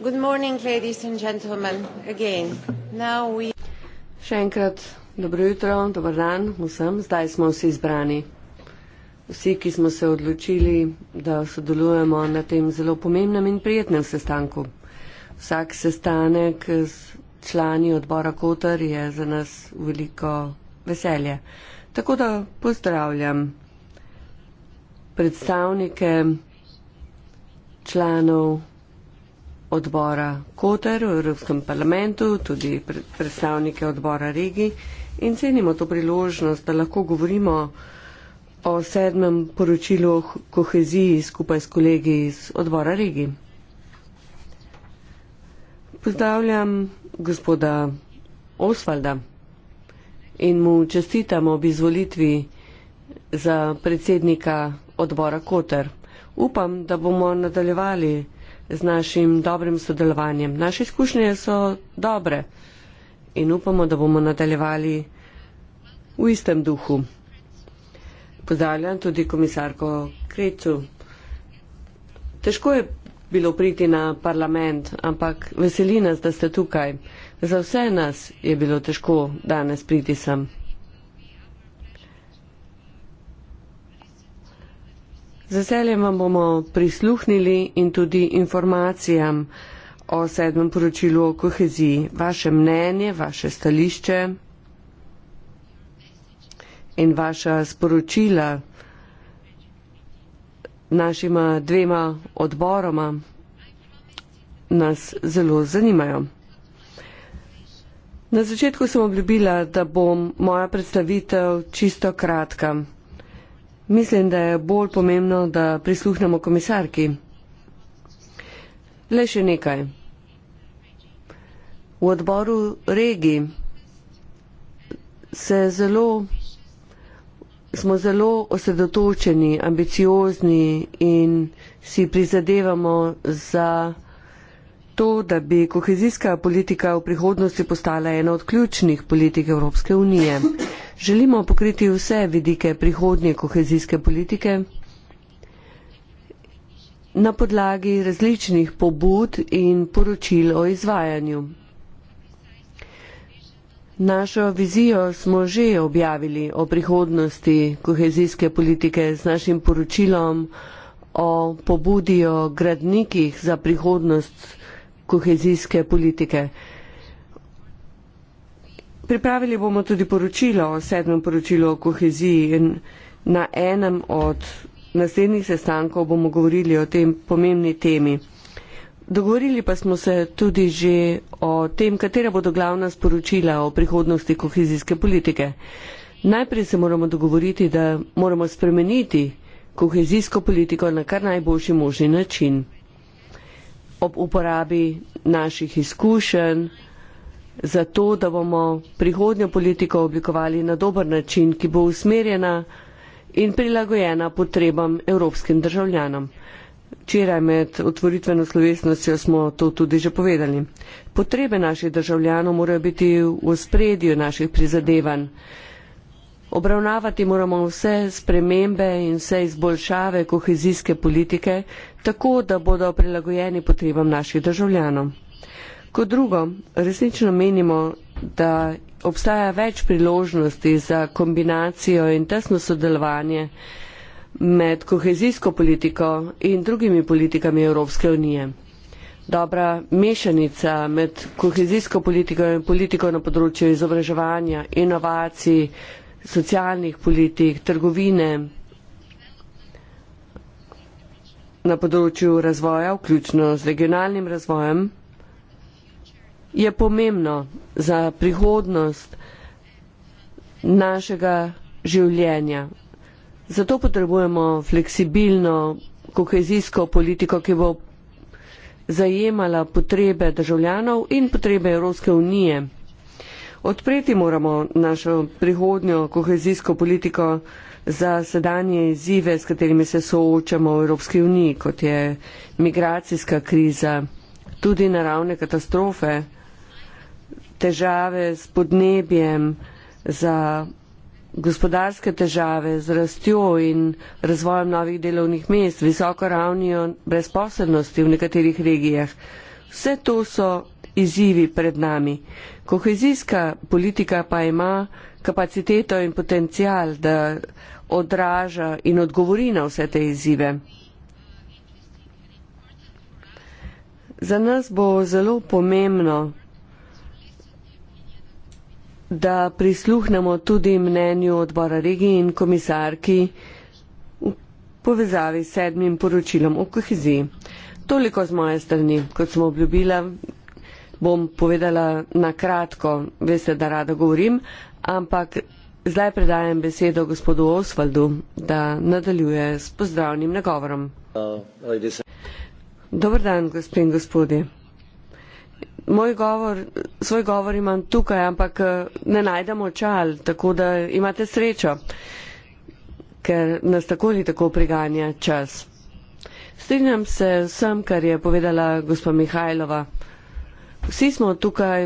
Good morning, ladies and gentlemen, again. Now we- Še enkrat dobro jutro, dober dan vsem. Zdaj smo vsi zbrani. Vsi, ki smo se odločili, da sodelujemo na tem zelo pomembnem in prijetnem sestanku. Vsak sestanek s člani odbora Kotar je za nas veliko veselje. Tako da pozdravljam predstavnike članov odbora Koter v Evropskem parlamentu, tudi predstavnike odbora Regi in cenimo to priložnost, da lahko govorimo o sedmem poročilu o koheziji skupaj s kolegi iz odbora Regi. Pozdravljam gospoda Osvalda in mu čestitam ob izvolitvi za predsednika odbora Koter. Upam, da bomo nadaljevali z našim dobrim sodelovanjem. Naše izkušnje so dobre in upamo, da bomo nadaljevali v istem duhu. Pozdravljam tudi komisarko Krecu. Težko je bilo priti na parlament, ampak veseli nas, da ste tukaj. Za vse nas je bilo težko danes priti sem. Z veseljem vam bomo prisluhnili in tudi informacijam o sedmem poročilu o koheziji. Vaše mnenje, vaše stališče in vaša sporočila našima dvema odboroma nas zelo zanimajo. Na začetku sem obljubila, da bom moja predstavitev čisto kratka. Mislim, da je bolj pomembno, da prisluhnemo komisarki. Le še nekaj. V odboru regi zelo, smo zelo osredotočeni, ambiciozni in si prizadevamo za to, da bi kohezijska politika v prihodnosti postala ena od ključnih politik Evropske unije. Želimo pokriti vse vidike prihodnje kohezijske politike na podlagi različnih pobud in poročil o izvajanju. Našo vizijo smo že objavili o prihodnosti kohezijske politike z našim poročilom o pobudijo gradnikih za prihodnost 2020 kohezijske politike. Pripravili bomo tudi poročilo, sedmo poročilo o koheziji in na enem od naslednjih sestankov bomo govorili o tem pomembni temi. Dogovorili pa smo se tudi že o tem, katera bodo glavna sporočila o prihodnosti kohezijske politike. Najprej se moramo dogovoriti, da moramo spremeniti kohezijsko politiko na kar najboljši možni način ob uporabi naših izkušenj, zato da bomo prihodnjo politiko oblikovali na dober način, ki bo usmerjena in prilagojena potrebam evropskim državljanom. Včeraj med otvoritveno slovesnostjo smo to tudi že povedali. Potrebe naših državljanov morajo biti v spredju naših prizadevanj. Obravnavati moramo vse spremembe in vse izboljšave kohezijske politike, tako da bodo prilagojeni potrebam naših državljanov. Kot drugo, resnično menimo, da obstaja več priložnosti za kombinacijo in tesno sodelovanje med kohezijsko politiko in drugimi politikami Evropske unije. Dobra mešanica med kohezijsko politiko in politiko na področju izobraževanja, inovacij, socialnih politik, trgovine, na področju razvoja, vključno z regionalnim razvojem, je pomembno za prihodnost našega življenja. Zato potrebujemo fleksibilno kohezijsko politiko, ki bo zajemala potrebe državljanov in potrebe Evropske unije. Odpreti moramo našo prihodnjo kohezijsko politiko za sedanje izzive, s katerimi se soočamo v Evropski uniji, kot je migracijska kriza, tudi naravne katastrofe, težave s podnebjem, za gospodarske težave, z rastjo in razvojem novih delovnih mest, visoko ravnijo brezposobnosti v nekaterih regijah. Vse to so izzivi pred nami. Kohezijska politika pa ima kapaciteto in potencial, da odraža in odgovori na vse te izzive. Za nas bo zelo pomembno, da prisluhnemo tudi mnenju odbora regij in komisarki v povezavi s sedmim poročilom o koheziji. Toliko z moje strani, kot smo obljubila bom povedala na kratko, veste, da rada govorim, ampak zdaj predajem besedo gospodu Osvaldu, da nadaljuje s pozdravnim nagovorom. Dobr dan, gospod in gospodje. Moj govor, svoj govor imam tukaj, ampak eh, ne najdemo čal, tako da imate srečo, ker nas tako ali tako priganja čas. Strinjam se vsem, kar je povedala gospa Mihajlova. Vsi smo tukaj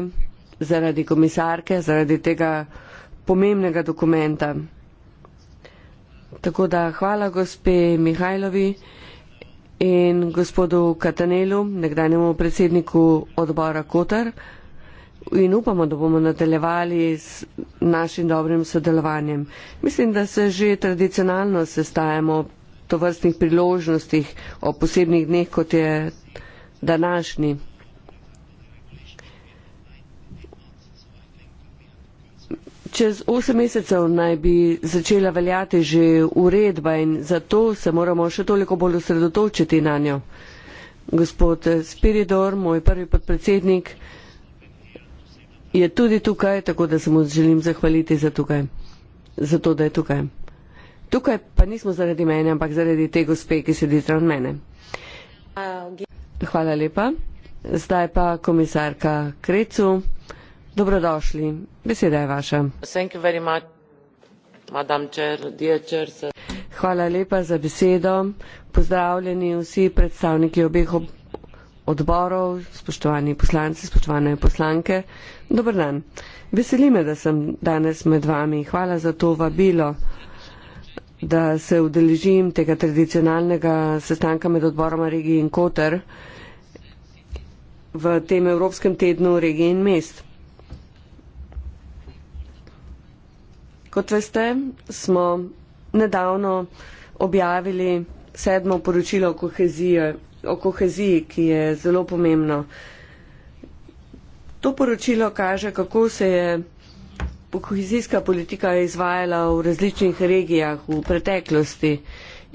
zaradi komisarke, zaradi tega pomembnega dokumenta. Tako da hvala gospe Mihajlovi in gospodu Katanelu, nekdanjemu predsedniku odbora Kotar in upamo, da bomo nadaljevali z našim dobrim sodelovanjem. Mislim, da se že tradicionalno sestajamo ob tovrstnih priložnostih, ob posebnih dneh, kot je današnji. Čez 8 mesecev naj bi začela veljati že uredba in zato se moramo še toliko bolj osredotočiti na njo. Gospod Spiridor, moj prvi podpredsednik, je tudi tukaj, tako da se mu želim zahvaliti za, tukaj, za to, da je tukaj. Tukaj pa nismo zaradi mene, ampak zaradi te gospe, ki sedi zraven mene. Hvala lepa. Zdaj pa komisarka Krecu dobrodošli beseda je vaša hvala lepa za besedo pozdravljeni vsi predstavniki obeh ob odborov, spoštovani poslanci, spoštovane poslanke. Dobar dan. Veseli me, da sem danes med vami. Hvala za to vabilo, da se udeležim tega tradicionalnega sestanka med odboroma regij in koter v tem Evropskem tednu regij in mest. Kot veste, smo nedavno objavili sedmo poročilo o koheziji, o koheziji, ki je zelo pomembno. To poročilo kaže, kako se je kohezijska politika izvajala v različnih regijah v preteklosti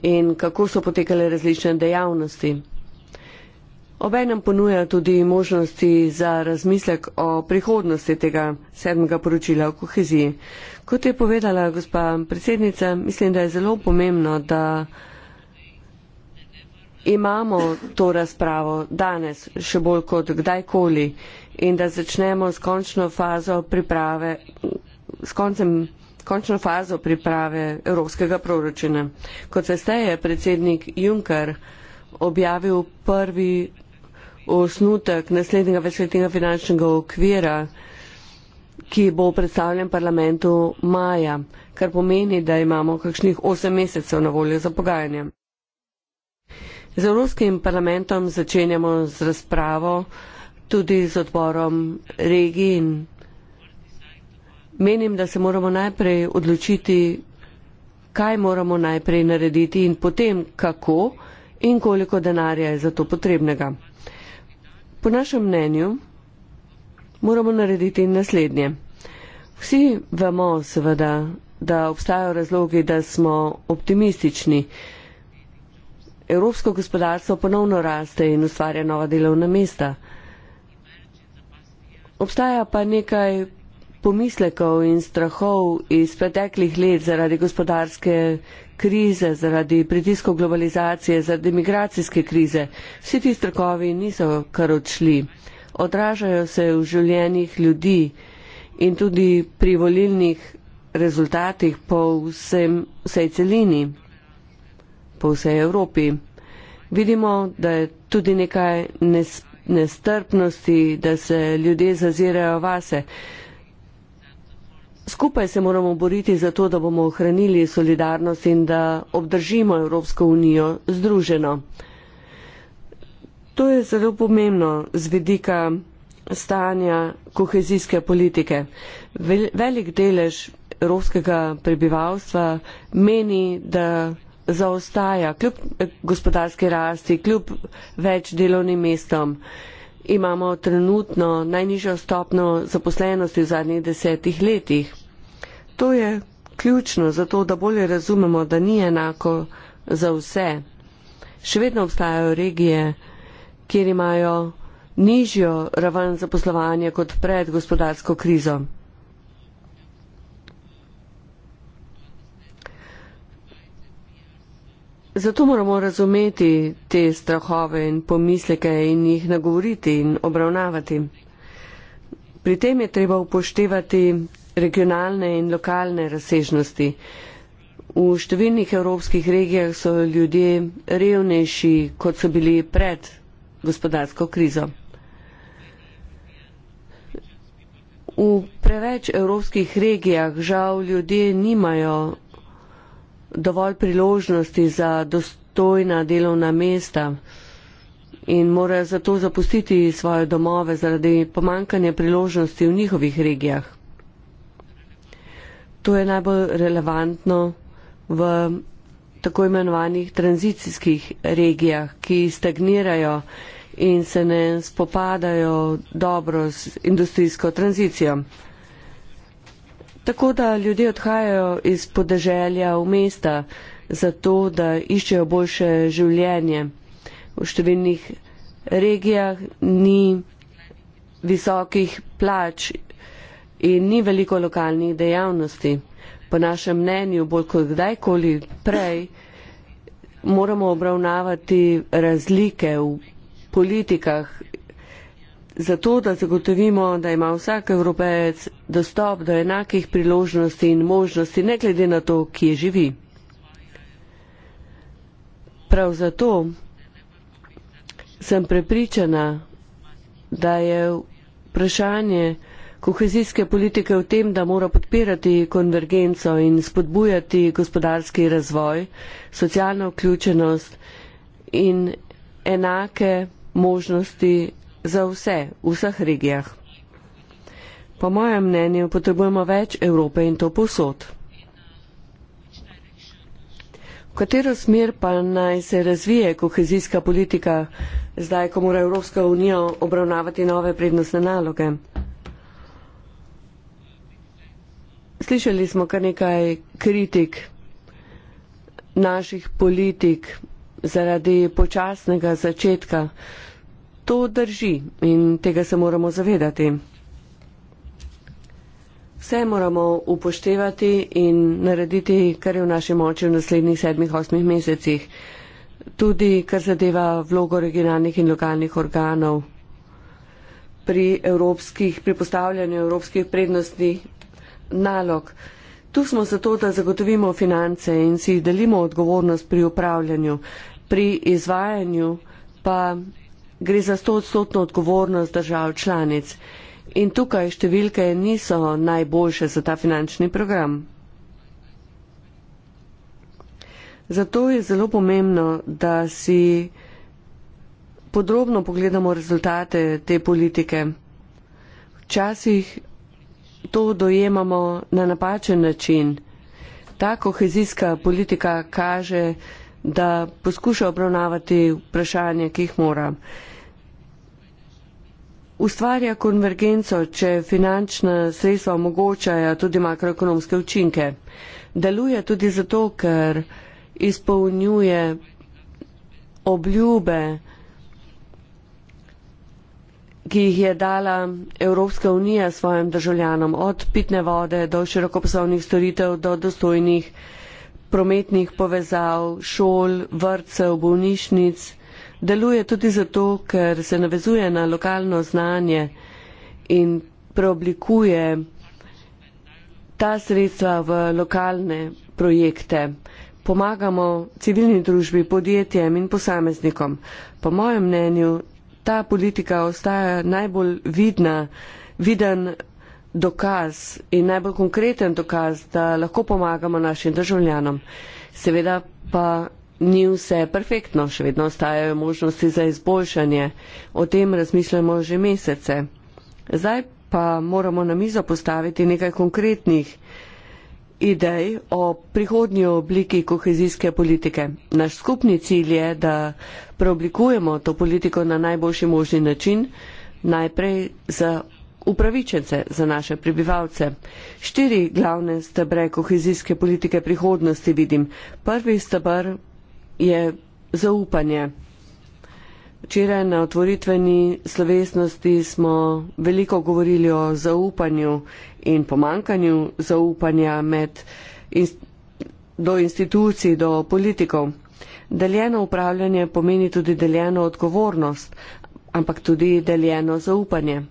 in kako so potekale različne dejavnosti. Obenem ponuja tudi možnosti za razmislek o prihodnosti tega sedmega poročila o koheziji. Kot je povedala gospa predsednica, mislim, da je zelo pomembno, da imamo to razpravo danes še bolj kot kdajkoli in da začnemo s končno fazo priprave, s koncem končno fazo priprave evropskega proračuna. Kot veste, je predsednik Juncker objavil prvi osnutek naslednjega večletnega finančnega okvira, ki bo predstavljen parlamentu maja, kar pomeni, da imamo kakšnih 8 mesecev na voljo za pogajanje. Z Evropskim parlamentom začenjamo z razpravo, tudi z odborom regij in menim, da se moramo najprej odločiti, kaj moramo najprej narediti in potem kako in koliko denarja je za to potrebnega. Po našem mnenju moramo narediti naslednje. Vsi vemo seveda, da obstajajo razlogi, da smo optimistični. Evropsko gospodarstvo ponovno raste in ustvarja nova delovna mesta. Obstaja pa nekaj pomislekov in strahov iz preteklih let zaradi gospodarske krize, zaradi pritiskov globalizacije, zaradi migracijske krize. Vsi ti strokovi niso kar odšli. Odražajo se v življenjih ljudi in tudi pri volilnih rezultatih po vsem, vsej celini, po vsej Evropi. Vidimo, da je tudi nekaj nestrpnosti, da se ljudje zazirajo vase. Skupaj se moramo boriti za to, da bomo ohranili solidarnost in da obdržimo Evropsko unijo združeno. To je zelo pomembno z vidika stanja kohezijske politike. Velik delež evropskega prebivalstva meni, da zaostaja kljub gospodarske rasti, kljub več delovnim mestom imamo trenutno najnižjo stopno zaposlenosti v zadnjih desetih letih. To je ključno za to, da bolje razumemo, da ni enako za vse. Še vedno obstajajo regije, kjer imajo nižjo raven zaposlovanja kot pred gospodarsko krizo. Zato moramo razumeti te strahove in pomisleke in jih nagovoriti in obravnavati. Pri tem je treba upoštevati regionalne in lokalne razsežnosti. V številnih evropskih regijah so ljudje revnejši, kot so bili pred gospodarsko krizo. V preveč evropskih regijah žal ljudje nimajo dovolj priložnosti za dostojna delovna mesta in morajo zato zapustiti svoje domove zaradi pomankanja priložnosti v njihovih regijah. To je najbolj relevantno v tako imenovanih tranzicijskih regijah, ki stagnirajo in se ne spopadajo dobro z industrijsko tranzicijo. Tako da ljudje odhajajo iz podeželja v mesta, zato da iščejo boljše življenje. V številnih regijah ni visokih plač in ni veliko lokalnih dejavnosti. Po našem mnenju, bolj kot kdajkoli prej, moramo obravnavati razlike v politikah Zato, da zagotovimo, da ima vsak evropejec dostop do enakih priložnosti in možnosti, ne glede na to, kje živi. Prav zato sem prepričana, da je vprašanje kohezijske politike v tem, da mora podpirati konvergenco in spodbujati gospodarski razvoj, socialno vključenost in enake možnosti za vse v vseh regijah. Po mojem mnenju potrebujemo več Evrope in to posod. V katero smer pa naj se razvije kohezijska politika, zdaj, ko mora Evropska unija obravnavati nove prednostne naloge? Slišali smo kar nekaj kritik naših politik zaradi počasnega začetka To drži in tega se moramo zavedati. Vse moramo upoštevati in narediti, kar je v naši moči v naslednjih sedmih, osmih mesecih. Tudi, kar zadeva vlogo regionalnih in lokalnih organov pri, pri postavljanju evropskih prednostnih nalog. Tu smo zato, da zagotovimo finance in si delimo odgovornost pri upravljanju, pri izvajanju pa gre za stotstotno odgovornost držav članic. In tukaj številke niso najboljše za ta finančni program. Zato je zelo pomembno, da si podrobno pogledamo rezultate te politike. Včasih to dojemamo na napačen način. Ta kohezijska politika kaže, da da poskuša obravnavati vprašanje, ki jih mora. Ustvarja konvergenco, če finančna sredstva omogočajo tudi makroekonomske učinke. Deluje tudi zato, ker izpolnjuje obljube, ki jih je dala Evropska unija svojim državljanom, od pitne vode do širokoposavnih storitev, do dostojnih prometnih povezav, šol, vrtcev, bolnišnic. Deluje tudi zato, ker se navezuje na lokalno znanje in preoblikuje ta sredstva v lokalne projekte. Pomagamo civilni družbi, podjetjem in posameznikom. Po mojem mnenju ta politika ostaja najbolj vidna, viden dokaz in najbolj konkreten dokaz, da lahko pomagamo našim državljanom. Seveda pa ni vse perfektno, še vedno ostajajo možnosti za izboljšanje. O tem razmišljamo že mesece. Zdaj pa moramo na mizo postaviti nekaj konkretnih idej o prihodnji obliki kohezijske politike. Naš skupni cilj je, da preoblikujemo to politiko na najboljši možni način, najprej za upravičence za naše prebivalce. Štiri glavne stebre kohezijske politike prihodnosti vidim. Prvi stebr je zaupanje. Včeraj na otvoritveni slovesnosti smo veliko govorili o zaupanju in pomankanju zaupanja med in, do institucij, do politikov. Deljeno upravljanje pomeni tudi deljeno odgovornost, ampak tudi deljeno zaupanje.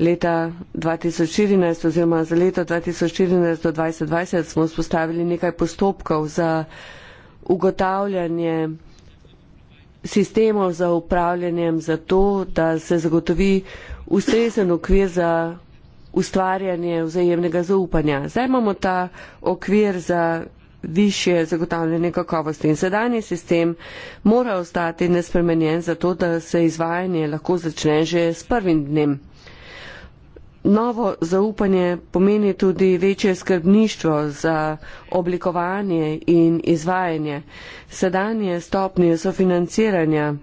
Leta 2014 oziroma za leto 2014 do 2020 smo spostavili nekaj postopkov za ugotavljanje sistemov za upravljanjem za to, da se zagotovi ustrezen okvir za ustvarjanje vzajemnega zaupanja. Zdaj imamo ta okvir za više zagotavljanje kakovosti in sedanji sistem mora ostati nespremenjen zato, da se izvajanje lahko začne že s prvim dnem. Novo zaupanje pomeni tudi večje skrbništvo za oblikovanje in izvajanje. Sedanje stopnje sofinanciranja,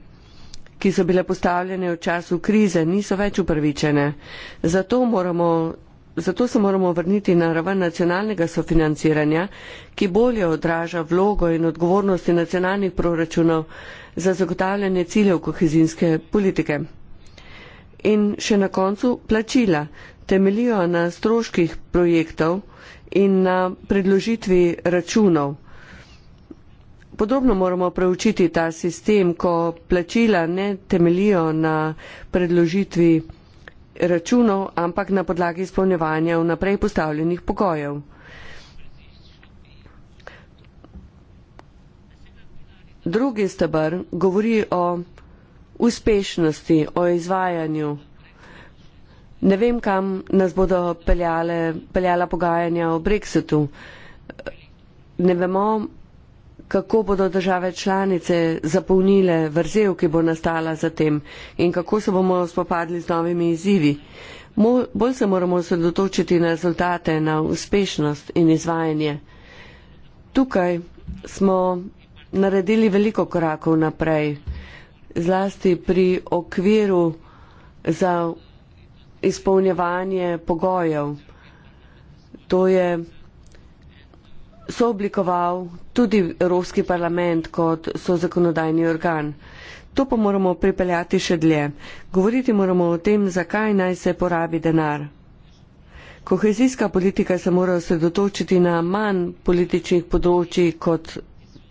ki so bile postavljene v času krize, niso več upravičene. Zato, moramo, zato se moramo vrniti na raven nacionalnega sofinanciranja, ki bolje odraža vlogo in odgovornosti nacionalnih proračunov za zagotavljanje ciljev kohezinske politike. In še na koncu plačila temeljijo na stroških projektov in na predložitvi računov. Podobno moramo preučiti ta sistem, ko plačila ne temeljijo na predložitvi računov, ampak na podlagi izpolnjevanja vnaprej postavljenih pogojev. Drugi stebr govori o uspešnosti, o izvajanju Ne vem, kam nas bodo peljale, peljala pogajanja o brexitu. Ne vemo, kako bodo države članice zapolnile vrzel, ki bo nastala zatem in kako se bomo spopadli z novimi izzivi. Bolj se moramo osredotočiti na rezultate, na uspešnost in izvajanje. Tukaj smo naredili veliko korakov naprej, zlasti pri okviru za izpolnjevanje pogojev. To je sooblikoval tudi Evropski parlament kot so zakonodajni organ. To pa moramo pripeljati še dlje. Govoriti moramo o tem, zakaj naj se porabi denar. Kohezijska politika se mora osredotočiti na manj političnih področjih kot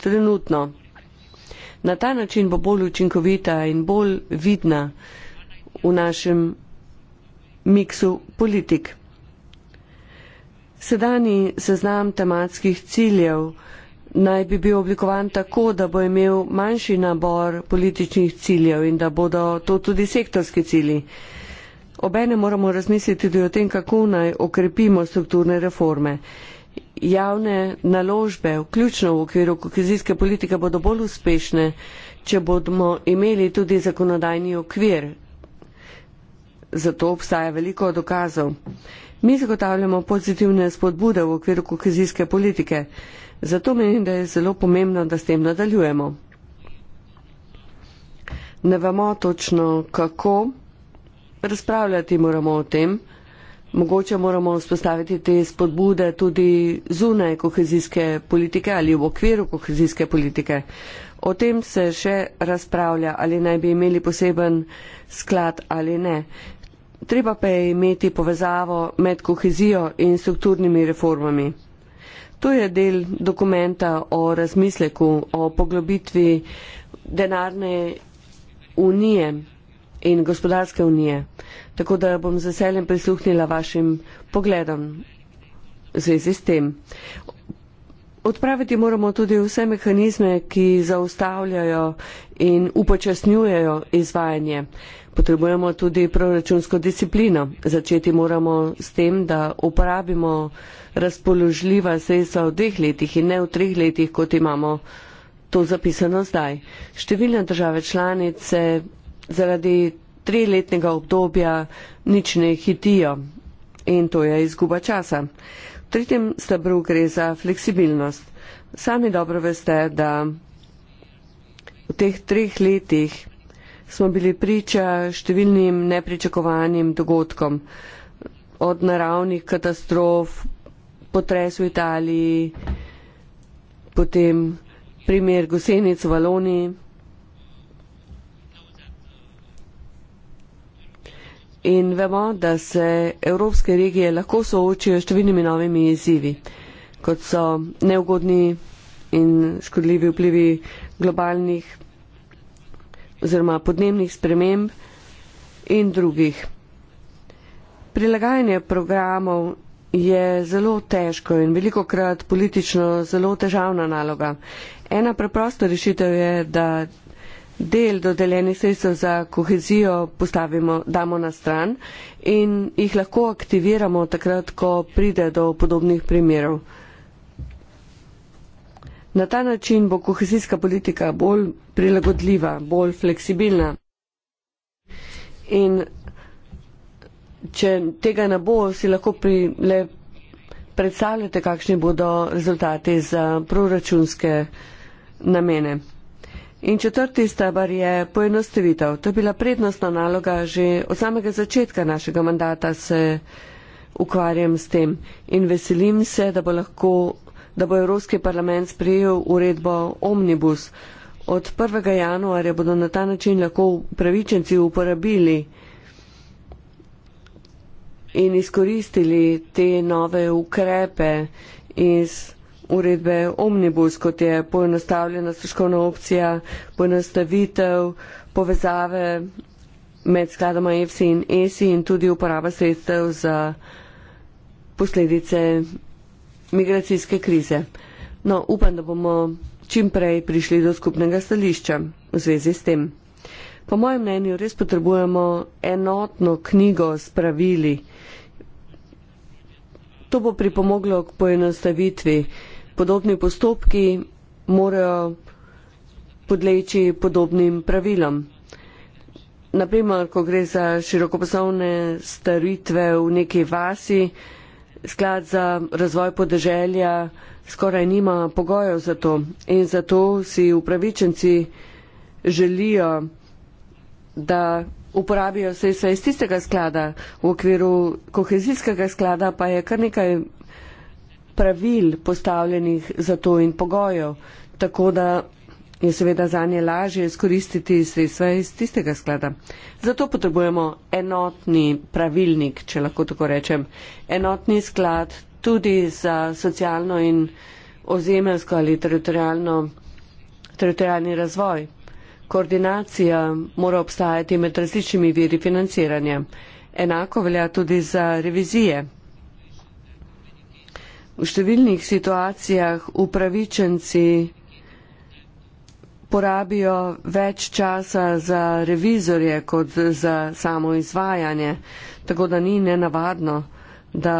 trenutno. Na ta način bo bolj učinkovita in bolj vidna v našem miksu politik. Sedani seznam tematskih ciljev naj bi bil oblikovan tako, da bo imel manjši nabor političnih ciljev in da bodo to tudi sektorski cilji. Obene moramo razmisliti tudi o tem, kako naj okrepimo strukturne reforme. Javne naložbe, vključno v okviru kohezijske politike, bodo bolj uspešne, če bomo imeli tudi zakonodajni okvir Zato obstaja veliko dokazov. Mi zagotavljamo pozitivne spodbude v okviru kohezijske politike. Zato menim, da je zelo pomembno, da s tem nadaljujemo. Ne vemo točno, kako razpravljati moramo o tem. Mogoče moramo vzpostaviti te spodbude tudi zunaj kohezijske politike ali v okviru kohezijske politike. O tem se še razpravlja, ali naj bi imeli poseben sklad ali ne treba pa je imeti povezavo med kohezijo in strukturnimi reformami. To je del dokumenta o razmisleku, o poglobitvi denarne unije in gospodarske unije. Tako da bom z veseljem prisluhnila vašim pogledom v zvezi s tem. Odpraviti moramo tudi vse mehanizme, ki zaustavljajo in upočasnjujejo izvajanje potrebujemo tudi proračunsko disciplino. Začeti moramo s tem, da uporabimo razpoložljiva sredstva v dveh letih in ne v treh letih, kot imamo to zapisano zdaj. Številne države članice zaradi triletnega obdobja nič ne hitijo in to je izguba časa. V tretjem stabru gre za fleksibilnost. Sami dobro veste, da v teh treh letih smo bili priča številnim nepričakovanim dogodkom, od naravnih katastrof, potres v Italiji, potem primer gosenic v Valoniji. In vemo, da se evropske regije lahko soočijo s številnimi novimi izzivi, kot so neugodni in škodljivi vplivi globalnih oziroma podnebnih sprememb in drugih. Prilagajanje programov je zelo težko in veliko krat politično zelo težavna naloga. Ena preprosta rešitev je, da del dodeljenih sredstev za kohezijo postavimo, damo na stran in jih lahko aktiviramo takrat, ko pride do podobnih primerov. Na ta način bo kohezijska politika bolj prilagodljiva, bolj fleksibilna. In če tega ne bo, si lahko pri, le predstavljate, kakšni bodo rezultati za proračunske namene. In četrti stabar je poenostavitev. To je bila prednostna naloga že od samega začetka našega mandata se ukvarjam s tem in veselim se, da bo lahko da bo Evropski parlament sprejel uredbo Omnibus. Od 1. januarja bodo na ta način lahko upravičenci uporabili in izkoristili te nove ukrepe iz uredbe Omnibus, kot je poenostavljena stroškovna opcija, poenostavitev, povezave med skladoma EFSI in ESI in tudi uporaba sredstev za posledice migracijske krize. No, upam, da bomo čim prej prišli do skupnega stališča v zvezi s tem. Po mojem mnenju res potrebujemo enotno knjigo s pravili. To bo pripomoglo k poenostavitvi. Podobni postopki morajo podleči podobnim pravilom. Naprimer, ko gre za širokoposovne staritve v neki vasi, sklad za razvoj podeželja skoraj nima pogojev za to in zato si upravičenci želijo, da uporabijo sredstva iz tistega sklada. V okviru kohezijskega sklada pa je kar nekaj pravil postavljenih za to in pogojev, tako da je seveda za nje lažje izkoristiti sredstva iz tistega sklada. Zato potrebujemo enotni pravilnik, če lahko tako rečem, enotni sklad tudi za socialno in ozemelsko ali teritorijalno, teritorijalni razvoj. Koordinacija mora obstajati med različnimi viri financiranja. Enako velja tudi za revizije. V številnih situacijah upravičenci porabijo več časa za revizorje kot za samo izvajanje. Tako da ni nenavadno, da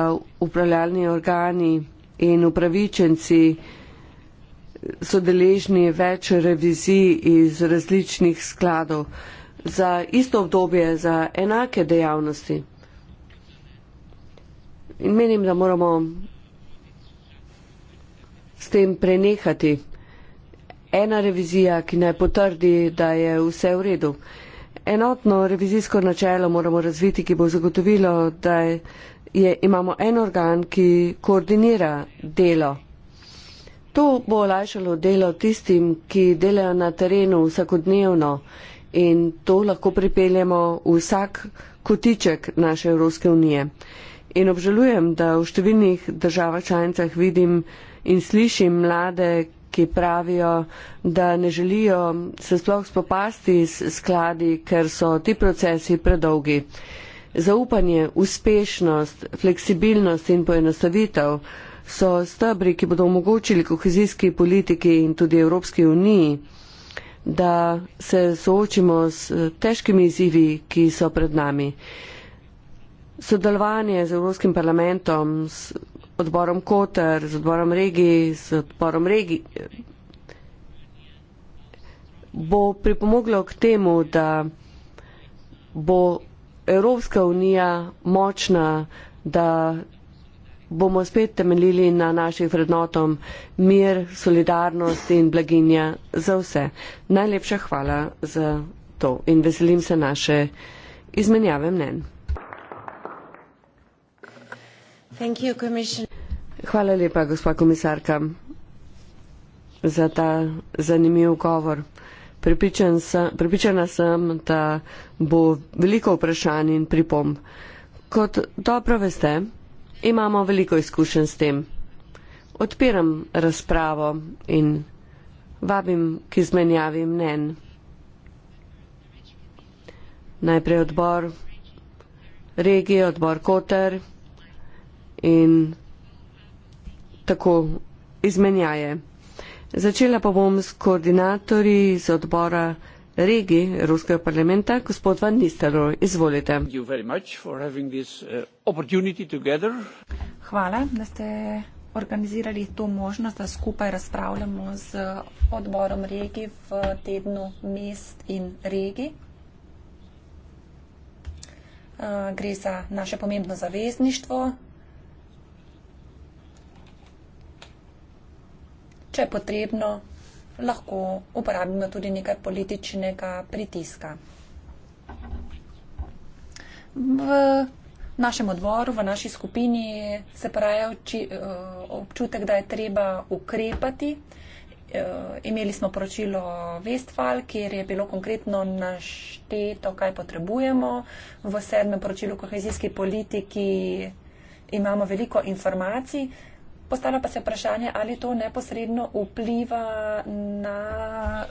upravljalni organi in upravičenci so deležni več revizij iz različnih skladov za isto obdobje, za enake dejavnosti. In menim, da moramo s tem prenehati ena revizija, ki ne potrdi, da je vse v redu. Enotno revizijsko načelo moramo razviti, ki bo zagotovilo, da je, imamo en organ, ki koordinira delo. To bo olajšalo delo tistim, ki delajo na terenu vsakodnevno in to lahko pripeljemo vsak kotiček naše Evropske unije. In obžalujem, da v številnih državah članicah vidim in slišim mlade, ki pravijo, da ne želijo se sploh spopasti s skladi, ker so ti procesi predolgi. Zaupanje, uspešnost, fleksibilnost in poenostavitev so stebri, ki bodo omogočili kohezijski politiki in tudi Evropski uniji, da se soočimo s težkimi izzivi, ki so pred nami. Sodelovanje z Evropskim parlamentom, odborom Koter, z odborom Regi, z odborom Regi, bo pripomoglo k temu, da bo Evropska unija močna, da bomo spet temeljili na naših vrednotom mir, solidarnost in blaginja za vse. Najlepša hvala za to in veselim se naše izmenjave mnen. Hvala lepa, gospa komisarka, za ta zanimiv govor. Pripričana sem, da bo veliko vprašanj in pripomb. Kot dobro veste, imamo veliko izkušenj s tem. Odpiram razpravo in vabim k izmenjavi mnen. Najprej odbor regije, odbor Koter in tako izmenjaje. Začela pa bom s koordinatorji iz odbora regij Evropskega parlamenta, gospod Van Nistelrooy. Izvolite. Uh, Hvala, da ste organizirali to možnost, da skupaj razpravljamo z odborom regij v tednu mest in regij. Uh, gre za naše pomembno zavezništvo, če je potrebno, lahko uporabimo tudi nekaj političnega pritiska. V našem odboru, v naši skupini se praja eh, občutek, da je treba ukrepati. Eh, imeli smo poročilo Vestfal, kjer je bilo konkretno našteto, kaj potrebujemo. V sedmem poročilu kohezijski politiki imamo veliko informacij, Postavlja pa se vprašanje, ali to neposredno vpliva na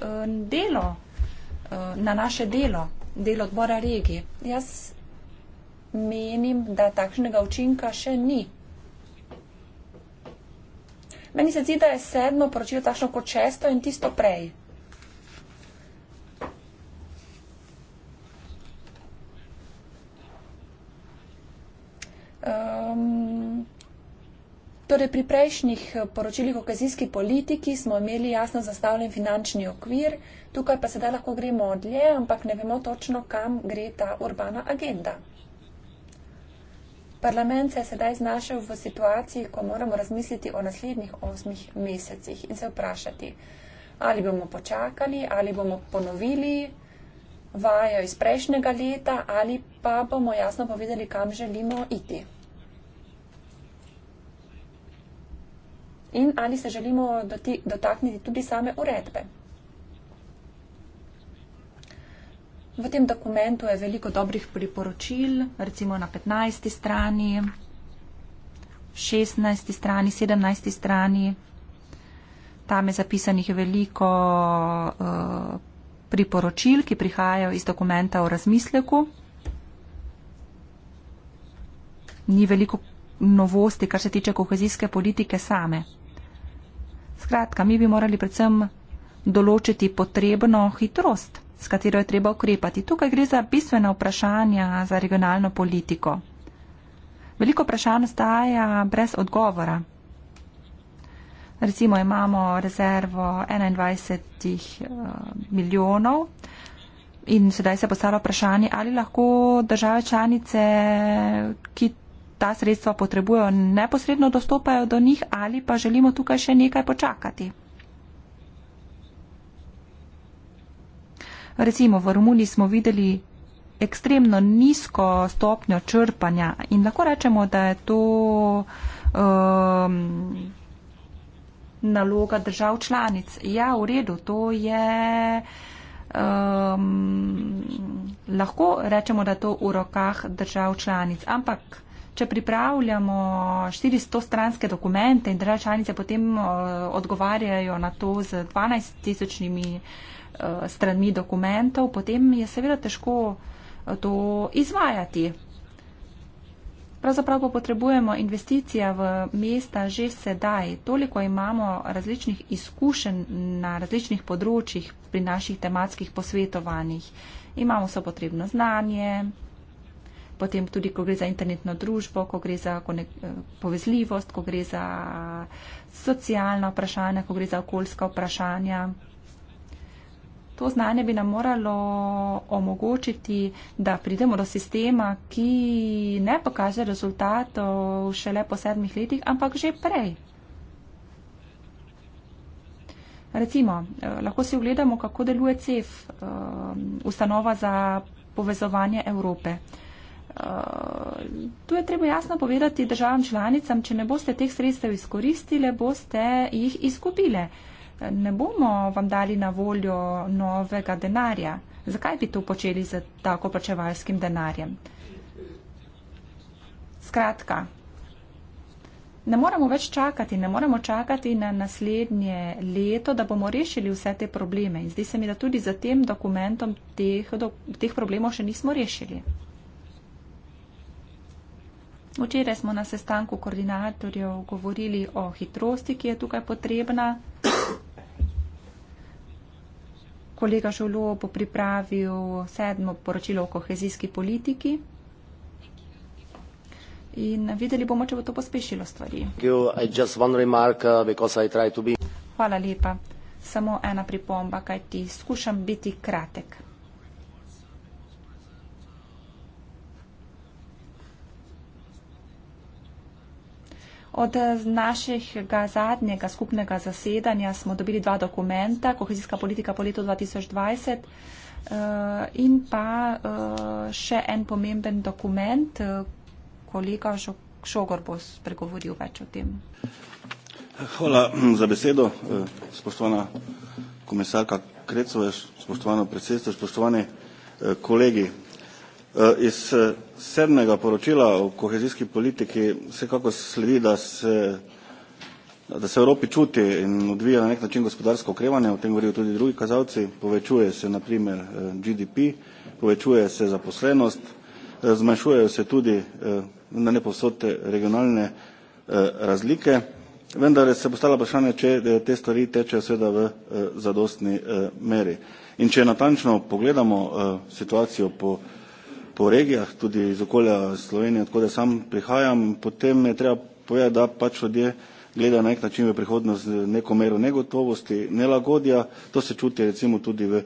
eh, delo, eh, na naše delo, delo odbora regije. Jaz menim, da takšnega učinka še ni. Meni se zdi, da je sedmo poročilo takšno kot šesto in tisto prej. Um, Torej, pri prejšnjih eh, poročilih o kazijski politiki smo imeli jasno zastavljen finančni okvir, tukaj pa sedaj lahko gremo odlje, ampak ne vemo točno, kam gre ta urbana agenda. Parlament se je sedaj znašel v situaciji, ko moramo razmisliti o naslednjih osmih mesecih in se vprašati, ali bomo počakali, ali bomo ponovili vajo iz prejšnjega leta, ali pa bomo jasno povedali, kam želimo iti. in ali se želimo dotakniti tudi same uredbe. V tem dokumentu je veliko dobrih priporočil, recimo na 15. strani, 16. strani, 17. strani. Tam je zapisanih veliko uh, priporočil, ki prihajajo iz dokumenta o razmisleku. Ni veliko novosti, kar se tiče kohezijske politike same. Skratka, mi bi morali predvsem določiti potrebno hitrost, s katero je treba ukrepati. Tukaj gre za bistvena vprašanja za regionalno politiko. Veliko vprašanj staja brez odgovora. Recimo imamo rezervo 21 eh, milijonov in sedaj se postavlja vprašanje, ali lahko države članice, ki ta sredstva potrebujejo, neposredno dostopajo do njih ali pa želimo tukaj še nekaj počakati. Recimo v Romuniji smo videli ekstremno nizko stopnjo črpanja in lahko rečemo, da je to um, naloga držav članic. Ja, v redu, to je. Um, lahko rečemo, da je to v rokah držav članic, ampak če pripravljamo 400 stranske dokumente in države članice potem eh, odgovarjajo na to z 12 tisočnimi eh, stranmi dokumentov, potem je seveda težko eh, to izvajati. Pravzaprav pa potrebujemo investicija v mesta že sedaj. Toliko imamo različnih izkušenj na različnih področjih pri naših tematskih posvetovanjih. Imamo vso potrebno znanje, potem tudi, ko gre za internetno družbo, ko gre za eh, povezljivost, ko gre za socialna vprašanja, ko gre za okoljska vprašanja. To znanje bi nam moralo omogočiti, da pridemo do sistema, ki ne pokaže rezultatov šele po sedmih letih, ampak že prej. Recimo, eh, lahko si ogledamo, kako deluje CEF, eh, ustanova za povezovanje Evrope. Eh, tu je treba jasno povedati državam članicam, če ne boste teh sredstev izkoristile, boste jih izgubile. Ne bomo vam dali na voljo novega denarja. Zakaj bi to počeli z tako plačevalskim denarjem? Skratka, ne moramo več čakati, ne moramo čakati na naslednje leto, da bomo rešili vse te probleme. In zdi se mi, da tudi za tem dokumentom teh, do, teh problemov še nismo rešili. Včeraj smo na sestanku koordinatorjev govorili o hitrosti, ki je tukaj potrebna. Kolega Žolo bo pripravil sedmo poročilo o kohezijski politiki. In videli bomo, če bo to pospešilo stvari. Uh, Hvala lepa. Samo ena pripomba, kajti skušam biti kratek. Od eh, našega zadnjega skupnega zasedanja smo dobili dva dokumenta, kohezijska politika po letu 2020 eh, in pa eh, še en pomemben dokument, kolega Šogor bo spregovoril več o tem. Hvala hm, za besedo, spoštovana komisarka Krecoveš, spoštovano predsedstvo, spoštovani kolegi. Eh, iz eh, sedmega poročila o kohezijski politiki vsekako sledi, da se, da se Evropi čuti in odvija na nek način gospodarsko okrevanje, o tem govorijo tudi drugi kazalci, povečuje se na primer eh, GDP, povečuje se zaposlenost, zmanjšujejo se tudi na neposod regionalne razlike, vendar se postala vprašanje, če te stvari tečejo seveda v zadostni meri. In če natančno pogledamo situacijo po po regijah, tudi iz okolja Slovenije, odkud sam prihajam, potem je treba povedati, da pač ljudje gledajo na nek način v prihodnost neko mero negotovosti, nelagodja, to se čuti recimo tudi v,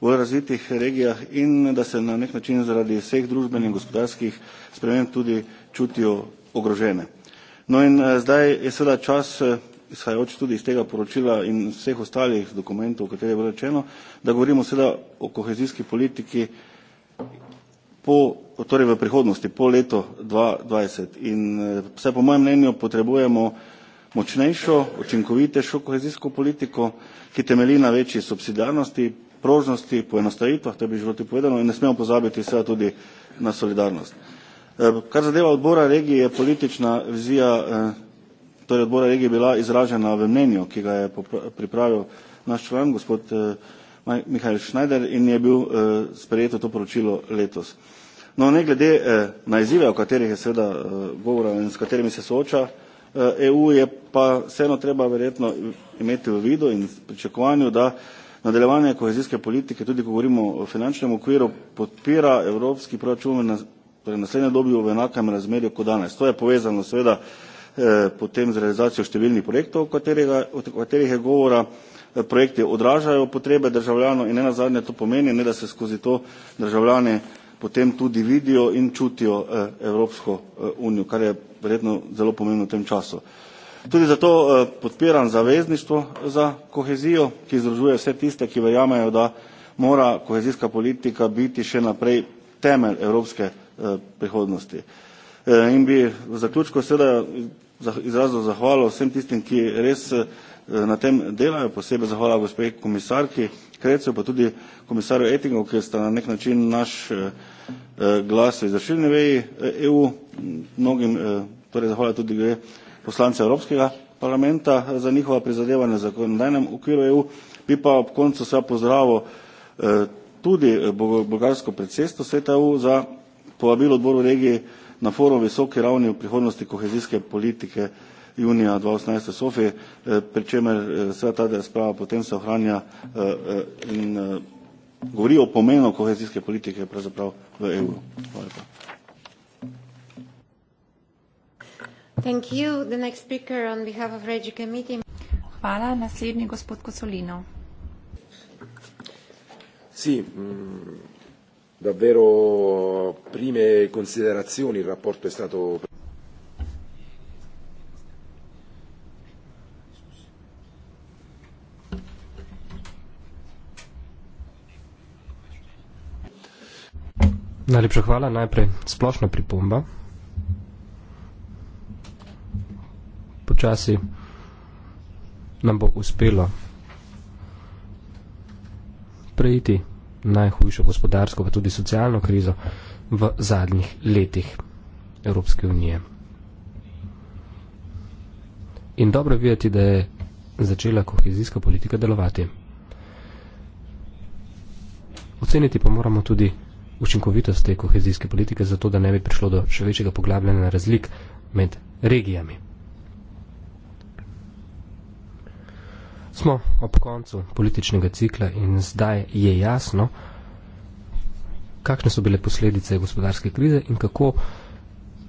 v razvitih regijah in da se na nek način zaradi vseh družbenih in gospodarskih sprememb tudi čutijo ogrožene. No in eh, zdaj je seveda čas, eh, izhajajoč tudi iz tega poročila in vseh ostalih dokumentov, o katerih je bilo rečeno, da govorimo seveda o kohezijski politiki, po, torej v prihodnosti, po letu 2020. In eh, vse po mojem mnenju potrebujemo močnejšo, učinkovitejšo kohezijsko politiko, ki temelji na večji subsidijarnosti, prožnosti, poenostavitvah, to bi že ti povedano, in ne smemo pozabiti seveda tudi na solidarnost. Eh, kar zadeva odbora regije, je politična vizija, eh, torej odbora regije bila izražena v mnenju, ki ga je pripravil naš član, gospod Mihajl Šnajder in je bil eh, sprejeto to poročilo letos. No, ne glede eh, na izive, o katerih je seveda eh, govora in s katerimi se sooča eh, EU, je pa vseeno treba verjetno imeti v vidu in pričakovanju, da nadaljevanje kohezijske politike, tudi ko govorimo o finančnem okviru, podpira evropski proračun na, torej naslednjem dobju v enakem razmerju kot danes. To je povezano seveda eh, potem z realizacijo številnih projektov, o katerih je govora. Eh, projekti odražajo potrebe državljanov in ena zadnja to pomeni, ne da se skozi to državljane potem tudi vidijo in čutijo eh, Evropsko eh, unijo, kar je verjetno zelo pomembno v tem času. Tudi zato podpiram zavezništvo za kohezijo, ki združuje vse tiste, ki verjamejo, da mora kohezijska politika biti še naprej temelj evropske prihodnosti. In bi v zaključku seveda izrazil zahvalo vsem tistim, ki res vsega, Eh, na tem delajo, posebej zahvala gospe komisarki Krecev, pa tudi komisarju Ettingov, ki sta na nek način naš eh, eh, glas v izvršilni veji EU, e mnogim, torej zahvala tudi gre poslance Evropskega parlamenta za njihova prizadevanja v zakonodajnem okviru EU, bi pa ob koncu sva pozdravo tudi bolgarsko predsedstvo sveta EU za povabilo odboru regije na forum visoke ravni v prihodnosti kohezijske politike junija 2018 v Sofi, eh, pri čemer eh, vse ta razprava potem se ohranja eh, in govori o pomenu kohezijske politike pravzaprav v EU. Hvala pa. Thank you. The next speaker on behalf of Regi Committee. Hvala. Naslednji gospod Kosolino. Sì, mh, mm, davvero prime considerazioni, il rapporto è stato Najlepša hvala. Najprej splošna pripomba. Počasi nam bo uspelo preiti najhujšo gospodarsko, pa tudi socialno krizo v zadnjih letih Evropske unije. In dobro vedeti, da je začela kohezijska politika delovati. Oceniti pa moramo tudi učinkovitost te kohezijske politike, zato da ne bi prišlo do še večjega poglabljanja razlik med regijami. Smo ob koncu političnega cikla in zdaj je jasno, kakšne so bile posledice gospodarske krize in kako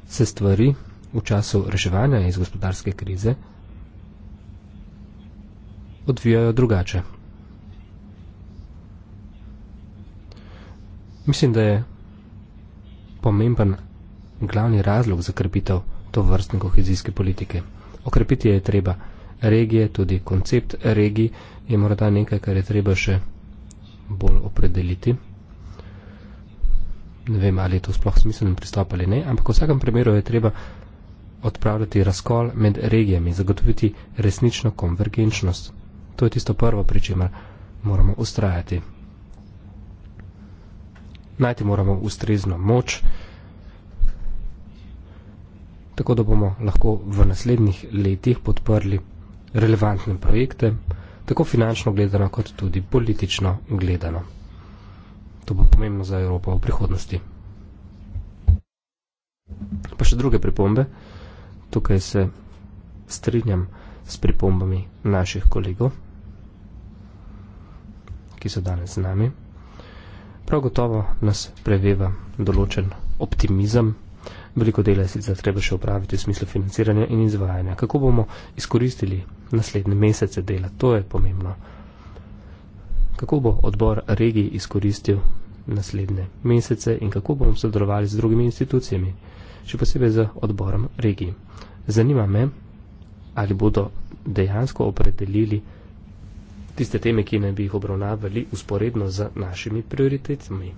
se stvari v času reševanja iz gospodarske krize odvijajo drugače Mislim, da je pomemben glavni razlog za krepitev to vrstne kohezijske politike. Okrepiti je treba regije, tudi koncept regij je morda nekaj, kar je treba še bolj opredeliti. Ne vem, ali je to sploh smiselno pristop ali ne, ampak v vsakem primeru je treba odpravljati razkol med regijami, zagotoviti resnično konvergenčnost. To je tisto prvo, pri čemer moramo ustrajati najti moramo ustrezno moč, tako da bomo lahko v naslednjih letih podprli relevantne projekte, tako finančno gledano, kot tudi politično gledano. To bo pomembno za Evropo v prihodnosti. Pa še druge pripombe. Tukaj se strinjam s pripombami naših kolegov, ki so danes z nami. Prav gotovo nas preveva določen optimizem. Veliko dela je sicer treba še upraviti v smislu financiranja in izvajanja. Kako bomo izkoristili naslednje mesece dela, to je pomembno. Kako bo odbor regij izkoristil naslednje mesece in kako bomo sodelovali z drugimi institucijami, še posebej z odborom regij. Zanima me, ali bodo dejansko opredelili tiste teme, ki naj bi jih obravnavali usporedno z našimi prioritetami.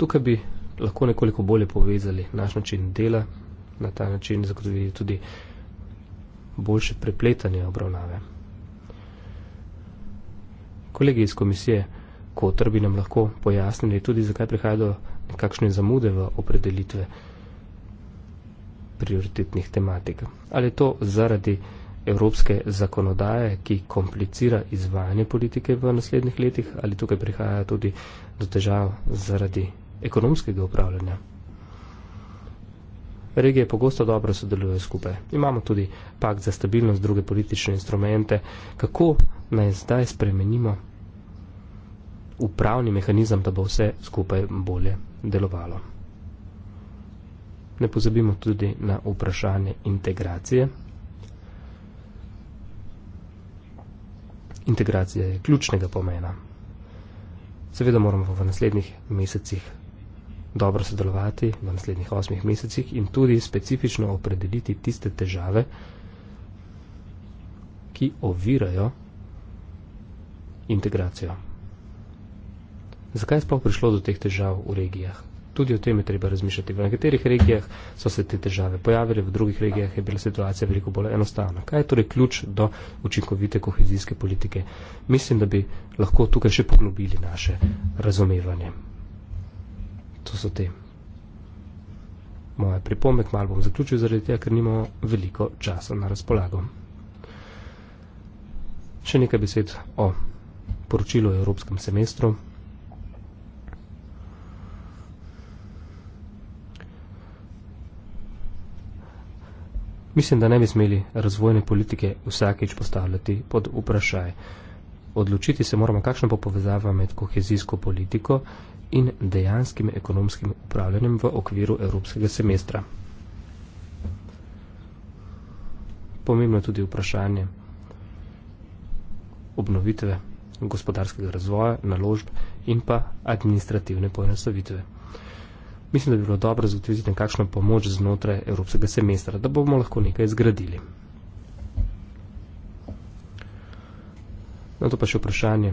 Tukaj bi lahko nekoliko bolje povezali naš način dela, na ta način zagotovili tudi boljše prepletanje obravnave. Kolegi iz komisije Kotr bi nam lahko pojasnili tudi, zakaj prihaja do kakšne zamude v opredelitve prioritetnih tematik. Ali je to zaradi evropske zakonodaje, ki komplicira izvajanje politike v naslednjih letih, ali tukaj prihaja tudi do težav zaradi ekonomskega upravljanja. Regije pogosto dobro sodelujejo skupaj. Imamo tudi pakt za stabilnost, druge politične instrumente. Kako naj zdaj spremenimo upravni mehanizem, da bo vse skupaj bolje delovalo? Ne pozabimo tudi na vprašanje integracije. integracija je ključnega pomena. Seveda moramo v naslednjih mesecih dobro sodelovati, v naslednjih osmih mesecih in tudi specifično opredeliti tiste težave, ki ovirajo integracijo. Zakaj je sploh prišlo do teh težav v regijah? tudi o tem je treba razmišljati. V nekaterih regijah so se te težave pojavile, v drugih regijah je bila situacija veliko bolj enostavna. Kaj je torej ključ do učinkovite kohezijske politike? Mislim, da bi lahko tukaj še poglobili naše razumevanje. To so te moje pripombe, malo bom zaključil zaradi tega, ker nimamo veliko časa na razpolago. Še nekaj besed o poročilu o Evropskem semestru. Mislim, da ne bi smeli razvojne politike vsakič postavljati pod vprašaj. Odločiti se moramo, kakšna bo povezava med kohezijsko politiko in dejanskim ekonomskim upravljanjem v okviru evropskega semestra. Pomembno je tudi vprašanje obnovitve gospodarskega razvoja, naložb in pa administrativne poenostavitve mislim, da bi bilo dobro zagotoviti nekakšno pomoč znotraj evropskega semestra, da bomo lahko nekaj zgradili. Na to pa še vprašanje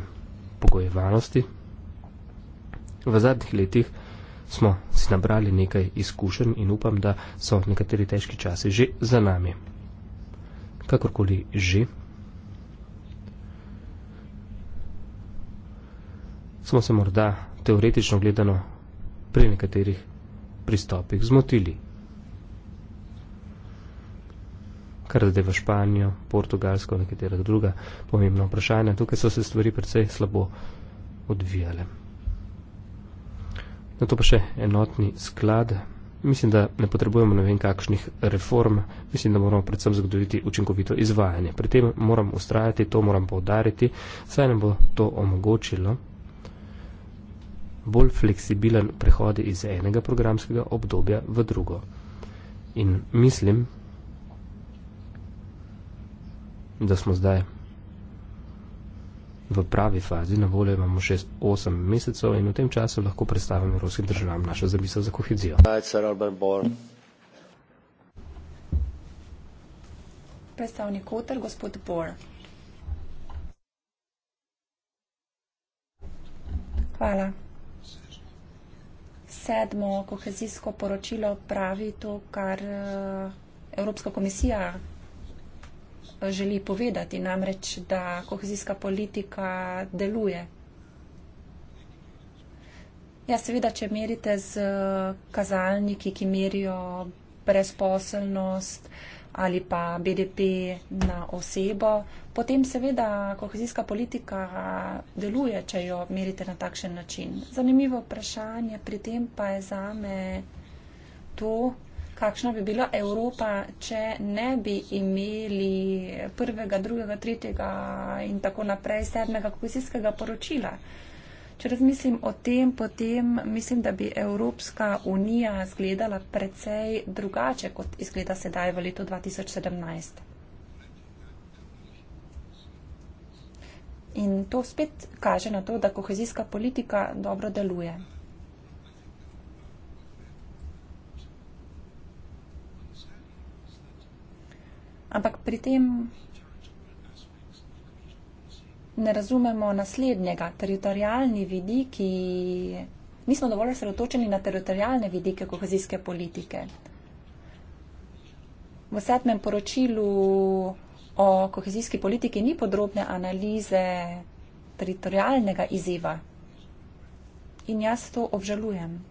pogojevanosti. V zadnjih letih smo si nabrali nekaj izkušenj in upam, da so nekateri težki časi že za nami. Kakorkoli že, smo se morda teoretično gledano pri nekaterih pristopih zmotili. Kar zadeva Španijo, Portugalsko, nekatera druga pomembna vprašanja, tukaj so se stvari precej slabo odvijale. Na to pa še enotni sklad. Mislim, da ne potrebujemo ne vem kakšnih reform, mislim, da moramo predvsem zagotoviti učinkovito izvajanje. Pri tem moram ustrajati, to moram poudariti, saj nam bo to omogočilo bolj fleksibilen prehod iz enega programskega obdobja v drugo. In mislim, da smo zdaj v pravi fazi, na voljo imamo 6-8 mesecev in v tem času lahko predstavimo ruskim državam naša zapisa za kohezijo. Predstavnik Kotar, gospod Bor. Hvala sedmo kohezijsko poročilo pravi to, kar eh, Evropska komisija eh, želi povedati, namreč, da kohezijska politika deluje. Ja, seveda, če merite z eh, kazalniki, ki merijo brezposelnost ali pa BDP na osebo, potem seveda kohezijska politika deluje, če jo merite na takšen način. Zanimivo vprašanje pri tem pa je zame to, kakšna bi bila Evropa, če ne bi imeli prvega, drugega, tretjega in tako naprej sedmega kohezijskega poročila. Če razmislim o tem, potem mislim, da bi Evropska unija izgledala precej drugače, kot izgleda sedaj v letu 2017. In to spet kaže na to, da kohezijska politika dobro deluje. Ampak pri tem ne razumemo naslednjega. Teritorijalni vidiki, nismo dovolj sredotočeni na teritorijalne vidike kohezijske politike. V sedmem poročilu o kohezijski politiki ni podrobne analize teritorijalnega izziva. In jaz to obžalujem.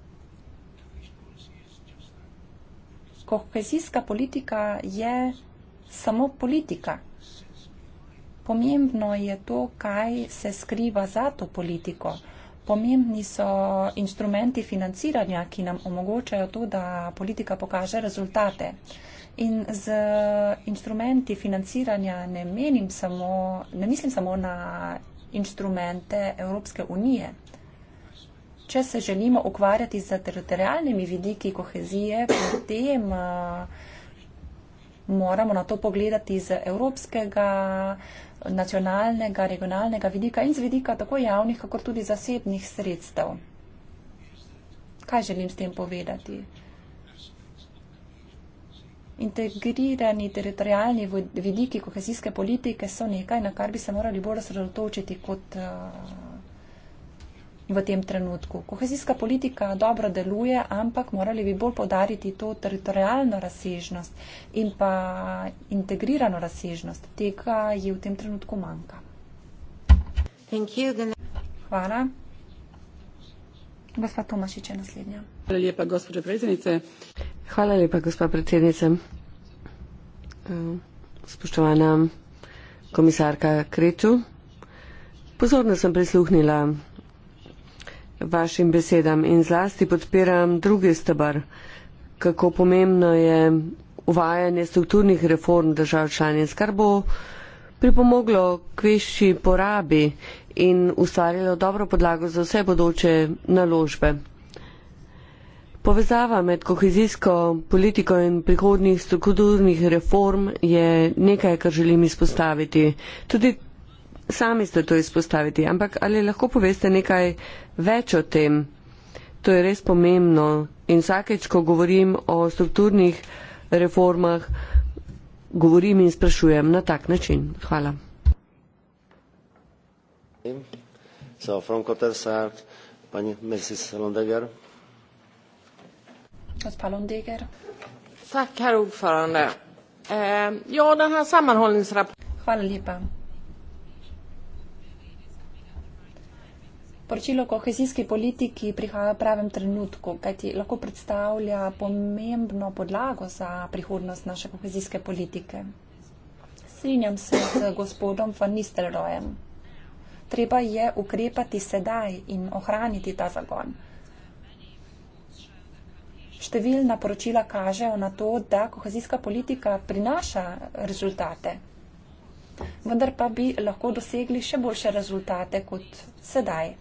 Kohezijska politika je samo politika. Pomembno je to, kaj se skriva za to politiko. Pomembni so instrumenti financiranja, ki nam omogočajo to, da politika pokaže rezultate. In z instrumenti financiranja ne, samo, ne mislim samo na instrumente Evropske unije. Če se želimo ukvarjati z teritorijalnimi vidiki kohezije, potem eh, moramo na to pogledati z evropskega, nacionalnega, regionalnega vidika in z vidika tako javnih, kakor tudi zasebnih sredstev. Kaj želim s tem povedati? Integrirani teritorijalni vidiki kohezijske politike so nekaj, na kar bi se morali bolj sredotočiti kot uh, v tem trenutku. Kohezijska politika dobro deluje, ampak morali bi bolj podariti to teritorijalno razsežnost in pa integrirano razsežnost. Tega je v tem trenutku manjka. Hvala. Gospa Tomašič je naslednja. Hvala lepa, gospođo predsednice. Hvala lepa, gospa predsednica. Ehm, spoštovana komisarka Kreču, pozorno sem prisluhnila vašim besedam in zlasti podpiram drugi stebar, kako pomembno je uvajanje strukturnih reform držav članic, kar bo pripomoglo k večji porabi in ustvarjalo dobro podlago za vse bodoče naložbe. Povezava med kohezijsko politiko in prihodnih strukturnih reform je nekaj, kar želim izpostaviti. Tudi sami ste to izpostaviti, ampak ali lahko poveste nekaj več o tem? To je res pomembno in vsakeč, ko govorim o strukturnih reformah, govorim in sprašujem na tak način. Hvala. So, Frankfurt, Sart, pani Mrs. Londegar. Ehm, ja, Hvala lepa. Poročilo o kohezijski politiki prihaja v pravem trenutku, kajti lahko predstavlja pomembno podlago za prihodnost naše kohezijske politike. Strinjam se z gospodom van Nistelrojem. Treba je ukrepati sedaj in ohraniti ta zagon številna poročila kažejo na to, da kohezijska politika prinaša rezultate. Vendar pa bi lahko dosegli še boljše rezultate kot sedaj.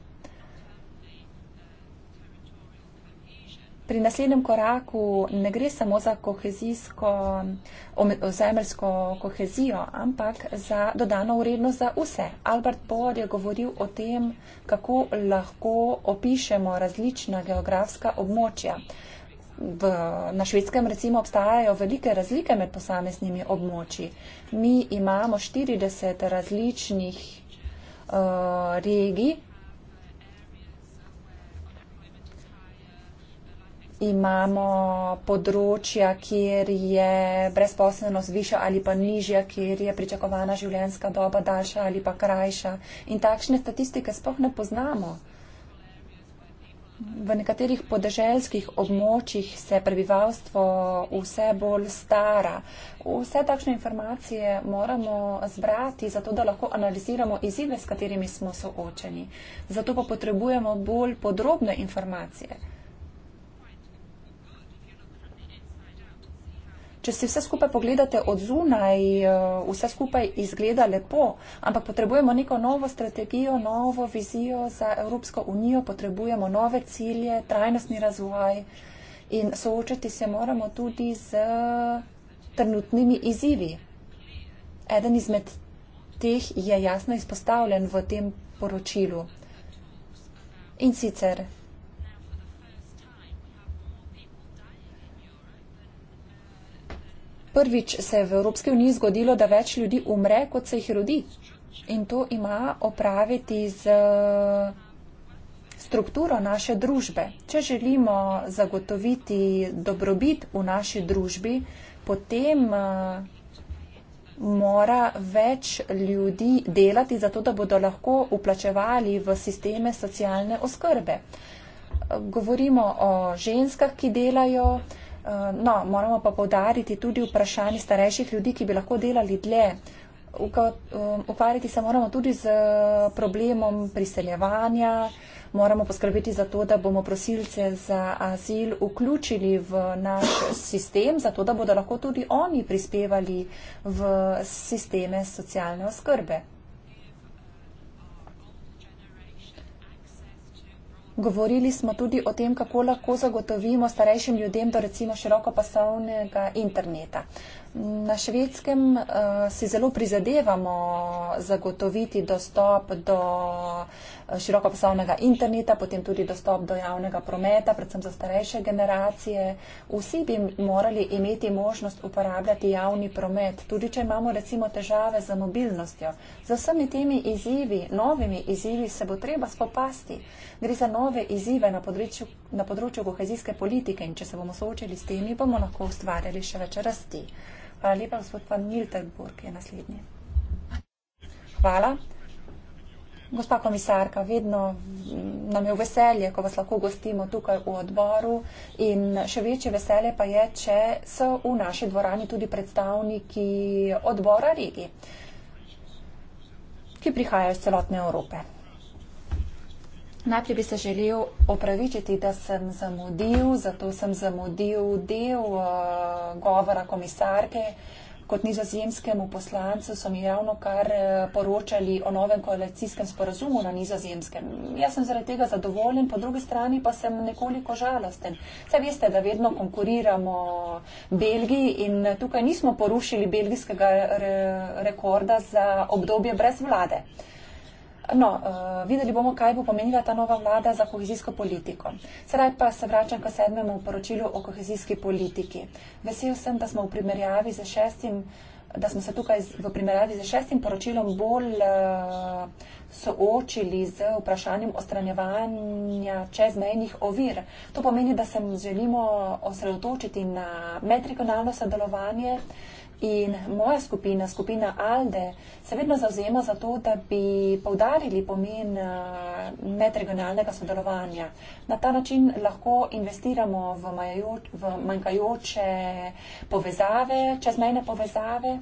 Pri naslednjem koraku ne gre samo za kohezijsko, ozemeljsko kohezijo, ampak za dodano vrednost za vse. Albert Bohr je govoril o tem, kako lahko opišemo različna geografska območja v, na švedskem recimo obstajajo velike razlike med posameznimi območji. Mi imamo 40 različnih uh, regij, imamo področja, kjer je brezposelnost višja ali pa nižja, kjer je pričakovana življenjska doba daljša ali pa krajša. In takšne statistike sploh ne poznamo v nekaterih podeželskih območjih se prebivalstvo vse bolj stara. Vse takšne informacije moramo zbrati, zato da lahko analiziramo izzive, s katerimi smo soočeni. Zato pa potrebujemo bolj podrobne informacije. Če si vse skupaj pogledate od zunaj, eh, vse skupaj izgleda lepo, ampak potrebujemo neko novo strategijo, novo vizijo za Evropsko unijo, potrebujemo nove cilje, trajnostni razvoj in soočati se moramo tudi z trenutnimi izzivi. Eden izmed teh je jasno izpostavljen v tem poročilu. In sicer Prvič se je v Evropski uniji zgodilo, da več ljudi umre, kot se jih rodi. In to ima opraviti z eh, strukturo naše družbe. Če želimo zagotoviti dobrobit v naši družbi, potem eh, mora več ljudi delati, zato da bodo lahko uplačevali v sisteme socialne oskrbe. Govorimo o ženskah, ki delajo, Eh, no, moramo pa povdariti tudi vprašanje starejših ljudi, ki bi lahko delali dlje. Eh, ukvarjati se moramo tudi z problemom priseljevanja, moramo poskrbeti za to, da bomo prosilce za azil vključili v naš sistem, zato da bodo lahko tudi oni prispevali v sisteme socialne oskrbe. Govorili smo tudi o tem, kako lahko zagotovimo starejšim ljudem do recimo širokopasovnega interneta. Na švedskem uh, si zelo prizadevamo zagotoviti dostop do eh, širokopasovnega interneta, potem tudi dostop do javnega prometa, predvsem za starejše generacije. Vsi bi morali imeti možnost uporabljati javni promet, tudi če imamo recimo težave z mobilnostjo. Z vsemi temi izzivi, novimi izzivi se bo treba spopasti. Gre za nove izzive na področju, na področju kohezijske politike in če se bomo soočili s temi, bomo lahko ustvarjali še več rasti. Hvala lepa, gospod van Miltenburg je naslednji. Hvala. Gospa komisarka, vedno nam je v veselje, ko vas lahko gostimo tukaj v odboru in še večje veselje pa je, če so v naši dvorani tudi predstavniki odbora regi, ki prihajajo iz celotne Evrope. Najprej bi se želel opravičiti, da sem zamudil, zato sem zamudil del uh, govora komisarke. Kot nizozemskemu poslancu so mi ravno kar eh, poročali o novem koalicijskem sporazumu na nizozemskem. Jaz sem zaradi tega zadovoljen, po drugi strani pa sem nekoliko žalosten. Saj veste, da vedno konkuriramo Belgiji in tukaj nismo porušili belgijskega re rekorda za obdobje brez vlade. Uh, No, uh, videli bomo, kaj bo pomenila ta nova vlada za kohezijsko politiko. Sedaj pa se vračam k sedmemu poročilu o kohezijski politiki. Vesel sem, da smo, v primerjavi šestim, da smo se tukaj v primerjavi z šestim poročilom bolj uh, soočili z vprašanjem ostranjevanja čezmejnih ovir. To pomeni, da se želimo osredotočiti na medregionalno sodelovanje. Uh, In moja skupina, skupina ALDE, se vedno zauzema za to, da bi povdarili pomen eh, medregionalnega sodelovanja. Na ta način lahko investiramo v, majo, v manjkajoče povezave, čezmejne povezave.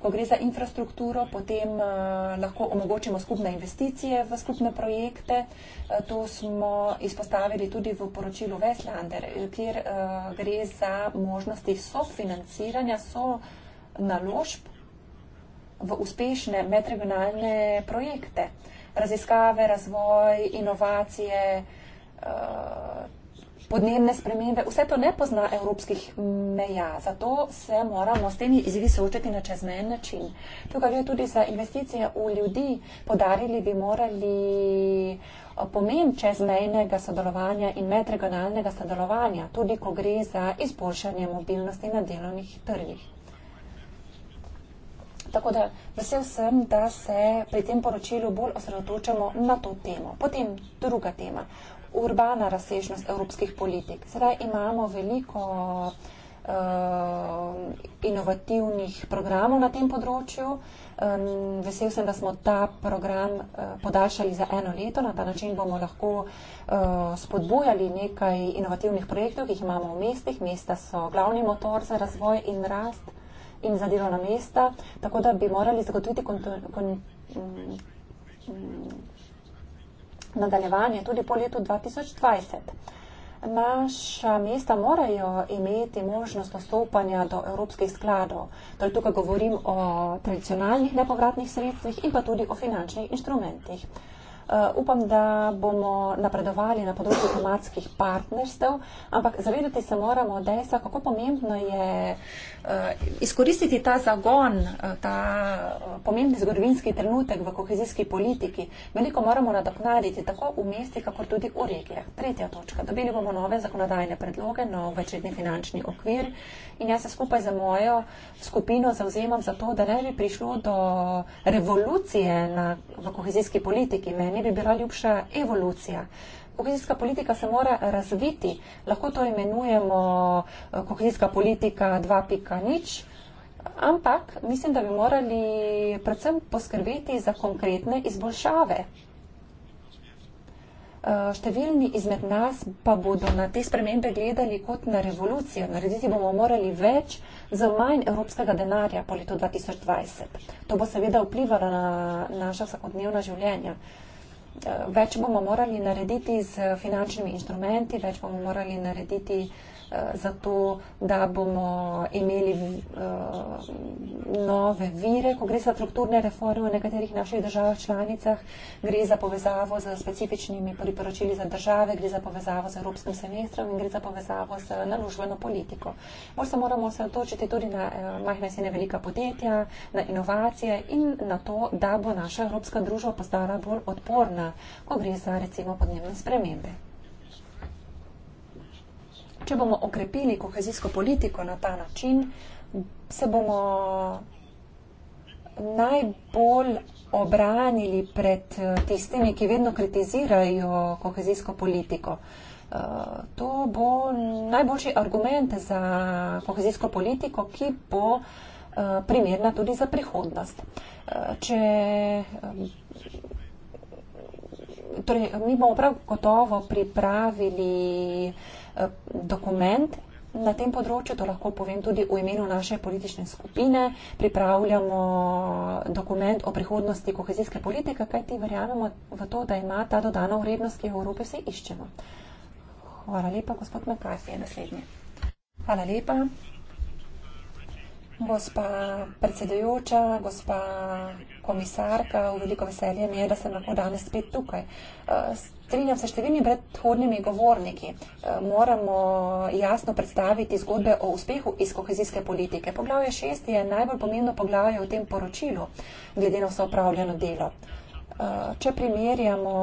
Ko gre za infrastrukturo, potem eh, lahko omogočimo skupne investicije v skupne projekte. Eh, to smo izpostavili tudi v poročilu Veslander, kjer gre za možnosti sofinanciranja, sofinanciranja naložb v uspešne medregionalne projekte, raziskave, razvoj, inovacije, eh, podnebne spremembe. Vse to ne pozna evropskih meja, zato se moramo s temi izjivi soočiti na čezmen način. Tukaj gre tudi za investicije v ljudi, podarili bi morali eh, pomen čezmejnega sodelovanja in medregionalnega sodelovanja, tudi ko gre za izboljšanje mobilnosti na delovnih trgih. Tako da vesel sem, da se pri tem poročilu bolj osredotočamo na to temo. Potem druga tema. Urbana razsežnost evropskih politik. Sedaj imamo veliko uh, inovativnih programov na tem področju. Um, vesel sem, da smo ta program uh, podaljšali za eno leto. Na ta način bomo lahko uh, spodbujali nekaj inovativnih projektov, ki jih imamo v mestih. Mesta so glavni motor za razvoj in rast in za delovna mesta, tako da bi morali zagotoviti mm, nadaljevanje tudi po letu 2020. Naša mesta morajo imeti možnost nastopanja do evropskih skladov. Torej tukaj govorim o tradicionalnih nepovratnih sredstvih in pa tudi o finančnih inštrumentih. Uh, Eh, upam, da bomo napredovali na področju klimatskih partnerstev, ampak zavedati se moramo dejstva, kako pomembno je eh, izkoristiti ta zagon, eh, ta pomembni zgodovinski trenutek v kohezijski politiki. Veliko moramo nadoknaditi tako v mestih, kakor tudi v regijah. Tretja točka. Dobili bomo nove zakonodajne predloge, nov večletni finančni okvir in jaz se skupaj za mojo skupino zauzemam za to, da ne bi prišlo do revolucije na, v kohezijski politiki. Meni bi bila ljubša evolucija. Kohezijska politika se mora razviti. Lahko to imenujemo eh, kohezijska politika 2.0. Ampak mislim, da bi morali predvsem poskrbeti za konkretne izboljšave. Eh, številni izmed nas pa bodo na te spremembe gledali kot na revolucijo. Narediti bomo morali več za manj evropskega denarja po letu 2020. To bo seveda vplivalo na naša vsakodnevna življenja. Eh, več bomo morali narediti z finančnimi inštrumenti, več bomo morali narediti uh, Eh, zato, da bomo imeli eh, nove vire. Ko gre za strukturne reforme v nekaterih naših državah članicah, gre za povezavo z specifičnimi priporočili za države, gre za povezavo z evropskim semestrom in gre za povezavo z naložbeno politiko. Morda se moramo osredotočiti tudi na eh, majhna in srednja velika podjetja, na inovacije in na to, da bo naša evropska družba postala bolj odporna, ko gre za recimo podnebne spremembe če bomo okrepili kohezijsko politiko na ta način, se bomo najbolj obranili pred eh, tistimi, ki vedno kritizirajo kohezijsko politiko. Eh, to bo najboljši argument za kohezijsko politiko, ki bo eh, primerna tudi za prihodnost. Če, torej, mi bomo prav gotovo pripravili Eh, dokument na tem področju, to lahko povem tudi v imenu naše politične skupine, pripravljamo dokument o prihodnosti kohezijske politike, kajti verjamemo v to, da ima ta dodana vrednost, ki jo v Evropi vsi iščemo. Hvala lepa, gospod Mekasi, je naslednji. Hvala lepa. Gospa predsedujoča, gospa komisarka, v veliko veselje mi je, da sem lahko danes spet tukaj. Eh, strinjam se številnimi predhodnimi govorniki. Eh, moramo jasno predstaviti zgodbe o uspehu iz kohezijske politike. Poglavje šest je najbolj pomembno poglavje v tem poročilu, glede na vse upravljeno delo. Eh, če primerjamo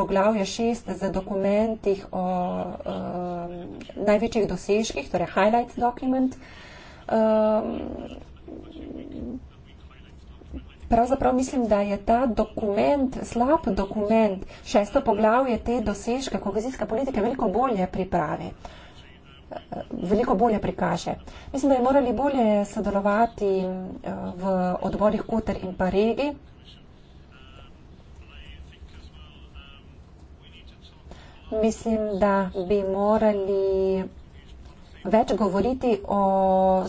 poglavje šest z dokumentih o največjih dosežkih, torej highlight document, Ehm, pravzaprav mislim, da je ta dokument, slab dokument, šesto poglavje te dosežke kohezijske politike veliko bolje pripravi, eh, veliko bolje prikaže. Mislim, da je morali bolje sodelovati eh, v odborih Kuter in pa regi. Mislim, da bi morali več govoriti o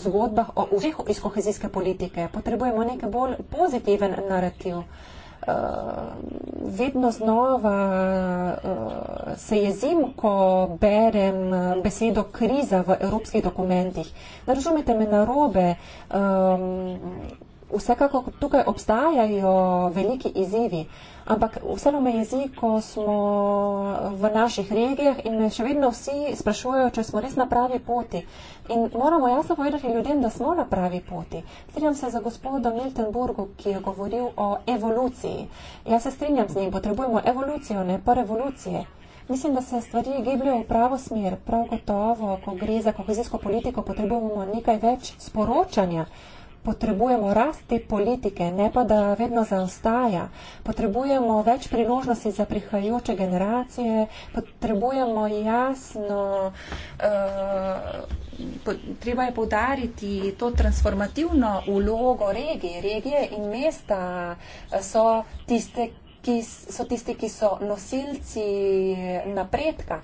zgodbah, o vseh iz kohezijske politike. Potrebujemo nekaj bolj pozitiven narativ. Uh, vedno znova uh, se jezim, ko berem eh, besedo kriza v evropskih dokumentih. Ne razumete me narobe. Um, vsekako tukaj obstajajo veliki izzivi. Uh, Ampak vseeno me jezi, ko smo v naših regijah in me še vedno vsi sprašujejo, če smo res na pravi poti. In moramo jasno povedati ljudem, da smo na pravi poti. Strinjam se za gospodo Miltenburgu, ki je govoril o evoluciji. Jaz se strinjam z njim, potrebujemo evolucijo, ne pa revolucije. Mislim, da se stvari gibljajo v pravo smer. Prav gotovo, ko gre za kohezijsko politiko, potrebujemo nekaj več sporočanja potrebujemo rast te politike, ne pa da vedno zaostaja. Potrebujemo več priložnosti za prihajajoče generacije, potrebujemo jasno, uh, treba je povdariti to transformativno ulogo regije. Regije in mesta eh, so tiste, ki so tisti, ki so nosilci eh, napredka.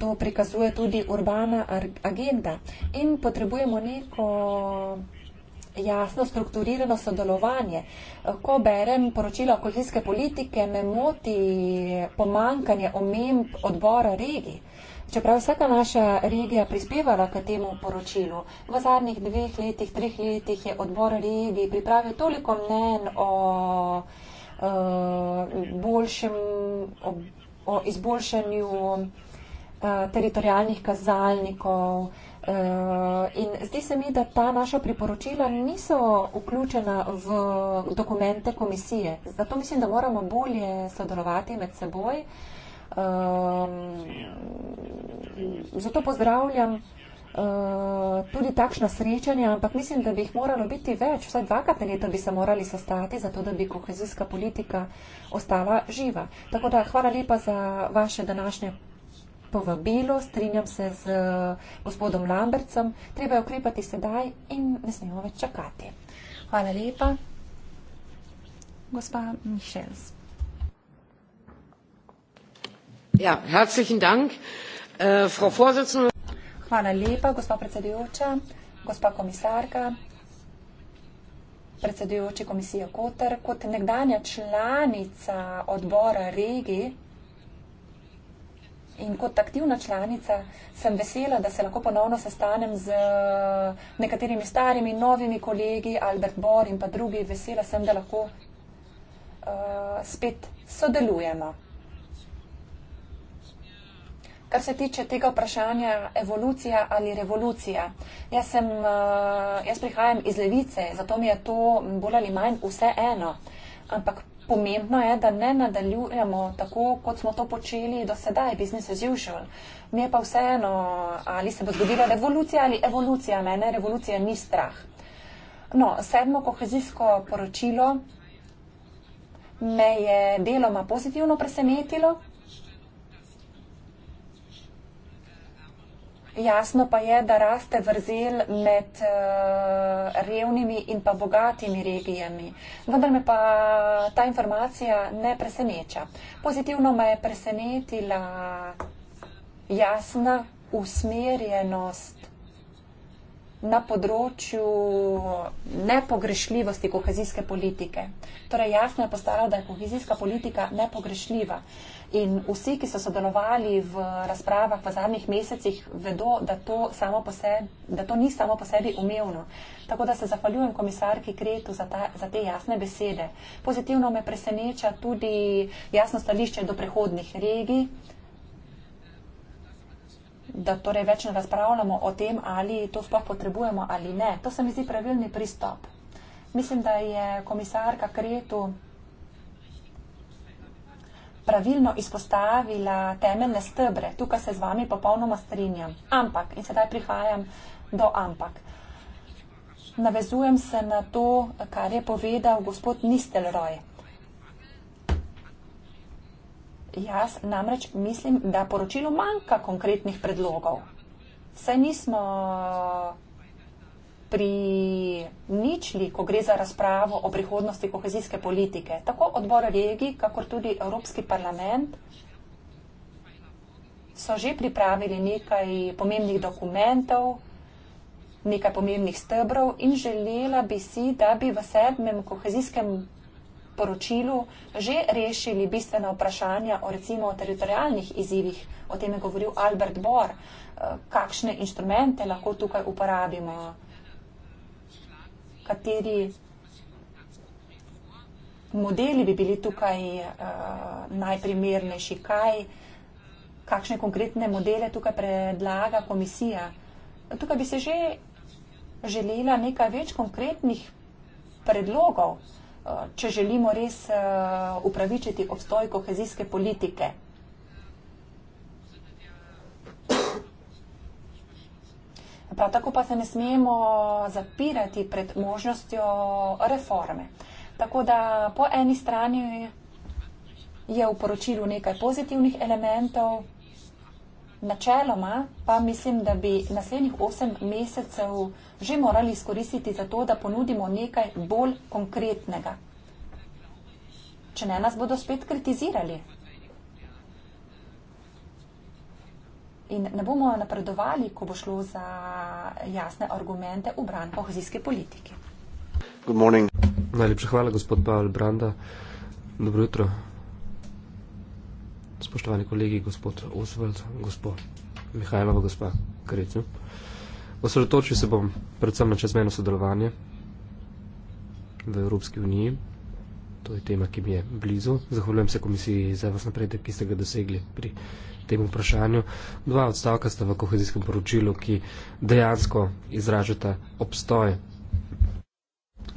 To prikazuje tudi urbana agenda. In potrebujemo neko jasno strukturirano sodelovanje. Ko berem poročila okoljske politike, me moti pomankanje omemb odbora regij. Čeprav vsaka naša regija prispevala k temu poročilu, v zadnjih dveh letih, treh letih je odbor regij pripravil toliko mnen o, o eh, boljšem, o, o izboljšanju o, eh, teritorijalnih kazalnikov, Eh, in zdi se mi, da ta naša priporočila niso vključena v dokumente komisije. Zato mislim, da moramo bolje sodelovati med seboj. Eh, zato pozdravljam eh, tudi takšna srečanja, ampak mislim, da bi jih moralo biti več. Vsaj dvakrat na leto bi se morali sestati, zato da bi kohezijska politika ostala živa. Tako da hvala lepa za vaše današnje povabilo, strinjam se z eh, gospodom Lambercem, treba je ukrepati sedaj in ne smemo več čakati. Hvala lepa. Gospa Mišels. Ja, herzlichen Dank, uh, Frau Vorsitzende. Hvala lepa, gospa predsedujoča, gospa komisarka, predsedujoči komisije Koter. Kot nekdanja članica odbora regije, In kot aktivna članica sem vesela, da se lahko ponovno sestanem z eh, nekaterimi starimi in novimi kolegi, Albert Bor in pa drugi. Vesela sem, da lahko uh, spet sodelujemo. Kar se tiče tega vprašanja, evolucija ali revolucija. Jaz, sem, eh, jaz prihajam iz levice, zato mi je to bolj ali manj vse eno. Ampak Pomembno je, da ne nadaljujemo tako, kot smo to počeli do sedaj, business as usual. Mi je pa vseeno, ali se bo zgodila revolucija ali evolucija, ne, ne, revolucija ni strah. No, sedmo kohezijsko poročilo me je deloma pozitivno presenetilo, Jasno pa je, da raste vrzel med uh, revnimi in pa bogatimi regijami. Vendar me pa ta informacija ne preseneča. Pozitivno me je presenetila jasna usmerjenost na področju nepogrešljivosti kohezijske politike. Torej jasno je postalo, da je kohezijska politika nepogrešljiva. In vsi, ki so sodelovali v razpravah v zadnjih mesecih, vedo, da to, samo sebi, da to ni samo po sebi umevno. Tako da se zahvaljujem komisarki Kretu za, ta, za te jasne besede. Pozitivno me preseneča tudi jasno stališče do prehodnih regij, da torej več ne razpravljamo o tem, ali to sploh potrebujemo ali ne. To se mi zdi pravilni pristop. Mislim, da je komisarka Kretu pravilno izpostavila temeljne stebre. Tukaj se z vami popolnoma strinjam. Ampak, in sedaj prihajam do ampak. Navezujem se na to, kar je povedal gospod Nistelroj. Jaz namreč mislim, da poročilo manjka konkretnih predlogov. Saj nismo eh, pri ničli, ko gre za razpravo o prihodnosti kohezijske politike. Tako odbor regij, kakor tudi Evropski parlament so že pripravili nekaj pomembnih dokumentov, nekaj pomembnih stebrov in želela bi si, da bi v sedmem kohezijskem poročilu že rešili bistvena vprašanja o recimo teritorijalnih izzivih. O tem je govoril Albert Bor. Eh, kakšne inštrumente lahko tukaj uporabimo? Kateri modeli bi bili tukaj eh, najprimernejši? Kaj, kakšne konkretne modele tukaj predlaga komisija? Tukaj bi se že želela nekaj več konkretnih predlogov. Eh, če želimo res eh, upravičiti obstoj kohezijske politike. Prav tako pa se ne smemo zapirati pred možnostjo reforme. Tako da po eni strani je v poročilu nekaj pozitivnih elementov, Načeloma pa mislim, da bi naslednjih 8 mesecev že morali izkoristiti za to, da ponudimo nekaj bolj konkretnega. Če ne, nas bodo spet kritizirali. In ne bomo napredovali, ko bo šlo za jasne argumente v bran kohezijske politike. Najlepša hvala, gospod Pavel Branda. Dobro jutro spoštovani kolegi, gospod Oswald, gospod Mihajlova, gospa Krecu. Osredotočil se bom predvsem na čezmeno sodelovanje v Evropski uniji. To je tema, ki mi je blizu. Zahvaljujem se komisiji za vas napredek, ki ste ga dosegli pri tem vprašanju. Dva odstavka sta v kohezijskem poročilu, ki dejansko izražata obstoj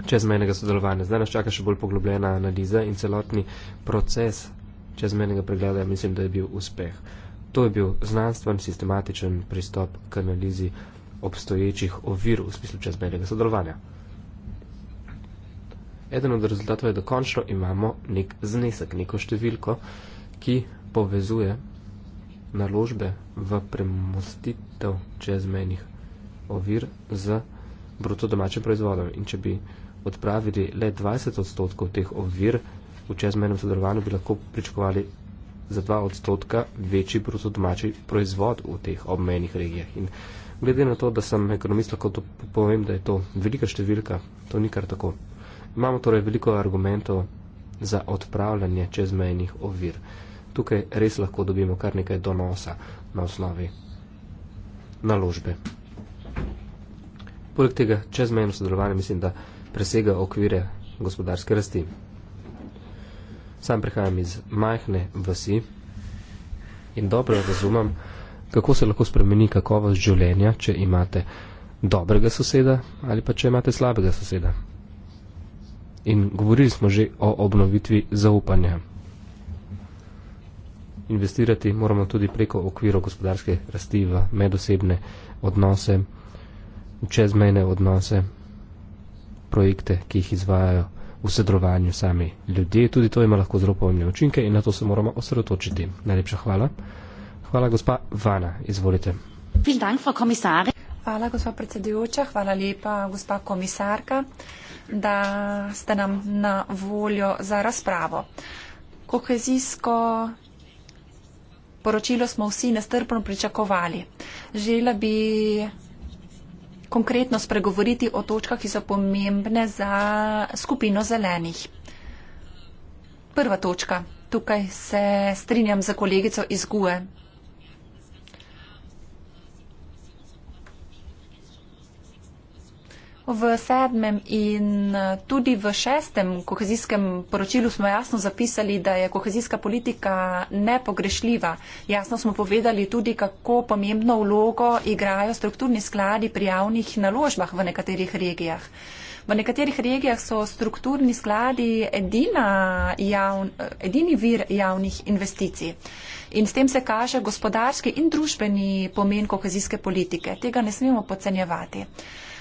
čezmejnega sodelovanja. Zdaj nas čaka še bolj poglobljena analiza in celotni proces čez menega pregleda, mislim, da je bil uspeh. To je bil znanstven, sistematičen pristop k analizi obstoječih ovir v smislu čezmernega sodelovanja. Eden od rezultatov je, da končno imamo nek znesek, neko številko, ki povezuje naložbe v premostitev čezmernih ovir z bruto domačim proizvodom. In če bi odpravili le 20 odstotkov teh ovir, v čezmenem sodelovanju bi lahko pričakovali za dva odstotka večji bruto domači proizvod v teh obmejnih regijah. In glede na to, da sem ekonomist, lahko to povem, da je to velika številka, to ni kar tako. Imamo torej veliko argumentov za odpravljanje čezmejnih ovir. Tukaj res lahko dobimo kar nekaj donosa na osnovi naložbe. Poleg tega čezmejno sodelovanje mislim, da presega okvire gospodarske rasti. Sam prihajam iz majhne vasi in dobro razumem, kako se lahko spremeni kakovost življenja, če imate dobrega soseda ali pa če imate slabega soseda. In govorili smo že o obnovitvi zaupanja. Investirati moramo tudi preko okvirov gospodarske rasti v medosebne odnose, v čezmejne odnose, projekte, ki jih izvajajo v sodelovanju sami ljudje. Tudi to ima lahko zelo pomembne učinke in na to se moramo osredotočiti. Najlepša hvala. Hvala, gospa Vana. Izvolite. Hvala, gospa predsedujoča. Hvala lepa, gospa komisarka, da ste nam na voljo za razpravo. Kohezijsko poročilo smo vsi nestrpno pričakovali. Žela bi konkretno spregovoriti o točkah, ki so pomembne za skupino zelenih. Prva točka. Tukaj se strinjam za kolegico iz GUE. V sedmem in eh, tudi v šestem kohezijskem poročilu smo jasno zapisali, da je kohezijska politika nepogrešljiva. Jasno smo povedali tudi, kako pomembno vlogo igrajo strukturni skladi pri javnih naložbah v nekaterih regijah. V nekaterih regijah so strukturni skladi jav, edini vir javnih investicij. In s tem se kaže gospodarski in družbeni pomen kohezijske politike. Tega ne smemo podcenjevati.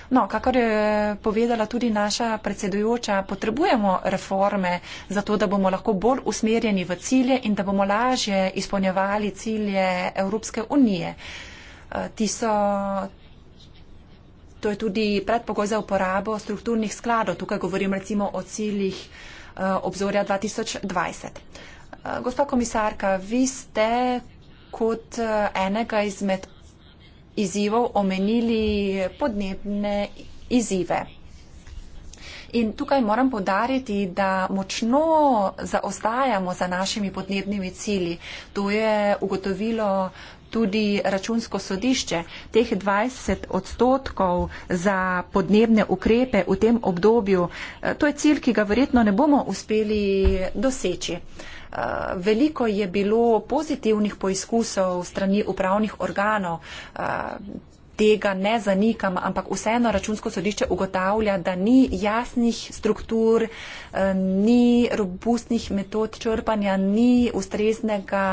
No, kakor je povedala tudi naša predsedujoča, potrebujemo reforme za to, da bomo lahko bolj usmerjeni v cilje in da bomo lažje izpolnjevali cilje Evropske unije. Eh, ti so. To je tudi predpogoj za uporabo strukturnih skladov. Tukaj govorim recimo o ciljih eh, obzorja 2020. Eh, gospa komisarka, vi ste kot enega izmed izzivov omenili podnebne izzive. In tukaj moram podariti, da močno zaostajamo za našimi podnebnimi cilji. To je ugotovilo tudi računsko sodišče. Teh 20 odstotkov za podnebne ukrepe v tem obdobju, eh, to je cilj, ki ga verjetno ne bomo uspeli doseči. Uh, Eh, veliko je bilo pozitivnih poizkusov strani upravnih organov. Eh, tega ne zanikam, ampak vseeno računsko sodišče ugotavlja, da ni jasnih struktur, eh, ni robustnih metod črpanja, ni ustreznega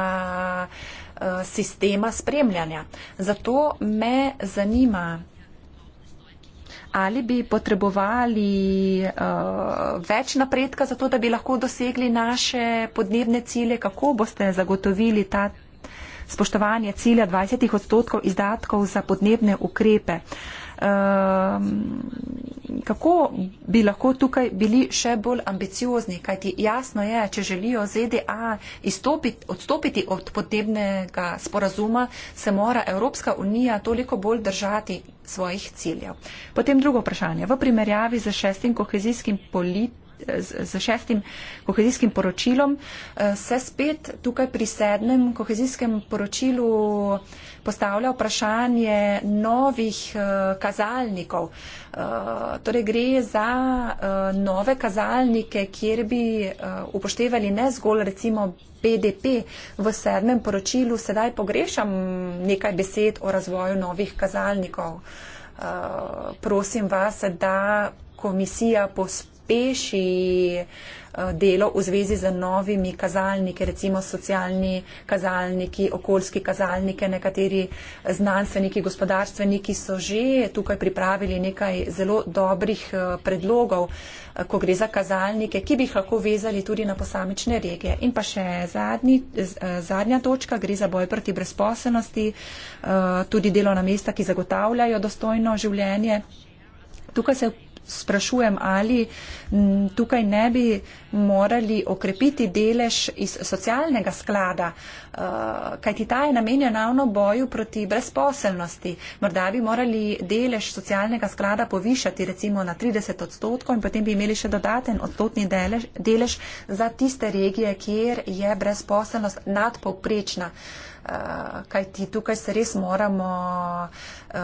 sistema spremljanja. Zato me zanima, ali bi potrebovali uh, več napredka za to, da bi lahko dosegli naše podnebne cilje? Kako boste zagotovili ta spoštovanje cilja 20 odstotkov izdatkov za podnebne ukrepe? Uh, Ehm, kako bi lahko tukaj bili še bolj ambiciozni, kajti jasno je, če želijo ZDA izstopit, odstopiti od podnebnega sporazuma, se mora Evropska unija toliko bolj držati svojih ciljev. Potem drugo vprašanje. V primerjavi z šestim kohezijskim politikom, z šestim kohezijskim poročilom, eh, se spet tukaj pri sedmem kohezijskem poročilu postavlja vprašanje novih eh, kazalnikov. Eh, torej gre za nove kazalnike, kjer bi upoštevali ne zgolj recimo BDP. V sedmem poročilu sedaj pogrešam nekaj besed o razvoju novih kazalnikov. Prosim vas, da komisija pospravlja pospeši eh, delo v zvezi z novimi kazalniki, recimo socialni kazalniki, okoljski kazalniki, nekateri znanstveniki, gospodarstveniki so že tukaj pripravili nekaj zelo dobrih eh, predlogov, eh, ko gre za kazalnike, ki bi jih lahko vezali tudi na posamične regije. In pa še zadnji, zadnja točka, gre za boj proti brezposelnosti, tudi delovna mesta, ki zagotavljajo dostojno življenje. Tukaj se sprašujem, ali tukaj ne bi morali okrepiti delež iz socialnega sklada, uh, kajti ta je namenjena ravno boju proti brezposelnosti. Morda bi morali delež socialnega sklada povišati recimo na 30 odstotkov in potem bi imeli še dodaten odstotni delež, delež za tiste regije, kjer je brezposelnost nadpovprečna. Eh, kaj ti tukaj se res moramo eh,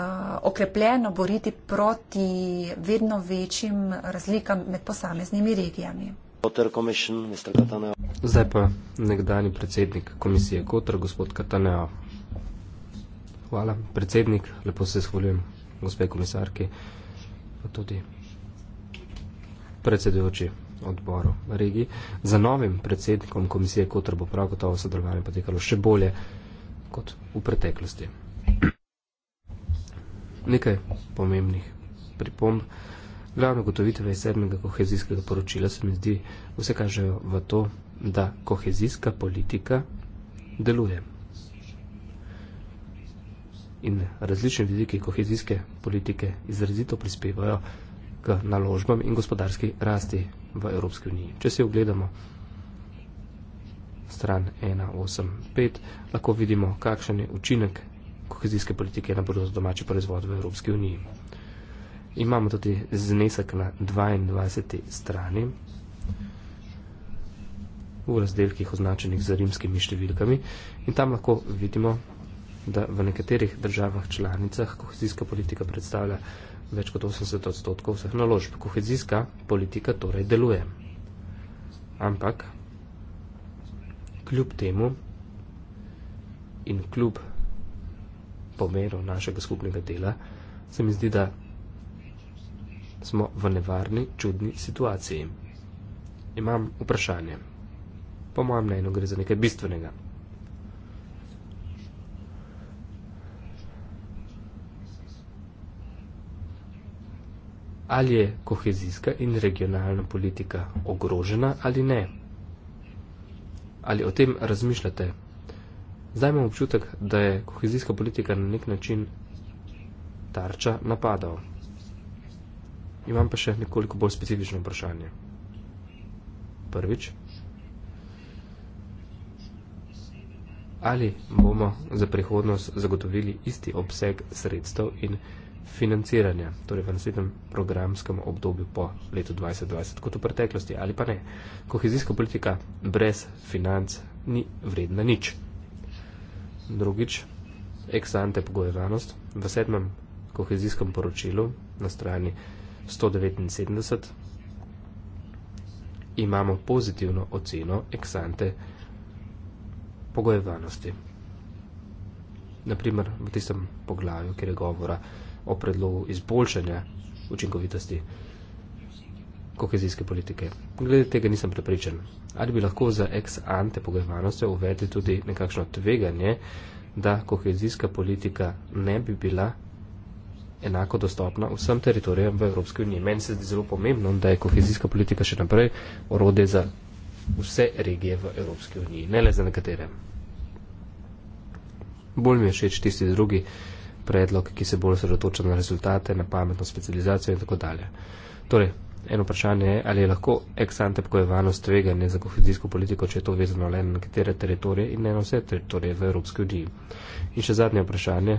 okrepljeno boriti proti vedno večjim razlikam med posameznimi regijami. Zdaj pa nekdani predsednik komisije Kotr, gospod Kataneo. Hvala, predsednik, lepo se zahvaljujem, gospe komisarki, pa tudi predsedujoči odboru regij. Za novim predsednikom komisije Kotr bo prav gotovo sodelovanje potekalo še bolje kot v preteklosti. Nekaj pomembnih pripomb. Glavno gotovitve iz sedmega kohezijskega poročila se mi zdi vse kažejo v to, da kohezijska politika deluje. In različni vidiki kohezijske politike izrazito prispevajo k naložbam in gospodarski rasti v Evropski uniji. Če se ogledamo stran 185, lahko vidimo, kakšen je učinek kohezijske politike na bodo domači proizvod v Evropski uniji. Imamo tudi znesek na 22. strani v razdelkih označenih z rimskimi številkami in tam lahko vidimo, da v nekaterih državah članicah kohezijska politika predstavlja več kot 80 odstotkov vseh naložb. Kohezijska politika torej deluje. Ampak kljub temu in kljub pomeru našega skupnega dela, se mi zdi, da smo v nevarni, čudni situaciji. Imam vprašanje. Po mojem mnenju gre za nekaj bistvenega. Ali je kohezijska in regionalna politika ogrožena ali ne? ali o tem razmišljate. Zdaj imam občutek, da je kohezijska politika na nek način tarča napadal. Imam pa še nekoliko bolj specifično vprašanje. Prvič, ali bomo za prihodnost zagotovili isti obseg sredstev in sredstev, financiranja, torej v naslednjem programskem obdobju po letu 2020, kot v preteklosti ali pa ne. Kohezijska politika brez financ ni vredna nič. Drugič, eksante pogojevanost v sedmem kohezijskem poročilu na strani 179 imamo pozitivno oceno eksante pogojevanosti. Naprimer, v tistem poglavju, kjer je govora o o predlogu izboljšanja učinkovitosti kohezijske politike. Glede tega nisem prepričan. Ali bi lahko za ex ante pogajvanost uvedli tudi nekakšno tveganje, da kohezijska politika ne bi bila enako dostopna vsem teritorijem v Evropski uniji. Meni se zdi zelo pomembno, da je kohezijska politika še naprej orode za vse regije v Evropski uniji, ne le za nekatere. Bolj mi je všeč tisti drugi, predlog, ki se bolj osredotoča na rezultate, na pametno specializacijo in tako dalje. Torej, eno vprašanje je, ali je lahko eksante pokojevano streganje za kohezijsko politiko, če je to vezano le na nekatere teritorije in ne na vse teritorije v Evropski uniji. In še zadnje vprašanje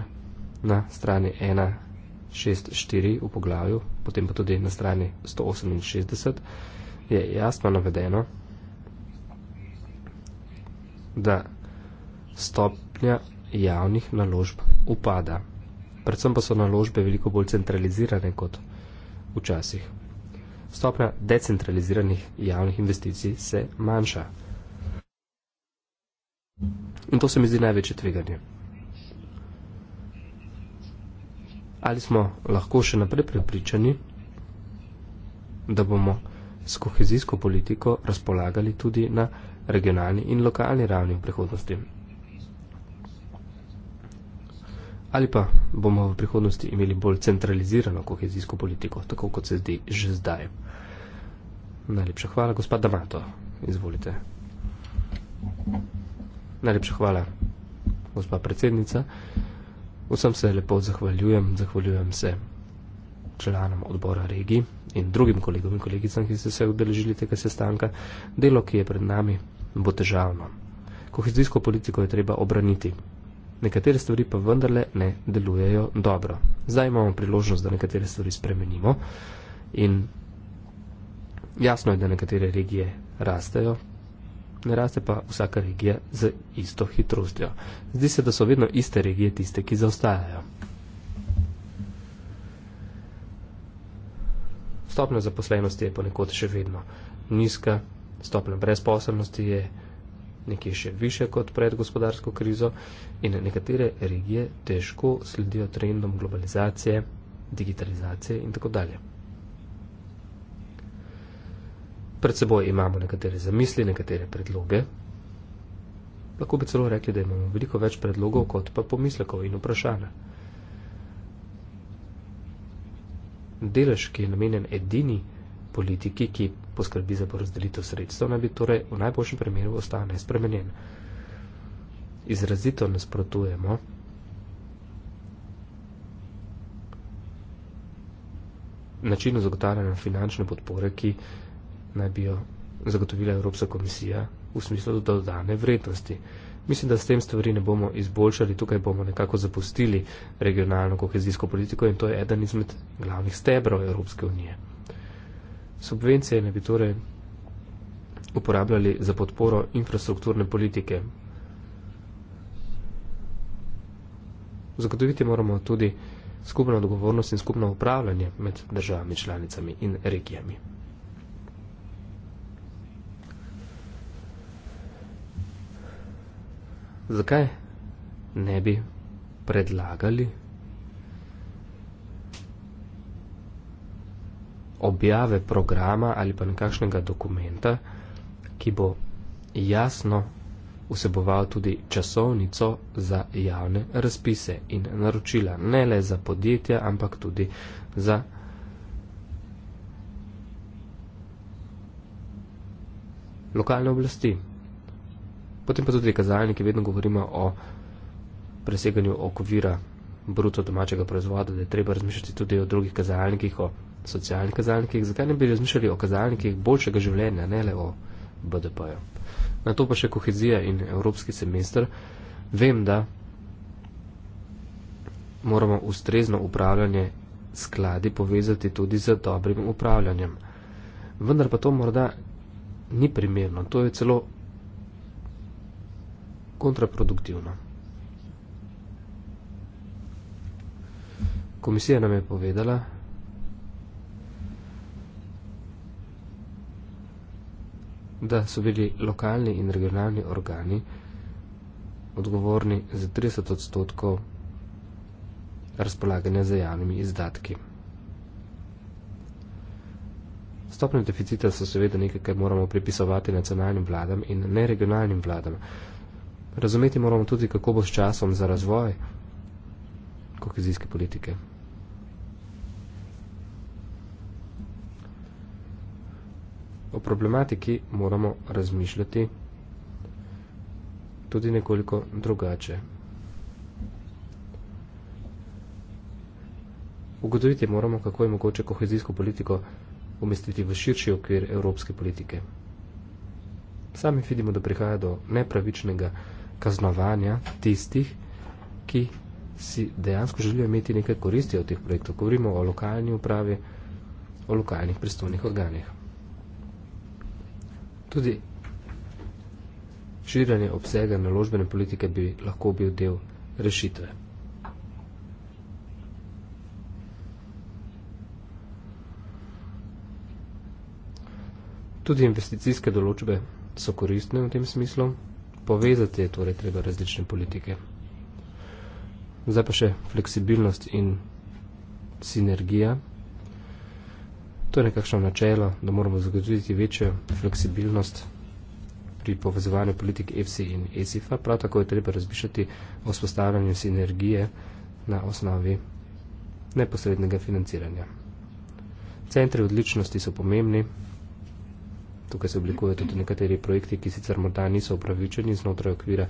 na strani 1.6.4 v poglavju, potem pa tudi na strani 168, je jasno navedeno, da stopnja javnih naložb upada predvsem pa so naložbe veliko bolj centralizirane kot včasih. Stopnja decentraliziranih javnih investicij se manjša. In to se mi zdi največje tveganje. Ali smo lahko še naprej prepričani, da bomo s kohezijsko politiko razpolagali tudi na regionalni in lokalni ravni v prihodnosti? ali pa bomo v prihodnosti imeli bolj centralizirano kohezijsko politiko, tako kot se zdi že zdaj. Najlepša hvala, gospod Damato. Izvolite. Najlepša hvala, gospa predsednica. Vsem se lepo zahvaljujem, zahvaljujem se članom odbora regij in drugim kolegom in kolegicam, ki ste se udeležili tega sestanka. Delo, ki je pred nami, bo težavno. Kohezijsko politiko je treba obraniti nekatere stvari pa vendarle ne delujejo dobro. Zdaj imamo priložnost, da nekatere stvari spremenimo in jasno je, da nekatere regije rastejo, ne raste pa vsaka regija z isto hitrostjo. Zdi se, da so vedno iste regije tiste, ki zaostajajo. Stopna zaposlenosti je ponekod še vedno nizka, stopna brezposobnosti je nizka, nekje še više kot pred gospodarsko krizo in nekatere regije težko sledijo trendom globalizacije, digitalizacije in tako dalje. Pred seboj imamo nekatere zamisli, nekatere predloge. Lahko bi celo rekli, da imamo veliko več predlogov kot pa pomislekov in vprašanja. Delež, ki je namenjen edini politiki, ki poskrbi za porazdelitev sredstev, naj bi torej v najboljšem primeru ostal nespremenjen. Izrazito nasprotujemo načinu zagotavljanja finančne podpore, ki naj bi jo zagotovila Evropska komisija v smislu dodane vrednosti. Mislim, da s tem stvari ne bomo izboljšali, tukaj bomo nekako zapustili regionalno kohezijsko politiko in to je eden izmed glavnih stebrov Evropske unije. Subvencije ne bi torej uporabljali za podporo infrastrukturne politike. Zagotoviti moramo tudi skupno odgovornost in skupno upravljanje med državami, članicami in regijami. Zakaj ne bi predlagali objave programa ali pa nekakšnega dokumenta, ki bo jasno vseboval tudi časovnico za javne razpise in naročila ne le za podjetja, ampak tudi za lokalne oblasti. Potem pa tudi kazalniki, vedno govorimo o preseganju okvira bruto domačega proizvoda, da je treba razmišljati tudi o drugih kazalnikih, o socialnih kazalnikih, zakaj ne bi razmišljali o kazalnikih boljšega življenja, ne le o BDP-ju. Na to pa še kohezija in evropski semester. Vem, da moramo ustrezno upravljanje skladi povezati tudi z dobrim upravljanjem. Vendar pa to morda ni primerno, to je celo kontraproduktivno. Komisija nam je povedala, da so bili lokalni in regionalni organi odgovorni za 30 odstotkov razpolaganja za javnimi izdatki. Stopne deficita so seveda nekaj, kar moramo pripisovati nacionalnim vladam in ne regionalnim vladam. Razumeti moramo tudi, kako bo s časom za razvoj kohezijske politike. o problematiki moramo razmišljati tudi nekoliko drugače. Ugotoviti moramo, kako je mogoče kohezijsko politiko umestiti v širši okvir evropske politike. Sami vidimo, da prihaja do nepravičnega kaznovanja tistih, ki si dejansko želijo imeti nekaj koristi od teh projektov. Govorimo o lokalni upravi, o lokalnih pristojnih organih. Tudi širjanje obsega naložbene politike bi lahko bil del rešitve. Tudi investicijske določbe so koristne v tem smislu. Povezati je torej treba različne politike. Zdaj pa še fleksibilnost in sinergija. To je nekakšno načelo, da moramo zagotoviti večjo fleksibilnost pri povezovanju politik EFSI in ESIFA. Prav tako je treba razmišljati o spostavljanju sinergije na osnovi neposrednega financiranja. Centri odličnosti so pomembni, tukaj se oblikujejo tudi nekateri projekti, ki sicer morda niso upravičeni znotraj okvira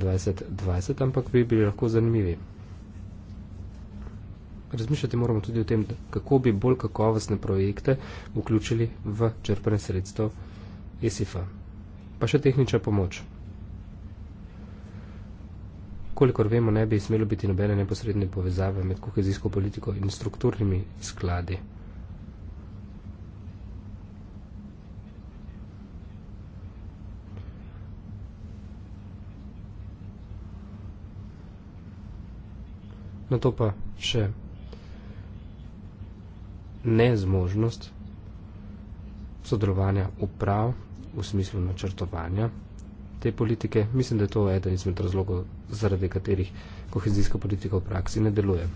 2020, ampak bi bili lahko zanimivi razmišljati moramo tudi o tem, kako bi bolj kakovostne projekte vključili v črpanje sredstev ESIF-a. Pa še tehnična pomoč. Kolikor vemo, ne bi smelo biti nobene neposredne povezave med kohezijsko politiko in strukturnimi skladi. Na to pa še nezmožnost sodelovanja uprav v smislu načrtovanja te politike. Mislim, da je to eden izmed razlogov, zaradi katerih kohezijska politika v praksi ne deluje.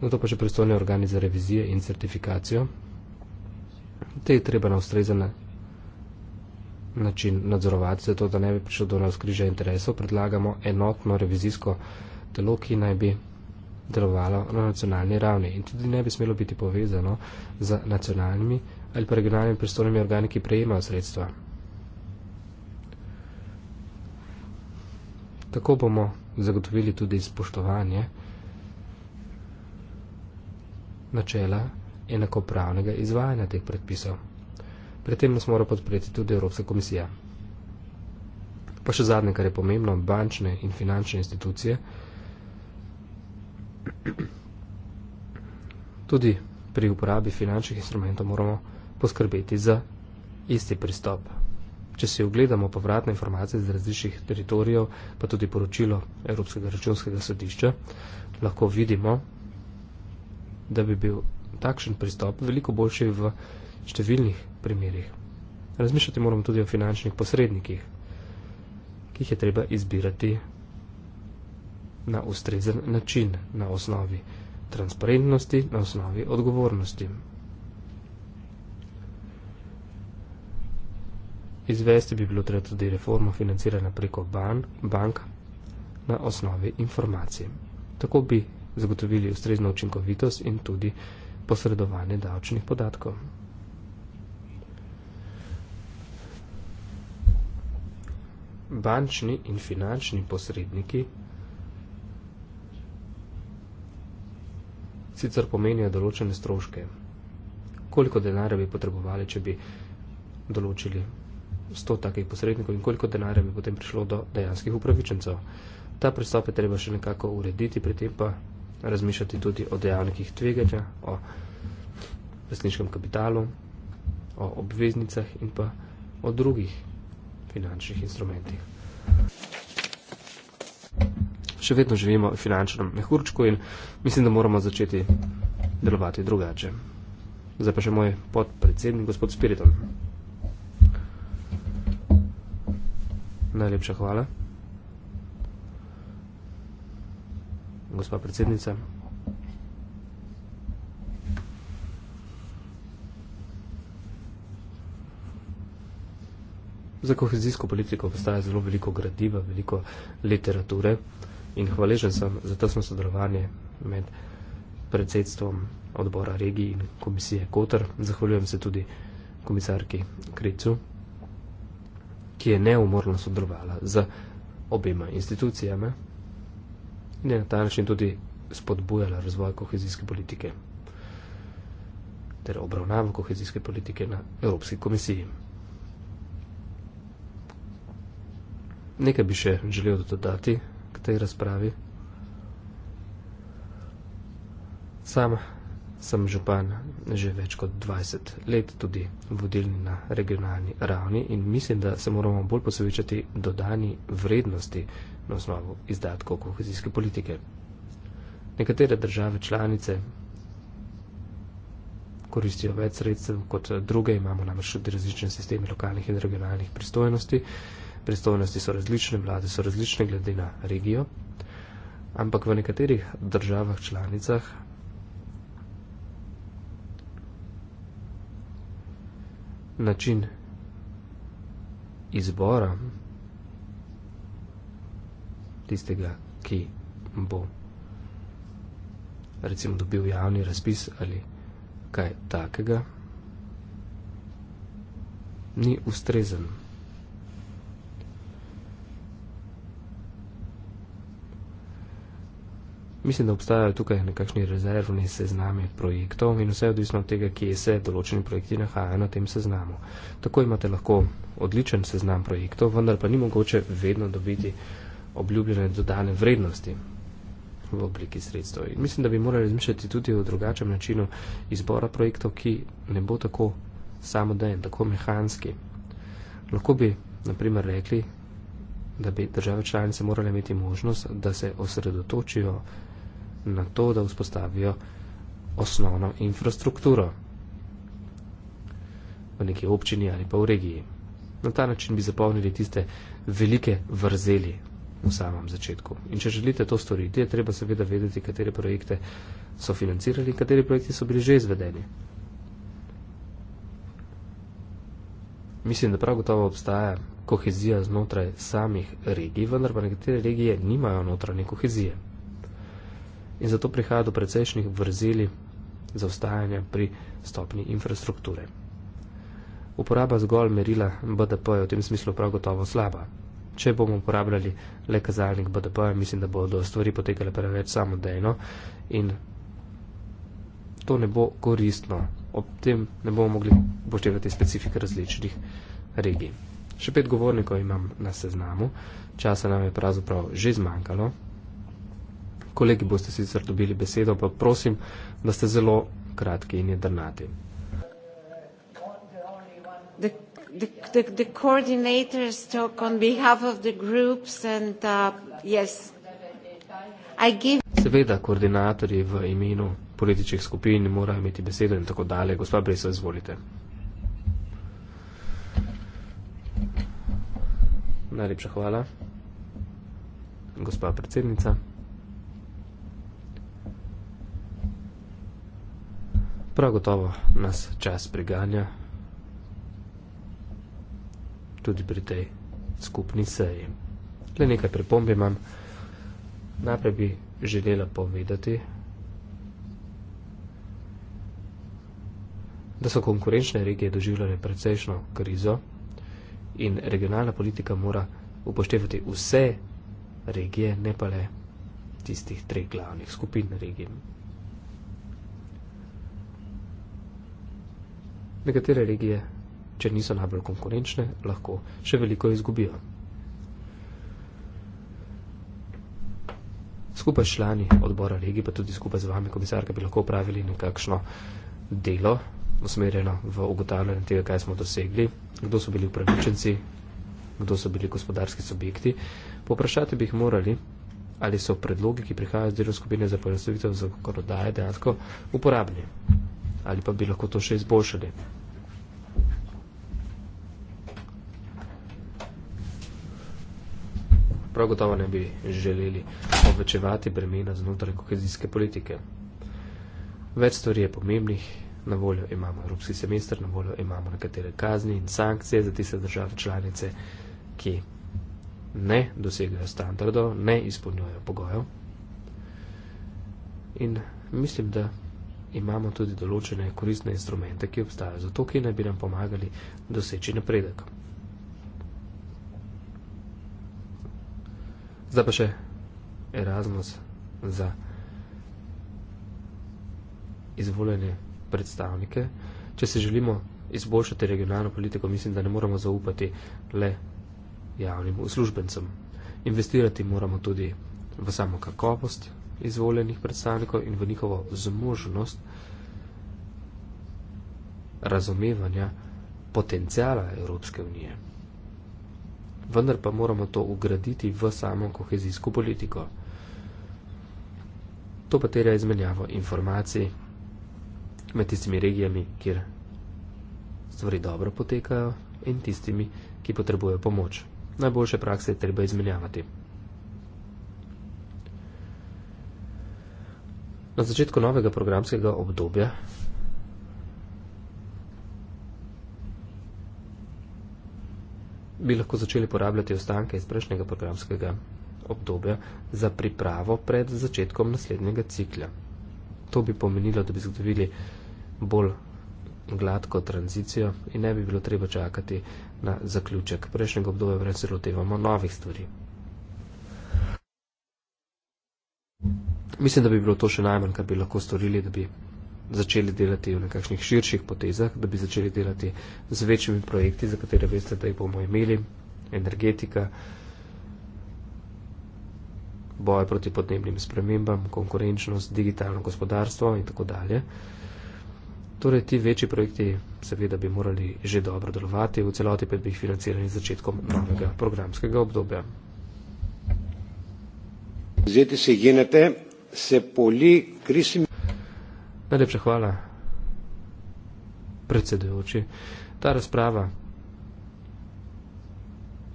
Na to pa še predstavljajo organi za revizije in certifikacijo. Te je treba na ustrezen način nadzorovati, zato da ne bi prišlo do nas križa interesov. Predlagamo enotno revizijsko telo, ki naj bi delovalo na nacionalni ravni in tudi ne bi smelo biti povezano z nacionalnimi ali pa regionalnimi pristojnimi organi, ki prejemajo sredstva. Tako bomo zagotovili tudi spoštovanje načela enakopravnega izvajanja teh predpisov. Pri tem nas mora podpreti tudi Evropska komisija. Pa še zadnje, kar je pomembno, bančne in finančne institucije, Tudi pri uporabi finančnih instrumentov moramo poskrbeti za isti pristop. Če si ogledamo povratne informacije z različnih teritorijev, pa tudi poročilo Evropskega računskega sodišča, lahko vidimo, da bi bil takšen pristop veliko boljši v številnih primerih. Razmišljati moramo tudi o finančnih posrednikih, ki jih je treba izbirati na ustrezen način, na osnovi transparentnosti, na osnovi odgovornosti. Izvesti bi bilo treba tudi reformo financirana preko ban, bank na osnovi informacije. Tako bi zagotovili ustrezno učinkovitost in tudi posredovanje davčnih podatkov. Bančni in finančni posredniki sicer pomenijo določene stroške. Koliko denarja bi potrebovali, če bi določili 100 takih posrednikov in koliko denarja bi potem prišlo do dejanskih upravičencev. Ta pristop je treba še nekako urediti, pri tem pa razmišljati tudi o dejavnikih tveganja, o resničkem kapitalu, o obveznicah in pa o drugih finančnih instrumentih. Thank you še vedno živimo v finančnem mehurčku in mislim, da moramo začeti delovati drugače. Zdaj pa še moj podpredsednik, gospod Spiriton. Najlepša hvala. Gospa predsednica. Za kohezijsko politiko postaja zelo veliko gradiva, veliko literature in hvaležen sem za to smo sodelovanje med predsedstvom odbora regij in komisije Kotr. Zahvaljujem se tudi komisarki Kricu, ki je neumorno sodelovala z obema institucijama in je na ta način tudi spodbujala razvoj kohezijske politike ter obravnavo kohezijske politike na Evropski komisiji. Nekaj bi še želel dodati tej razpravi. Sam sem župan že več kot 20 let, tudi vodilni na regionalni ravni in mislim, da se moramo bolj posvečati dodani vrednosti na osnovu izdatkov kohezijske politike. Nekatere države članice koristijo več sredstev kot druge, imamo namreč tudi različne sisteme lokalnih in regionalnih pristojnosti pristojnosti so različne, vlade so različne glede na regijo, ampak v nekaterih državah članicah način izbora tistega, ki bo recimo dobil javni razpis ali kaj takega, ni ustrezen. Mislim, da obstajajo tukaj nekakšni rezervni seznami projektov in vse odvisno od tega, kje se določeni projekti nahajajo na tem seznamu. Tako imate lahko odličen seznam projektov, vendar pa ni mogoče vedno dobiti obljubljene dodane vrednosti v obliki sredstev. In mislim, da bi morali razmišljati tudi o drugačnem načinu izbora projektov, ki ne bo tako samodejen, tako mehanski. Lahko bi, naprimer, rekli, da bi države članice morale imeti možnost, da se osredotočijo na to, da vzpostavijo osnovno infrastrukturo v neki občini ali pa v regiji. Na ta način bi zapolnili tiste velike vrzeli v samem začetku. In če želite to storiti, je treba seveda vedeti, katere projekte so financirali in kateri projekti so bili že izvedeni. Mislim, da prav gotovo obstaja kohezija znotraj samih regij, vendar pa nekatere regije nimajo notranje kohezije in zato prihaja do precejšnjih vrzeli zaostajanja pri stopni infrastrukture. Uporaba zgolj merila BDP je v tem smislu prav gotovo slaba. Če bomo uporabljali le kazalnik BDP, mislim, da bodo stvari potekale preveč samodejno in to ne bo koristno. Ob tem ne bomo mogli poštevati specifik različnih regij. Še pet govornikov imam na seznamu, časa nam je pravzaprav že zmanjkalo. Kolegi boste sicer dobili besedo, pa prosim, da ste zelo kratki in jedrnati. The, the, the coordinators talk on behalf of the groups and uh, yes, I give. Seveda, koordinatorji v imenu političnih skupin morajo imeti besedo in tako dalje. Gospa Brisa, izvolite. Najlepša hvala. Gospa predsednica. Prav gotovo nas čas priganja tudi pri tej skupni seji. Le nekaj pripomb imam. Najprej bi želela povedati, da so konkurenčne regije doživljale precejšno krizo in regionalna politika mora upoštevati vse regije, ne pa le tistih treh glavnih skupin regij, nekatere regije, če niso najbolj konkurenčne, lahko še veliko izgubijo. Skupaj s člani odbora regije, pa tudi skupaj z vami, komisarka, bi lahko upravili nekakšno delo, usmerjeno v ugotavljanje tega, kaj smo dosegli, kdo so bili upravičenci, kdo so bili gospodarski subjekti. Poprašati bi jih morali, ali so predlogi, ki prihajajo z delovne skupine za pojasnitev zakonodaje, dejansko uporabni ali pa bi lahko to še izboljšali. Prav gotovo ne bi želeli povečevati bremena znotraj kohezijske politike. Več stvari je pomembnih, na voljo imamo evropski semester, na voljo imamo nekatere kazni in sankcije za tiste države članice, ki ne dosegajo standardov, ne izpolnjujejo pogojev. In mislim, da imamo tudi določene koristne instrumente, ki obstajajo zato, ki naj bi nam pomagali doseči napredek. Zdaj pa še Erasmus za izvoljene predstavnike. Če se želimo izboljšati regionalno politiko, mislim, da ne moramo zaupati le javnim uslužbencem. Investirati moramo tudi v samo kakovost izvoljenih predstavnikov in v njihovo zmožnost razumevanja potencijala Evropske unije. Vendar pa moramo to ugraditi v samo kohezijsko politiko. To pa terja izmenjavo informacij med tistimi regijami, kjer stvari dobro potekajo in tistimi, ki potrebujejo pomoč. Najboljše prakse je treba izmenjavati. na začetku novega programskega obdobja. bi lahko začeli porabljati ostanke iz prejšnjega programskega obdobja za pripravo pred začetkom naslednjega cikla. To bi pomenilo, da bi zgodovili bolj gladko tranzicijo in ne bi bilo treba čakati na zaključek prejšnjega obdobja, preden se lotevamo novih stvari. Mislim, da bi bilo to še najmanj, kar bi lahko storili, da bi začeli delati v nekakšnih širših potezah, da bi začeli delati z večjimi projekti, za katere veste, da jih bomo imeli, energetika, boje proti podnebnim spremembam, konkurenčnost, digitalno gospodarstvo in tako dalje. Torej, ti večji projekti seveda bi morali že dobro delovati, v celoti pa bi jih financirali z začetkom novega programskega obdobja. Zdaj, da se jenete se poli krisim. Najlepša hvala, predsedujoči. Ta razprava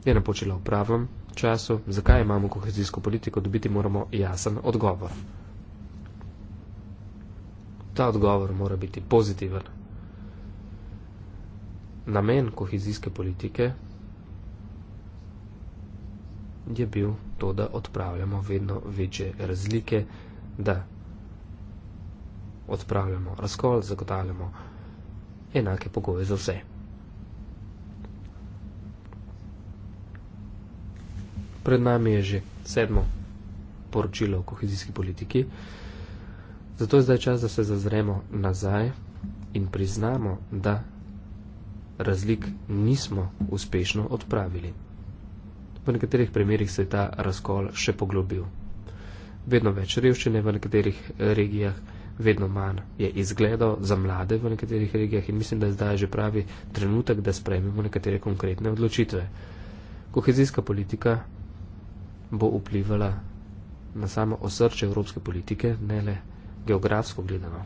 je napočila v pravem času. Zakaj imamo kohezijsko politiko, dobiti moramo jasen odgovor. Ta odgovor mora biti pozitiven. Namen kohezijske politike je bil to, da odpravljamo vedno večje razlike da odpravljamo razkol, zagotavljamo enake pogoje za vse. Pred nami je že sedmo poročilo o kohezijski politiki, zato je zdaj čas, da se zazremo nazaj in priznamo, da razlik nismo uspešno odpravili. V nekaterih primerjih se je ta razkol še poglobil vedno več revščine v nekaterih eh, regijah, vedno manj je izgledov za mlade v nekaterih regijah in mislim, da je zdaj že pravi trenutek, da sprejmemo nekatere konkretne odločitve. Kohezijska politika bo vplivala na samo osrče evropske politike, ne le geografsko gledano.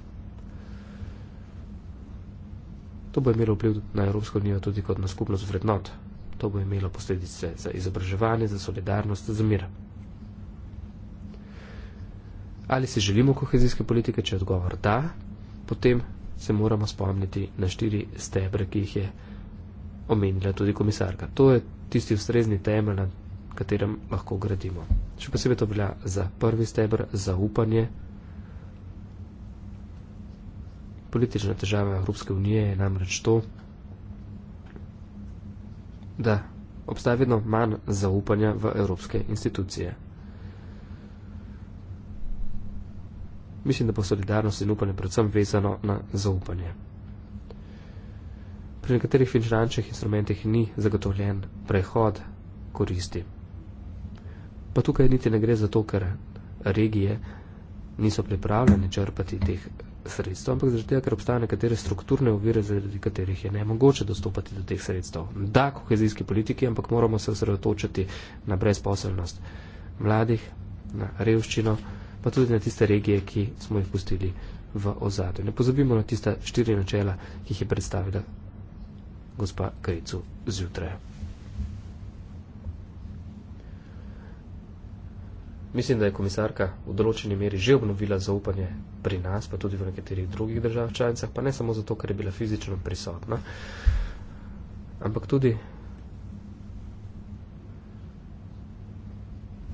To bo imelo vpliv na Evropsko unijo tudi kot na skupnost vrednot. To bo imelo posledice za izobraževanje, za solidarnost, za mir. Ali si želimo kohezijske politike, če je odgovor da, potem se moramo spomniti na štiri stebre, ki jih je omenila tudi komisarka. To je tisti ustrezni temelj, na katerem lahko gradimo. Še posebej to velja za prvi stebr, zaupanje. Politična težava Evropske unije je namreč to, da obstaja vedno manj zaupanja v evropske institucije. Mislim, da bo solidarnost in upanje predvsem vezano na zaupanje. Pri nekaterih finančnih instrumentih ni zagotovljen prehod koristi. Pa tukaj niti ne gre za to, ker regije niso pripravljene črpati teh sredstev, ampak zaradi tega, ker obstajajo nekatere strukturne ovire, zaradi katerih je ne mogoče dostopati do teh sredstev. Da, kohezijski politiki, ampak moramo se osredotočiti na brezposobnost mladih, na revščino pa tudi na tiste regije, ki smo jih pustili v ozadju. Ne pozabimo na tiste štiri načela, ki jih je predstavila gospa Krejcu zjutraj. Mislim, da je komisarka v določeni meri že obnovila zaupanje pri nas, pa tudi v nekaterih drugih državah članicah, pa ne samo zato, ker je bila fizično prisotna, ampak tudi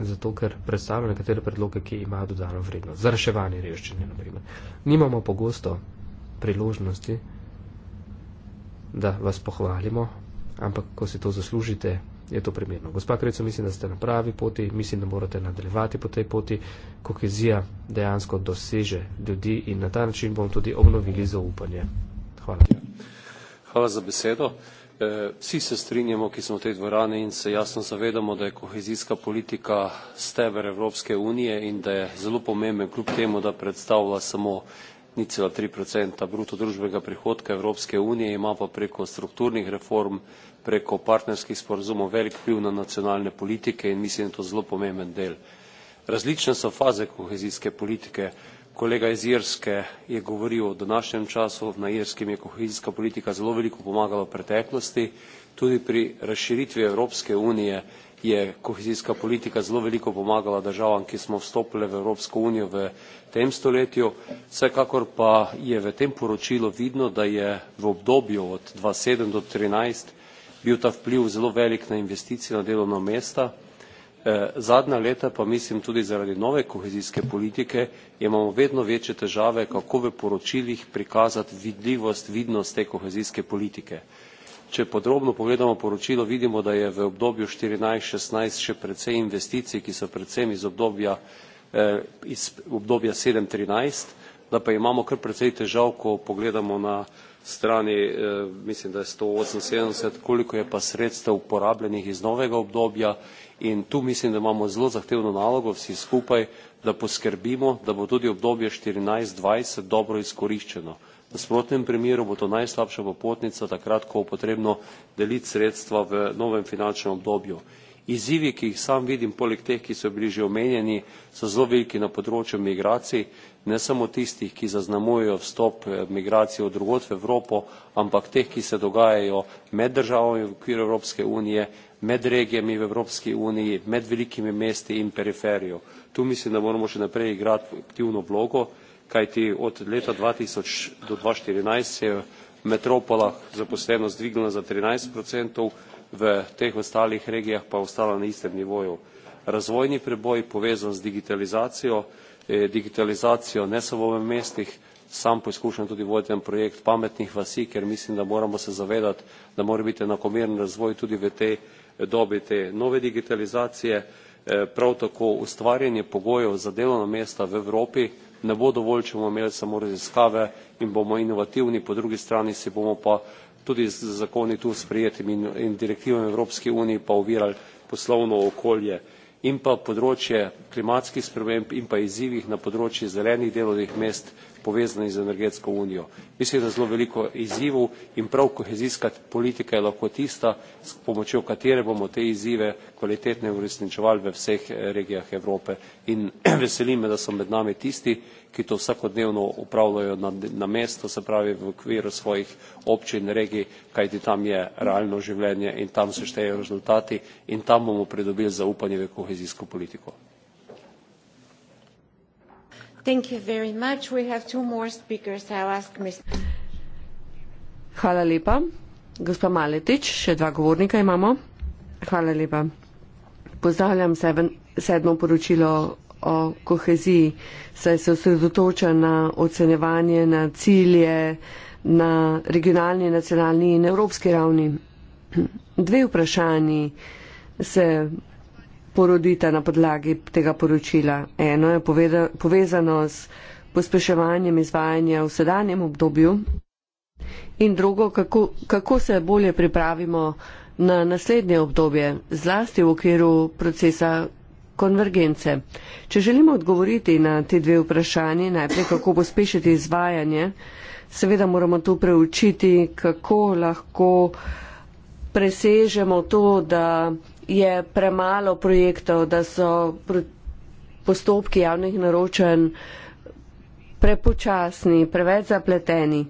zato ker predstavlja nekatere predloge, ki imajo dodano vrednost. Za reševanje revščine, naprimer. Nimamo pogosto priložnosti, da vas pohvalimo, ampak ko si to zaslužite, je to primerno. Gospa Krejco, mislim, da ste na pravi poti, mislim, da morate nadaljevati po tej poti. Kohezija dejansko doseže ljudi in na ta način bomo tudi obnovili zaupanje. Hvala. Hvala za besedo. Eh, vsi se strinjamo, ki smo v tej dvorani in se jasno zavedamo, da je kohezijska politika stever Evropske unije in da je zelo pomemben kljub temu, da predstavlja samo ni cela tri odstotka bruto družbenega prihodka Evropske unije, ima pa preko strukturnih reform, preko partnerskih sporazumov velik vpliv na nacionalne politike in mislim, da je to zelo pomemben del. Različne so faze kohezijske politike, kolega iz Irske je govoril o današnjem času, na Irskem je kohezijska politika zelo veliko pomagala v preteklosti, tudi pri razširitvi Evropske unije je kohezijska politika zelo veliko pomagala državam, ki smo vstopile v Evropsko unijo v tem stoletju. Vsekakor pa je v tem poročilu vidno, da je v obdobju od 2007 do 2013 bil ta vpliv zelo velik na investicije, na delovna mesta, Eh, zadnja leta pa mislim tudi zaradi nove kohezijske politike imamo vedno večje težave kako v poročilih prikazati vidljivost vidnost te kohezijske politike. če podrobno pogledamo poročilo vidimo da je v obdobju štirinajst šestnajst še precej investicij ki so predvsem iz obdobja eh, iz obdobja sedem trinajst da pa imamo kar precej težav ko pogledamo na strani eh, mislim da je sto oseminsedemdeset koliko je pa sredstev porabljenih iz novega obdobja in tu mislim, da imamo zelo zahtevno nalogo vsi skupaj, da poskrbimo, da bo tudi obdobje 14-20 dobro izkoriščeno. V sprotnem primeru bo to najslabša popotnica, takrat, ko bo potrebno deliti sredstva v novem finančnem obdobju. Izzivi, ki jih sam vidim, poleg teh, ki so bili že omenjeni, so zelo veliki na področju migracij, ne samo tistih, ki zaznamujejo vstop eh, migracije v drugot v Evropo, ampak teh, ki se dogajajo med državami v okviru Evropske unije, med regijami v Evropski uniji, med velikimi mesti in periferijo. Tu mislim, da moramo še naprej igrati aktivno vlogo, kajti od leta 2000 do 2014 se je v metropolah zaposlenost dvignila za 13 v teh ostalih regijah pa ostala na istem nivoju. Razvojni preboj povezan z digitalizacijo, digitalizacijo ne samo v mestih, sam poskušam tudi voditi en projekt pametnih vasi, ker mislim, da moramo se zavedati, da mora biti enakomeren razvoj tudi v tej dobi te nove digitalizacije eh, prav tako ustvarjanje pogojev za delovna mesta v evropi ne bo dovolj če bomo imeli samo raziskave in bomo inovativni po drugi strani si bomo pa tudi z zakoni tu sprejetimi in direktivami evropske unije pa ovirali poslovno okolje in pa področje klimatskih sprememb in pa izzivih na področju zelenih delovnih mest povezani z energetsko unijo. Mislim, da je zelo veliko izzivov in prav kohezijska politika je lahko tista, s pomočjo katere bomo te izzive kvalitetne uresničevali v vseh eh, regijah Evrope. In veseli me, da so med nami tisti, ki to vsakodnevno upravljajo na, na mesto, se pravi v okviru svojih občin, regij, kajti tam je realno življenje in tam se štejejo rezultati in tam bomo pridobili zaupanje v kohezijsko politiko. Thank you very much. We have two more speakers. I'll ask Ms. Hvala lepa. Gospa Maletič, še dva govornika imamo. Hvala lepa. Pozdravljam seven, sedmo poročilo o koheziji, saj se osredotoča na ocenevanje, na cilje, na regionalni, nacionalni in evropski ravni. Dve vprašanji se porodita na podlagi tega poročila. Eno je poveda, povezano s pospeševanjem izvajanja v sedanjem obdobju in drugo, kako, kako se bolje pripravimo na naslednje obdobje, zlasti v okviru procesa konvergence. Če želimo odgovoriti na te dve vprašanje, najprej kako pospešiti izvajanje, seveda moramo tu preučiti, kako lahko presežemo to, da je premalo projektov, da so postopki javnih naročanj prepočasni, preveč zapleteni.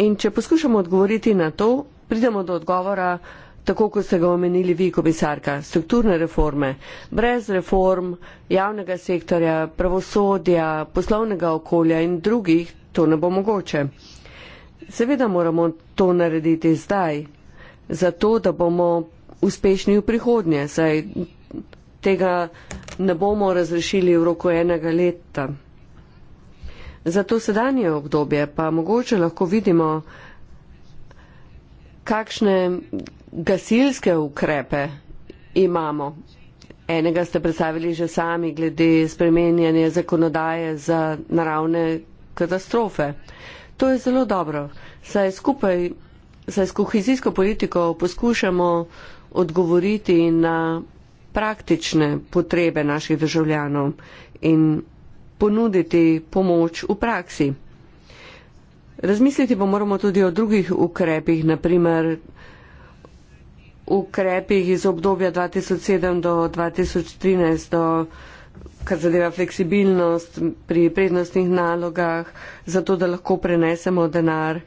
In če poskušamo odgovoriti na to, pridemo do odgovora, tako kot ste ga omenili vi, komisarka, strukturne reforme. Brez reform javnega sektorja, pravosodja, poslovnega okolja in drugih to ne bo mogoče. Seveda moramo to narediti zdaj, zato da bomo uspešni v prihodnje, saj tega ne bomo razrešili v roku enega leta. Zato sedanje obdobje pa mogoče lahko vidimo, kakšne gasilske ukrepe imamo. Enega ste predstavili že sami glede spremenjanja zakonodaje za naravne katastrofe. To je zelo dobro, saj skupaj, saj s kohezijsko politiko poskušamo odgovoriti na praktične potrebe naših državljanov in ponuditi pomoč v praksi. Razmisliti pa moramo tudi o drugih ukrepih, naprimer ukrepih iz obdobja 2007 do 2013, do, kar zadeva fleksibilnost pri prednostnih nalogah, zato da lahko prenesemo denar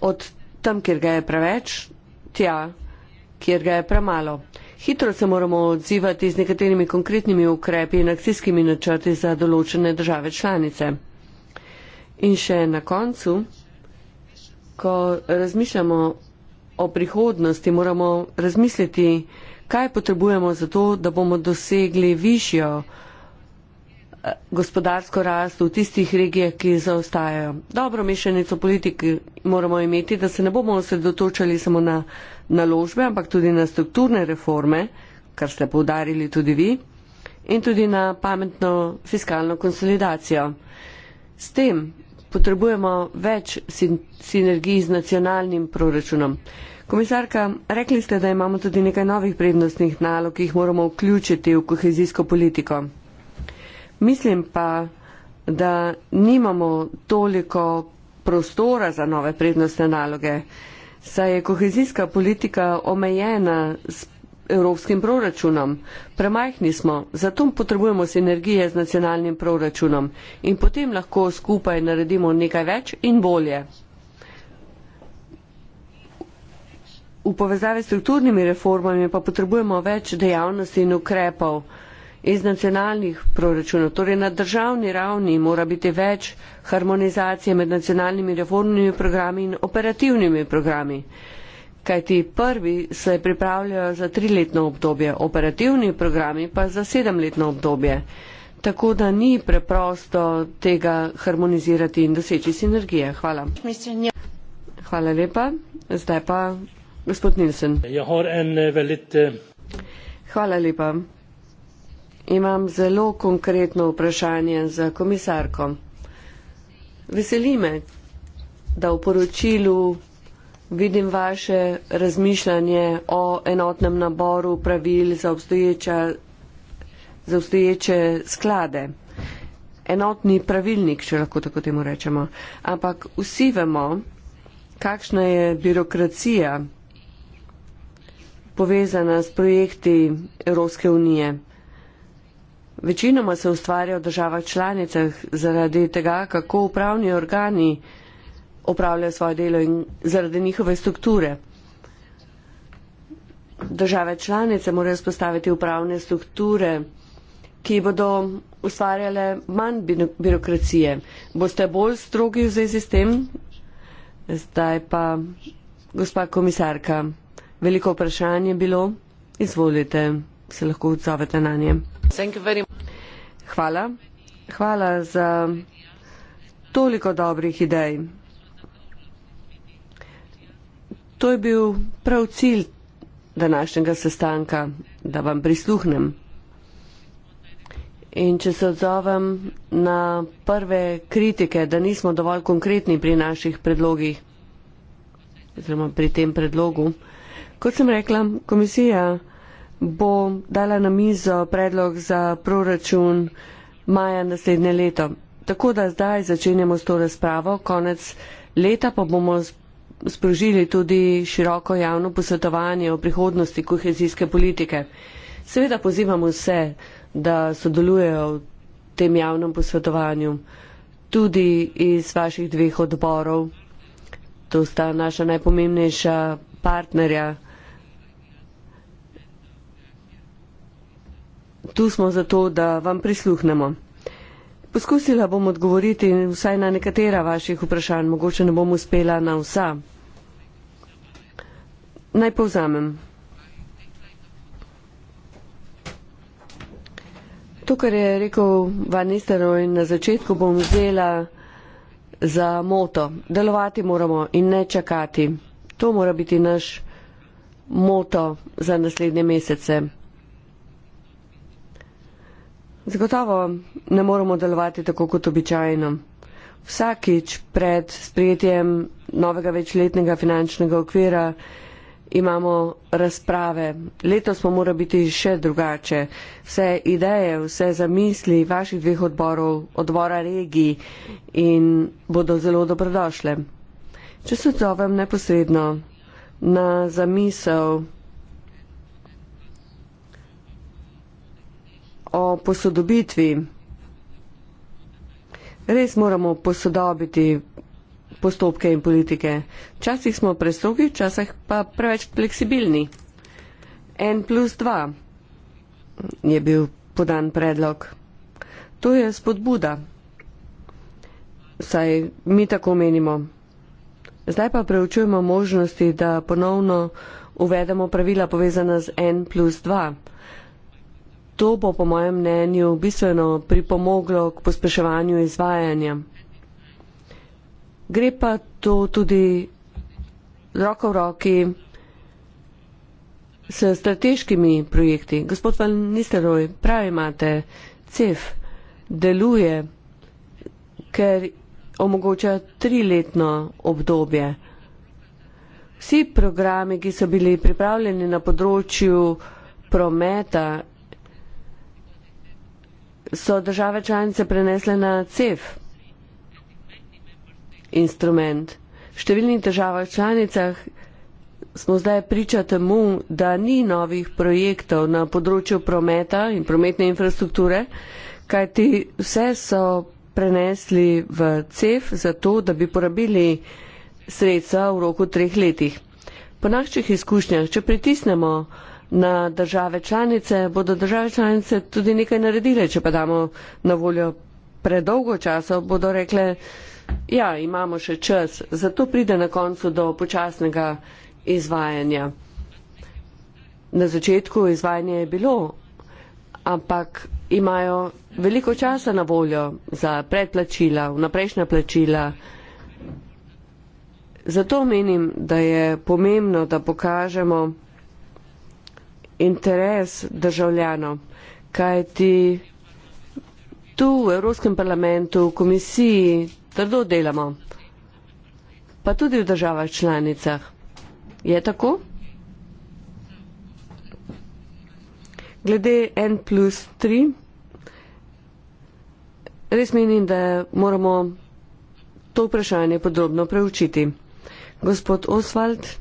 od tam, kjer ga je preveč, tja, kjer ga je premalo. Hitro se moramo odzivati z nekaterimi konkretnimi ukrepi in akcijskimi načrti za določene države članice. In še na koncu, ko razmišljamo o prihodnosti, moramo razmisliti, kaj potrebujemo za to, da bomo dosegli višjo gospodarsko rast v tistih regijah, ki zaostajajo. Dobro mešanico politiki moramo imeti, da se ne bomo osredotočali samo na naložbe, ampak tudi na strukturne reforme, kar ste poudarili tudi vi, in tudi na pametno fiskalno konsolidacijo. S tem potrebujemo več sin sinergij z nacionalnim proračunom. Komisarka, rekli ste, da imamo tudi nekaj novih prednostnih nalog, ki jih moramo vključiti v kohezijsko politiko. Mislim pa, da nimamo toliko prostora za nove prednostne naloge, saj je kohezijska politika omejena s evropskim proračunom. Premajhni smo, zato potrebujemo sinergije z nacionalnim proračunom in potem lahko skupaj naredimo nekaj več in bolje. V povezavi s strukturnimi reformami pa potrebujemo več dejavnosti in ukrepov, iz nacionalnih proračunov, torej na državni ravni mora biti več harmonizacije med nacionalnimi reformnimi programi in operativnimi programi. Kaj ti prvi se pripravljajo za triletno obdobje, operativni programi pa za sedemletno obdobje. Tako da ni preprosto tega harmonizirati in doseči sinergije. Hvala. Hvala lepa. Zdaj pa gospod Nilsen. Eh, eh, Hvala lepa. Imam zelo konkretno vprašanje za komisarko. Veseli me, da v poročilu vidim vaše razmišljanje o enotnem naboru pravil za, za obstoječe sklade. Enotni pravilnik, če lahko tako temu rečemo. Ampak vsi vemo, kakšna je birokracija povezana s projekti Evropske unije večinoma se ustvarja v državah članicah zaradi tega, kako upravni organi opravljajo svoje delo in zaradi njihove strukture. Države članice morajo spostaviti upravne strukture, ki bodo ustvarjale manj birokracije. Boste bolj strogi v zvezi s tem? Zdaj pa, gospa komisarka, veliko vprašanje bilo. Izvolite, se lahko odzovete na njem. Hvala. Hvala za toliko dobrih idej. To je bil prav cilj današnjega sestanka, da vam prisluhnem. In če se odzovem na prve kritike, da nismo dovolj konkretni pri naših predlogih, oziroma pri tem predlogu, kot sem rekla, komisija bo dala na mizo predlog za proračun maja naslednje leto. Tako da zdaj začenjamo s to razpravo. Konec leta pa bomo sprožili tudi široko javno posvetovanje o prihodnosti kohezijske politike. Seveda pozivamo vse, da sodelujejo v tem javnem posvetovanju tudi iz vaših dveh odborov. To sta naša najpomembnejša partnerja. Tu smo zato, da vam prisluhnemo. Poskusila bom odgovoriti vsaj na nekatera vaših vprašanj, mogoče ne bom uspela na vsa. Naj povzamem. To, kar je rekel Van Nistelrooy na začetku, bom vzela za moto. Delovati moramo in ne čakati. To mora biti naš moto za naslednje mesece. Zagotovo ne moramo delovati tako kot običajno. Vsakič pred sprejetjem novega večletnega finančnega okvira imamo razprave. Letos pa mora biti še drugače. Vse ideje, vse zamisli vaših dveh odborov, odbora regij in bodo zelo dobrodošle. Če se odzovem neposredno na zamisel o posodobitvi. Res moramo posodobiti postopke in politike. Včasih smo prestrogi, včasih pa preveč fleksibilni. N plus 2 je bil podan predlog. To je spodbuda. Saj mi tako menimo. Zdaj pa preučujemo možnosti, da ponovno uvedemo pravila povezana z N plus 2. To bo po mojem mnenju bistveno pripomoglo k pospeševanju izvajanja. Gre pa to tudi roko v roki s strateškimi projekti. Gospod Van Nisteroj, pravi imate, CEF deluje, ker omogoča triletno obdobje. Vsi programi, ki so bili pripravljeni na področju prometa so države članice prenesle na CEF instrument. V številnih državah članicah smo zdaj priča temu, da ni novih projektov na področju prometa in prometne infrastrukture, kajti vse so prenesli v CEF zato, da bi porabili sredstva v roku treh letih. Po naših izkušnjah, če pritisnemo na države članice, bodo države članice tudi nekaj naredile, če pa damo na voljo predolgo časa, bodo rekle, ja, imamo še čas, zato pride na koncu do počasnega izvajanja. Na začetku izvajanje je bilo, ampak imajo veliko časa na voljo za predplačila, vnaprejšnja plačila. Zato menim, da je pomembno, da pokažemo, interes državljanov, kaj ti tu v Evropskem parlamentu, v komisiji trdo delamo, pa tudi v državah članicah. Je tako? Glede N plus 3, res menim, da moramo to vprašanje podrobno preučiti. Gospod Oswald.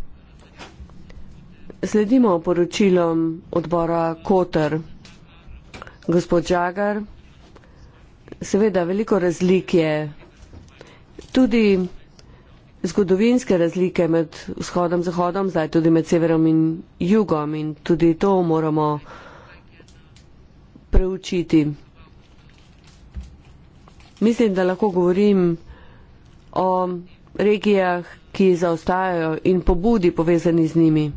Sledimo poročilom odbora Kotr. Gospod Žagar, seveda veliko razlik je, tudi zgodovinske razlike med vzhodom in zahodom, zdaj tudi med severom in jugom in tudi to moramo preučiti. Mislim, da lahko govorim o regijah, ki zaostajajo in pobudi povezani z njimi.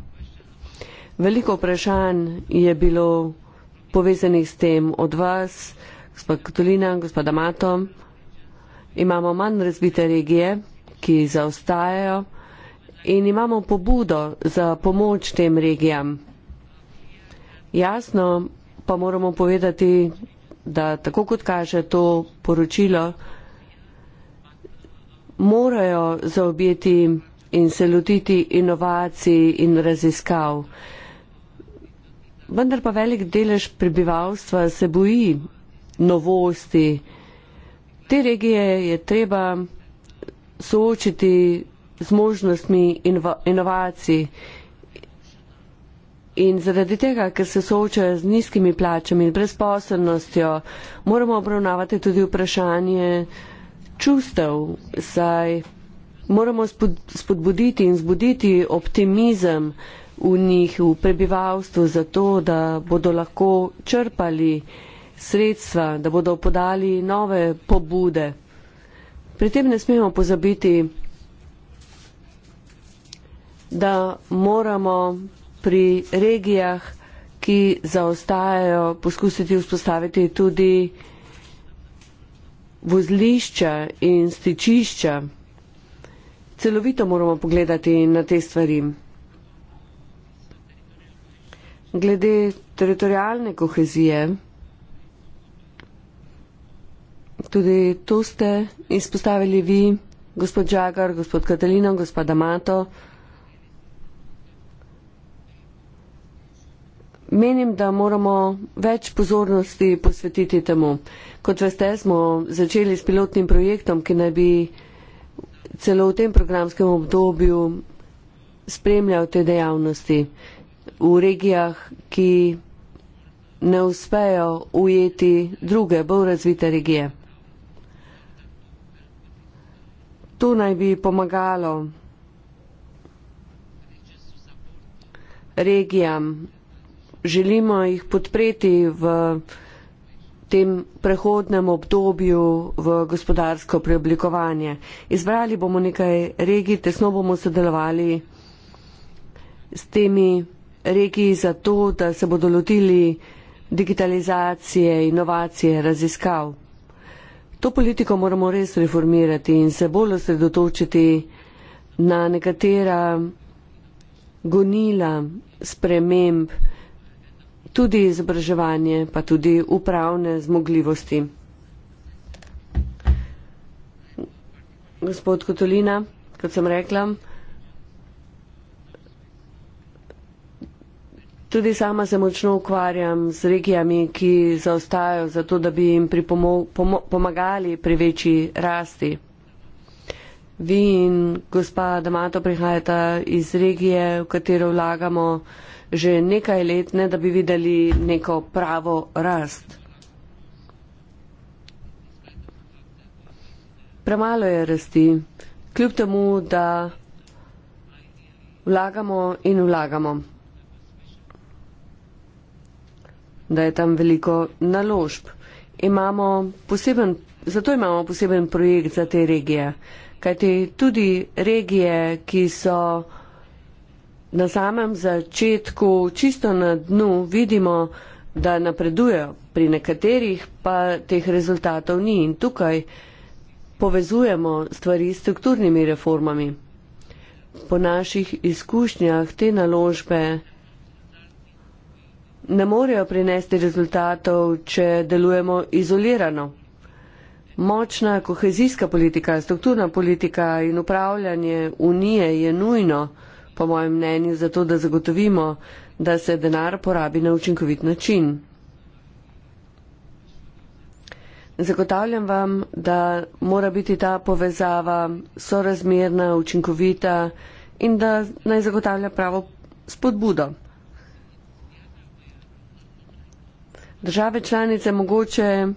Veliko vprašanj je bilo povezanih s tem od vas, gospod Katolina, gospod Amato. Imamo manj razvite regije, ki zaostajajo in imamo pobudo za pomoč tem regijam. Jasno pa moramo povedati, da tako kot kaže to poročilo, morajo zaobjeti in se lotiti inovacij in raziskav vendar pa velik delež prebivalstva se boji novosti. Te regije je treba soočiti z možnostmi inova, inovacij in zaradi tega, ker se soočajo z nizkimi plačami in brezposobnostjo, moramo obravnavati tudi vprašanje čustev, saj moramo spod, spodbuditi in zbuditi optimizem, v njih, v prebivalstvu, zato da bodo lahko črpali sredstva, da bodo podali nove pobude. Pri tem ne smemo pozabiti, da moramo pri regijah, ki zaostajajo, poskusiti vzpostaviti tudi vozlišča in stičišča. Celovito moramo pogledati na te stvari. Glede teritorijalne kohezije, tudi to ste izpostavili vi, gospod Žagar, gospod Katalino, gospod Amato. Menim, da moramo več pozornosti posvetiti temu. Kot veste, smo začeli s pilotnim projektom, ki naj bi celo v tem programskem obdobju spremljal te dejavnosti v regijah, ki ne uspejo ujeti druge, bolj razvite regije. Tu naj bi pomagalo regijam. Želimo jih podpreti v tem prehodnem obdobju v gospodarsko preoblikovanje. Izbrali bomo nekaj regij, tesno bomo sodelovali s temi regiji za to, da se bodo lotili digitalizacije, inovacije, raziskav. To politiko moramo res reformirati in se bolj osredotočiti na nekatera gonila sprememb, tudi izobraževanje, pa tudi upravne zmogljivosti. Gospod Kotolina, kot sem rekla, Tudi sama se močno ukvarjam z regijami, ki zaostajajo za to, da bi jim pomagali pri večji rasti. Vi in gospa Damato prihajata iz regije, v katero vlagamo že nekaj let, ne da bi videli neko pravo rast. Premalo je rasti, kljub temu, da vlagamo in vlagamo. da je tam veliko naložb. Imamo poseben, zato imamo poseben projekt za te regije, kajti tudi regije, ki so na samem začetku, čisto na dnu, vidimo, da napredujejo, pri nekaterih pa teh rezultatov ni in tukaj povezujemo stvari s strukturnimi reformami. Po naših izkušnjah te naložbe ne morejo prinesti rezultatov, če delujemo izolirano. Močna kohezijska politika, strukturna politika in upravljanje unije je nujno, po mojem mnenju, zato, da zagotovimo, da se denar porabi na učinkovit način. Zagotavljam vam, da mora biti ta povezava sorazmerna, učinkovita in da naj zagotavlja pravo spodbudo. države članice mogoče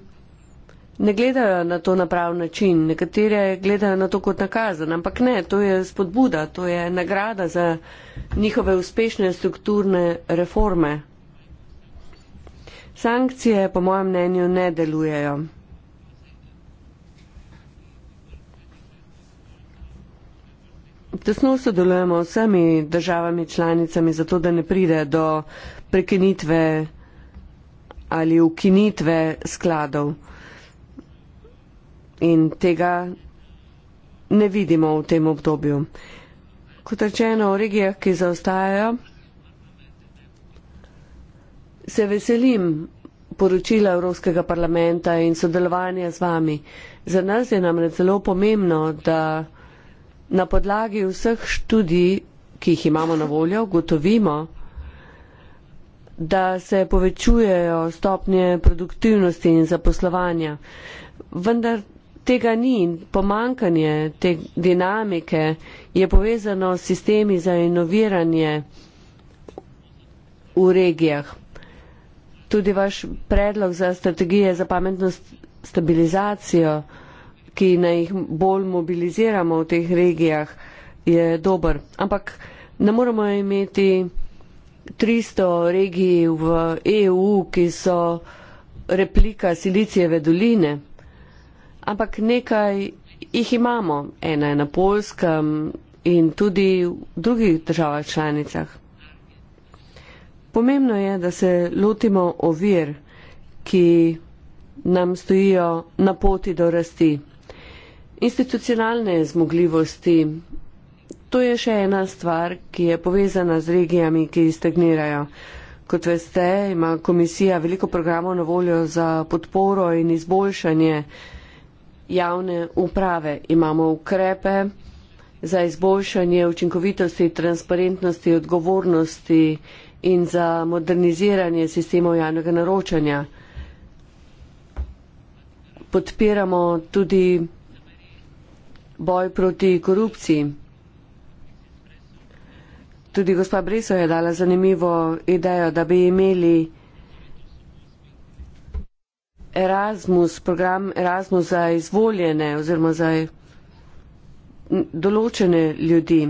ne gledajo na to na prav način, nekatere gledajo na to kot nakazan, ampak ne, to je spodbuda, to je nagrada za njihove uspešne strukturne reforme. Sankcije po mojem mnenju ne delujejo. Tesno sodelujemo s vsemi državami članicami zato, da ne pride do prekinitve ali ukinitve skladov. In tega ne vidimo v tem obdobju. Kot rečeno, v regijah, ki zaostajajo, se veselim poročila Evropskega parlamenta in sodelovanja z vami. Za nas je namreč zelo pomembno, da na podlagi vseh študij, ki jih imamo na voljo, gotovimo, da se povečujejo stopnje produktivnosti in zaposlovanja. Vendar tega ni in pomankanje te dinamike je povezano s sistemi za inoviranje v regijah. Tudi vaš predlog za strategije za pametno stabilizacijo, ki naj jih bolj mobiliziramo v teh regijah, je dober. Ampak ne moramo imeti 300 regij v EU, ki so replika Silicijeve doline, ampak nekaj jih imamo, ena je na Polskem in tudi v drugih državah članicah. Pomembno je, da se lotimo ovir, ki nam stojijo na poti do rasti. Institucionalne zmogljivosti To je še ena stvar, ki je povezana z regijami, ki stagnirajo. Kot veste, ima komisija veliko programov na voljo za podporo in izboljšanje javne uprave. Imamo ukrepe za izboljšanje učinkovitosti, transparentnosti, odgovornosti in za moderniziranje sistemov javnega naročanja. Podpiramo tudi boj proti korupciji tudi gospa Breso je dala zanimivo idejo, da bi imeli Erasmus, program Erasmus za izvoljene oziroma za določene ljudi.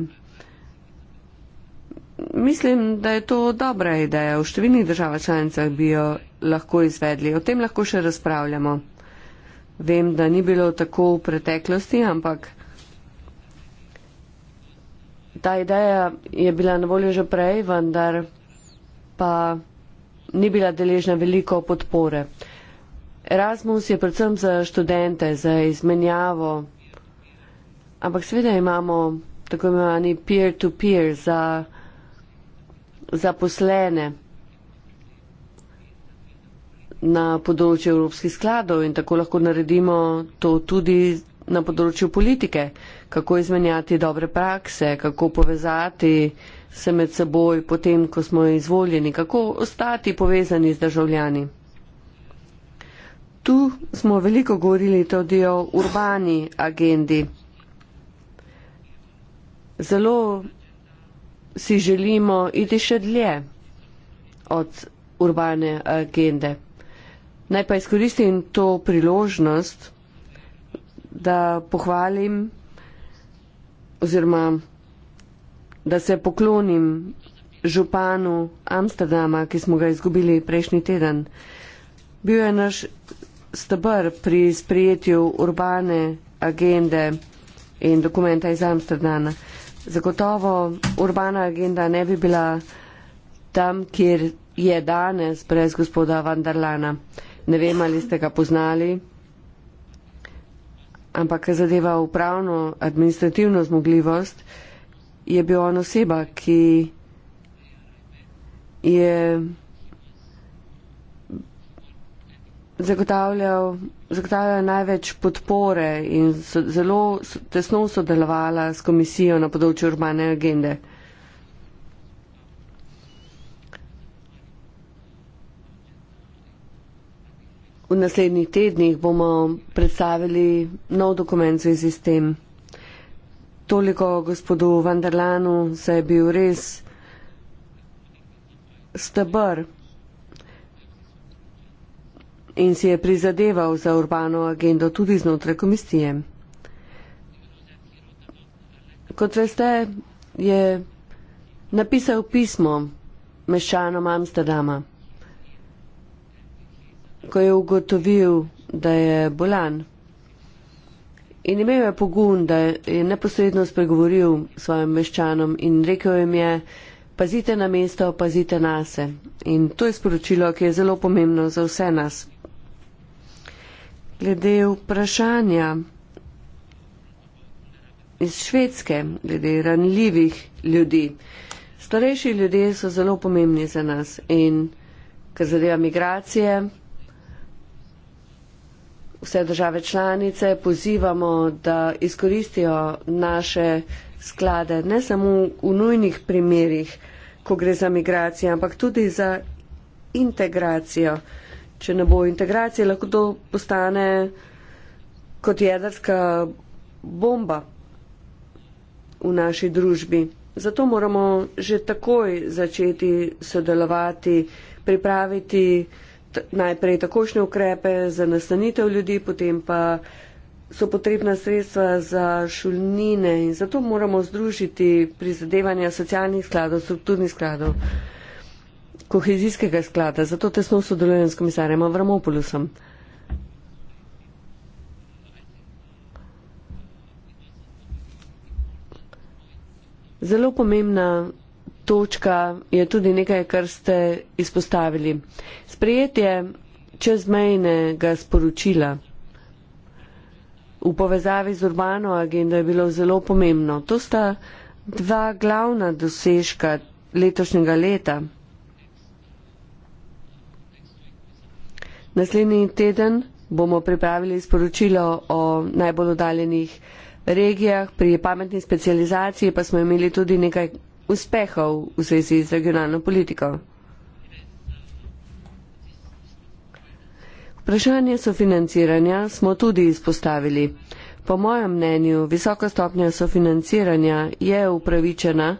Mislim, da je to dobra ideja. V številnih državah članicah bi jo lahko izvedli. O tem lahko še razpravljamo. Vem, da ni bilo tako v preteklosti, ampak Ta ideja je bila na voljo že prej, vendar pa ni bila deležna veliko podpore. Erasmus je predvsem za študente, za izmenjavo, ampak seveda imamo tako imenovani peer-to-peer za zaposlene na področju evropskih skladov in tako lahko naredimo to tudi na področju politike kako izmenjati dobre prakse, kako povezati se med seboj, potem, ko smo izvoljeni, kako ostati povezani z državljani. Tu smo veliko govorili tudi o urbani agendi. Zelo si želimo iti še dlje od urbane agende. Naj pa izkoristim to priložnost, da pohvalim oziroma da se poklonim županu Amsterdama, ki smo ga izgubili prejšnji teden. Bil je naš stebr pri sprijetju urbane agende in dokumenta iz Amsterdana. Zagotovo urbana agenda ne bi bila tam, kjer je danes brez gospoda Vandarlana. Ne vem, ali ste ga poznali ampak kar zadeva upravno administrativno zmogljivost, je bil on oseba, ki je zagotavljal, zagotavljal največ podpore in so, zelo so, tesno sodelovala s komisijo na področju urbane agende. V naslednjih tednih bomo predstavili nov dokument v zvezi s tem. Toliko gospodu Vanderlanu se je bil res stebr in si je prizadeval za urbano agendo tudi znotraj komisije. Kot veste, je napisal pismo meščanom Amsterdama ko je ugotovil, da je bolan. In imel je pogum, da je neposredno spregovoril svojim meščanom in rekel jim je, pazite na mesto, pazite na se. In to je sporočilo, ki je zelo pomembno za vse nas. Glede vprašanja iz Švedske, glede ranljivih ljudi. Starejši ljudje so zelo pomembni za nas in kar zadeva migracije vse države članice pozivamo, da izkoristijo naše sklade ne samo v nujnih primerjih, ko gre za migracijo, ampak tudi za integracijo. Če ne bo integracije, lahko to postane kot jedrska bomba v naši družbi. Zato moramo že takoj začeti sodelovati, pripraviti najprej takošne ukrepe za nastanitev ljudi, potem pa so potrebna sredstva za šulnine in zato moramo združiti prizadevanja socialnih skladov, strukturnih skladov, kohezijskega sklada. Zato tesno sodelujem s komisarjem Avramopolusom. Zelo pomembna točka je tudi nekaj, kar ste izpostavili. Sprejetje čezmejnega sporočila v povezavi z urbano agendo je bilo zelo pomembno. To sta dva glavna dosežka letošnjega leta. Naslednji teden bomo pripravili sporočilo o najbolj oddaljenih regijah, pri pametni specializaciji pa smo imeli tudi nekaj uspehov v zvezi z regionalno politiko? Vprašanje sofinanciranja smo tudi izpostavili. Po mojem mnenju, visoka stopnja sofinanciranja je upravičena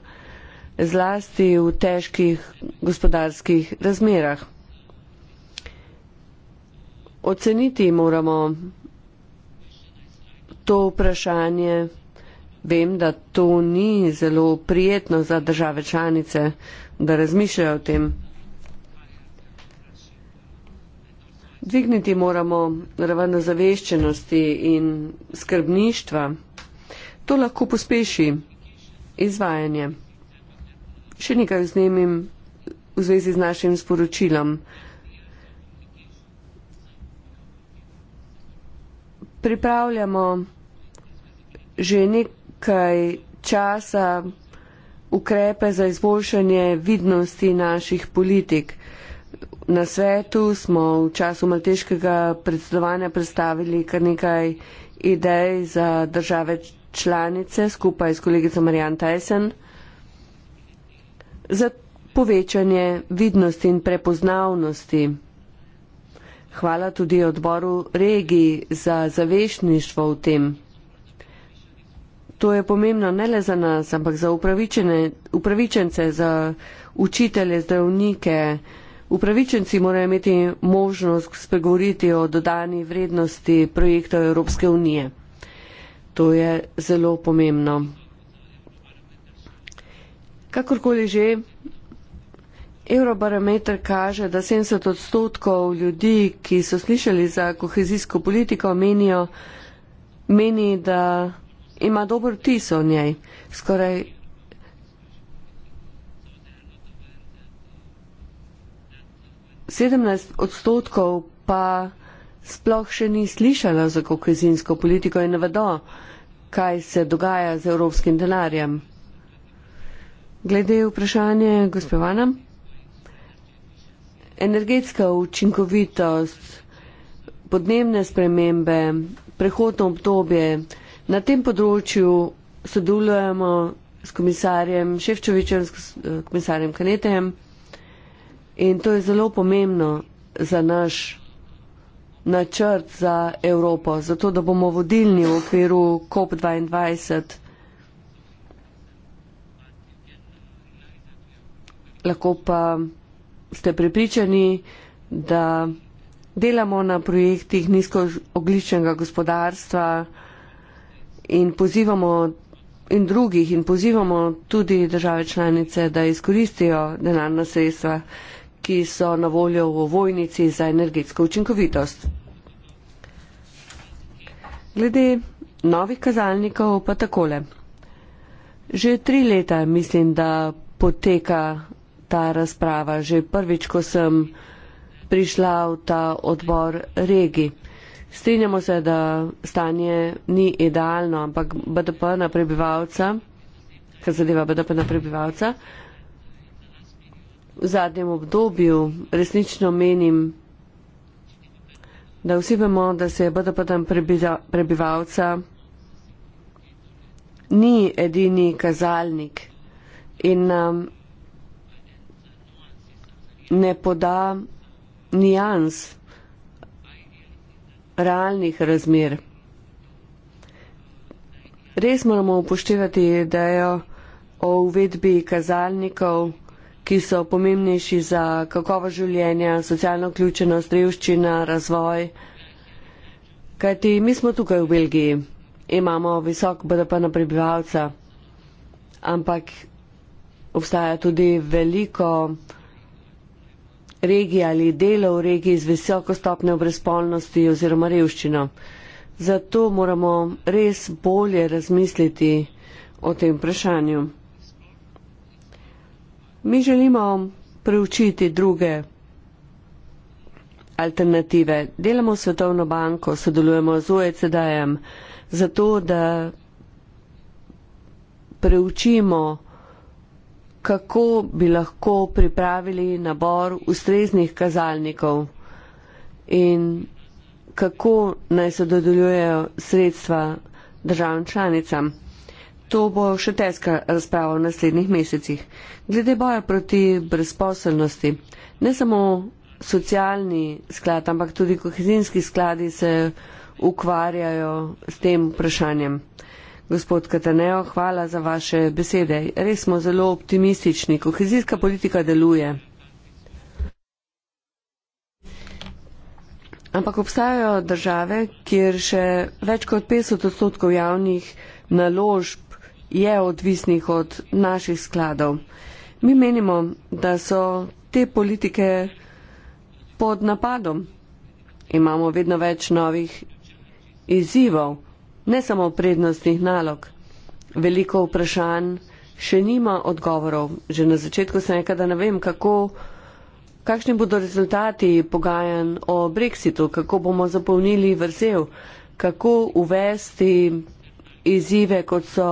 zlasti v težkih gospodarskih razmerah. Oceniti moramo to vprašanje Vem, da to ni zelo prijetno za države članice, da razmišljajo o tem. Dvigniti moramo raven zaveščenosti in skrbništva. To lahko pospeši izvajanje. Še nekaj vznemim v zvezi z našim sporočilom. Pripravljamo že nek kaj časa ukrepe za izboljšanje vidnosti naših politik. Na svetu smo v času malteškega predsedovanja predstavili kar nekaj idej za države članice skupaj s kolegico Marjan Tyson za povečanje vidnosti in prepoznavnosti. Hvala tudi odboru regiji za zavešništvo v tem. To je pomembno ne le za nas, ampak za upravičence, za učitelje, zdravnike. Upravičenci morajo imeti možnost spregovoriti o dodani vrednosti projektov Evropske unije. To je zelo pomembno. Kakorkoli že, Eurobarometer kaže, da 70 odstotkov ljudi, ki so slišali za kohezijsko politiko, menijo, meni, da ima dober vtis o njej. Skoraj sedemnajst odstotkov pa sploh še ni slišala za kohezijsko politiko in ne vedo, kaj se dogaja z evropskim denarjem. Glede vprašanje gospevana, energetska učinkovitost, podnebne spremembe, prehodno obdobje, Na tem področju sodelujemo s komisarjem Ševčovičem, s eh, komisarjem Kanetejem in to je zelo pomembno za naš načrt za Evropo, zato da bomo vodilni v okviru COP22. Lahko pa ste prepričani, da delamo na projektih nizkoogličnega gospodarstva, in pozivamo in drugih in pozivamo tudi države članice, da izkoristijo denarna sredstva, ki so na voljo v vojnici za energetsko učinkovitost. Glede novih kazalnikov pa takole. Že tri leta mislim, da poteka ta razprava, že prvič, ko sem prišla v ta odbor regi. Strinjamo se, da stanje ni idealno, ampak BDP na prebivalca, kar zadeva BDP na prebivalca, v zadnjem obdobju resnično menim, da vsi vemo, da se je BDP na prebivalca ni edini kazalnik in um, ne poda nijans realnih razmer. Res moramo upoštevati idejo o uvedbi kazalnikov, ki so pomembnejši za kakovo življenja, socialno vključenost, revščina, razvoj. Kajti mi smo tukaj v Belgiji, imamo visok BDP na prebivalca, ampak obstaja tudi veliko regije ali delov regije z visoko stopnjo brezpolnosti oziroma revščino. Zato moramo res bolje razmisliti o tem vprašanju. Mi želimo preučiti druge alternative. Delamo Svetovno banko, sodelujemo z OECD-jem, zato da preučimo, kako bi lahko pripravili nabor ustreznih kazalnikov in kako naj se dodeljujejo sredstva državam članicam. To bo še težka razprava v naslednjih mesecih. Glede boja proti brezposelnosti, ne samo socialni sklad, ampak tudi kohezinski skladi se ukvarjajo s tem vprašanjem. Gospod Kataneo, hvala za vaše besede. Res smo zelo optimistični. Kohezijska politika deluje. Ampak obstajajo države, kjer še več kot 50 odstotkov javnih naložb je odvisnih od naših skladov. Mi menimo, da so te politike pod napadom. Imamo vedno več novih izzivov ne samo prednostnih nalog. Veliko vprašanj še nima odgovorov. Že na začetku sem rekel, da ne vem, kako, kakšni bodo rezultati pogajan o Brexitu, kako bomo zapolnili vrzel, kako uvesti izzive, kot so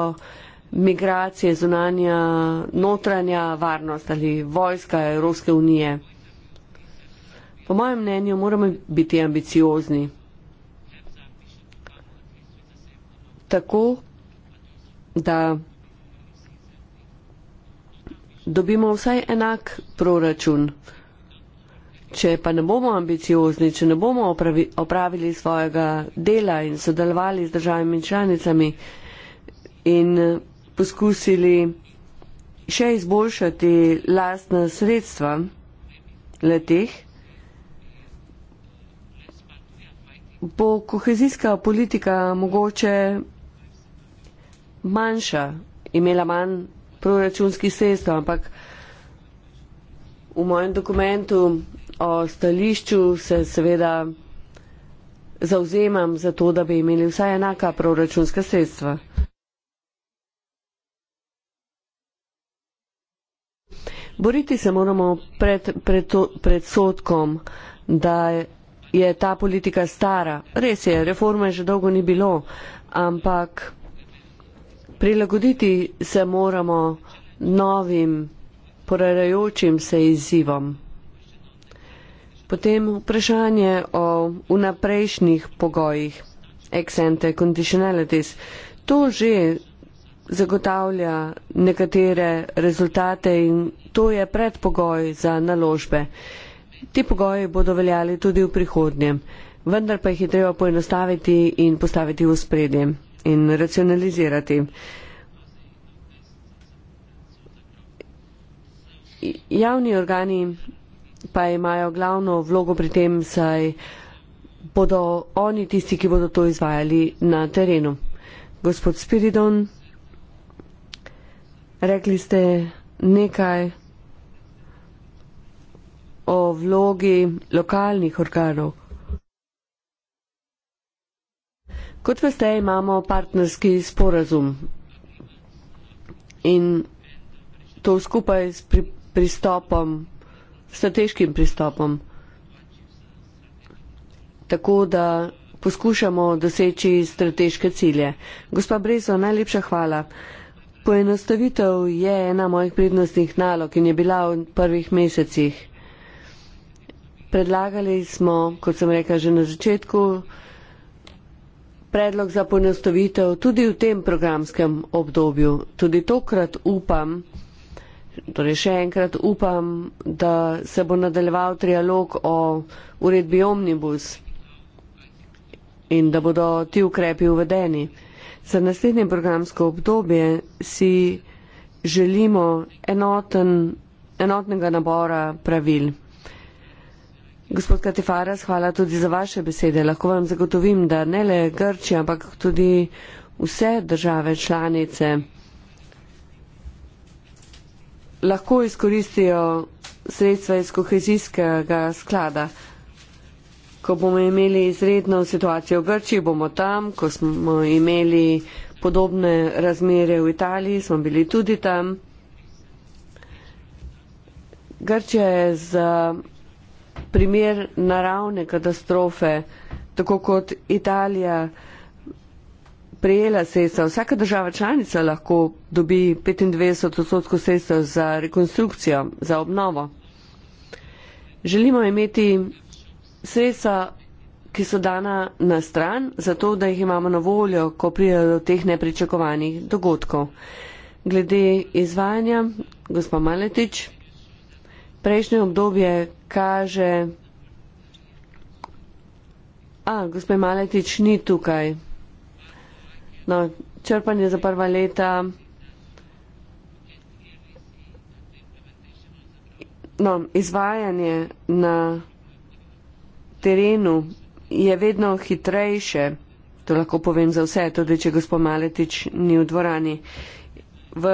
migracije, zunanja, notranja varnost ali vojska Evropske unije. Po mojem mnenju moramo biti ambiciozni. tako, da dobimo vsaj enak proračun. Če pa ne bomo ambiciozni, če ne bomo opravi, opravili svojega dela in sodelovali z državami in članicami in poskusili še izboljšati lastna sredstva letih, bo kohezijska politika mogoče manjša, imela manj proračunskih sredstev, ampak v mojem dokumentu o stališču se seveda zauzemam za to, da bi imeli vsaj enaka proračunska sredstva. Boriti se moramo pred, pred, to, pred sodkom, da je ta politika stara. Res je, reforme že dolgo ni bilo, ampak Prilagoditi se moramo novim, porarajočim se izzivom. Potem vprašanje o vnaprejšnjih pogojih, ex ante conditionalities. To že zagotavlja nekatere rezultate in to je predpogoj za naložbe. Ti pogoji bodo veljali tudi v prihodnjem, vendar pa jih je treba poenostaviti in postaviti v spredje in racionalizirati. Javni organi pa imajo glavno vlogo pri tem, saj bodo oni tisti, ki bodo to izvajali na terenu. Gospod Spiridon, rekli ste nekaj o vlogi lokalnih organov. Kot veste, imamo partnerski sporazum in to skupaj s pri, pristopom, strateškim pristopom, tako da poskušamo doseči strateške cilje. Gospa Brezo, najlepša hvala. Poenostavitev je ena mojih prednostnih nalog in je bila v prvih mesecih. Predlagali smo, kot sem rekla že na začetku, predlog za ponastavitev tudi v tem programskem obdobju. Tudi tokrat upam, torej še enkrat upam, da se bo nadaljeval trialog o uredbi omnibus in da bodo ti ukrepi uvedeni. Za naslednje programsko obdobje si želimo enoten, enotnega nabora pravil. Gospod Katifaras, hvala tudi za vaše besede. Lahko vam zagotovim, da ne le Grčija, ampak tudi vse države članice lahko izkoristijo sredstva iz kohezijskega sklada. Ko bomo imeli izredno situacijo v Grčiji, bomo tam, ko smo imeli podobne razmere v Italiji, smo bili tudi tam. Grčija je za primer naravne katastrofe, tako kot Italija prejela sredstva. Vsaka država članica lahko dobi 25 odstotkov sredstev za rekonstrukcijo, za obnovo. Želimo imeti sredstva, ki so dana na stran, zato da jih imamo na voljo, ko prijajo do teh nepričakovanih dogodkov. Glede izvajanja, gospod Maletič prejšnje obdobje kaže. A, gospe Maletič ni tukaj. No, črpanje za prva leta. No, izvajanje na terenu je vedno hitrejše. To lahko povem za vse, tudi če gospod Maletič ni v dvorani. V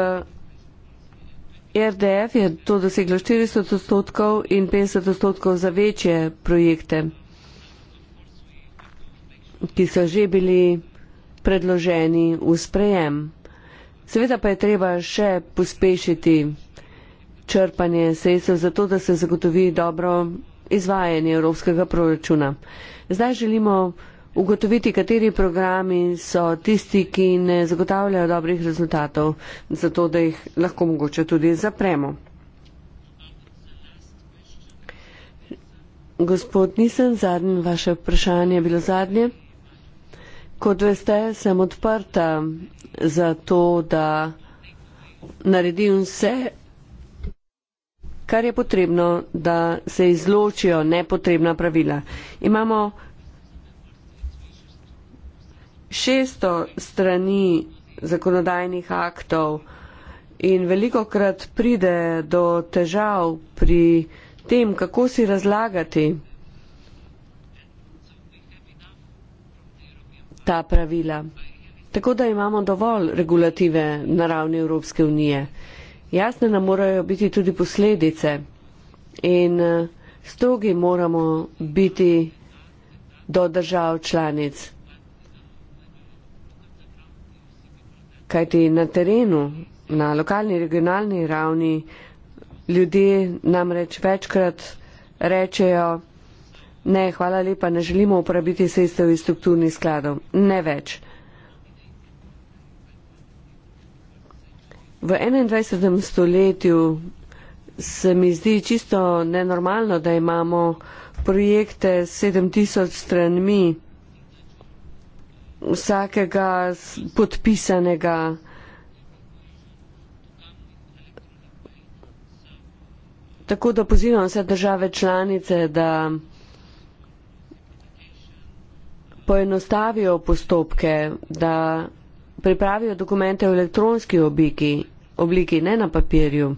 RDF je to doseglo 400 odstotkov in 50 odstotkov za večje projekte, ki so že bili predloženi v sprejem. Seveda pa je treba še pospešiti črpanje sredstev za to, da se zagotovi dobro izvajanje evropskega proračuna. Zdaj želimo ugotoviti, kateri programi so tisti, ki ne zagotavljajo dobrih rezultatov, zato da jih lahko mogoče tudi zapremo. Gospod Nisen, zadnje vaše vprašanje je bilo zadnje. Kot veste, sem odprta za to, da naredim vse, kar je potrebno, da se izločijo nepotrebna pravila. Imamo 600 strani zakonodajnih aktov in veliko krat pride do težav pri tem, kako si razlagati ta pravila. Tako da imamo dovolj regulative na ravni Evropske unije. Jasne nam morajo biti tudi posledice in eh, strogi moramo biti do držav članic. kajti na terenu, na lokalni, regionalni ravni ljudje namreč večkrat rečejo, ne, hvala lepa, ne želimo uporabiti sredstev iz strukturnih skladov, ne več. V 21. stoletju se mi zdi čisto nenormalno, da imamo projekte s 7000 stranmi vsakega podpisanega. Tako da pozivam vse države članice, da poenostavijo postopke, da pripravijo dokumente v elektronski obliki, obliki ne na papirju.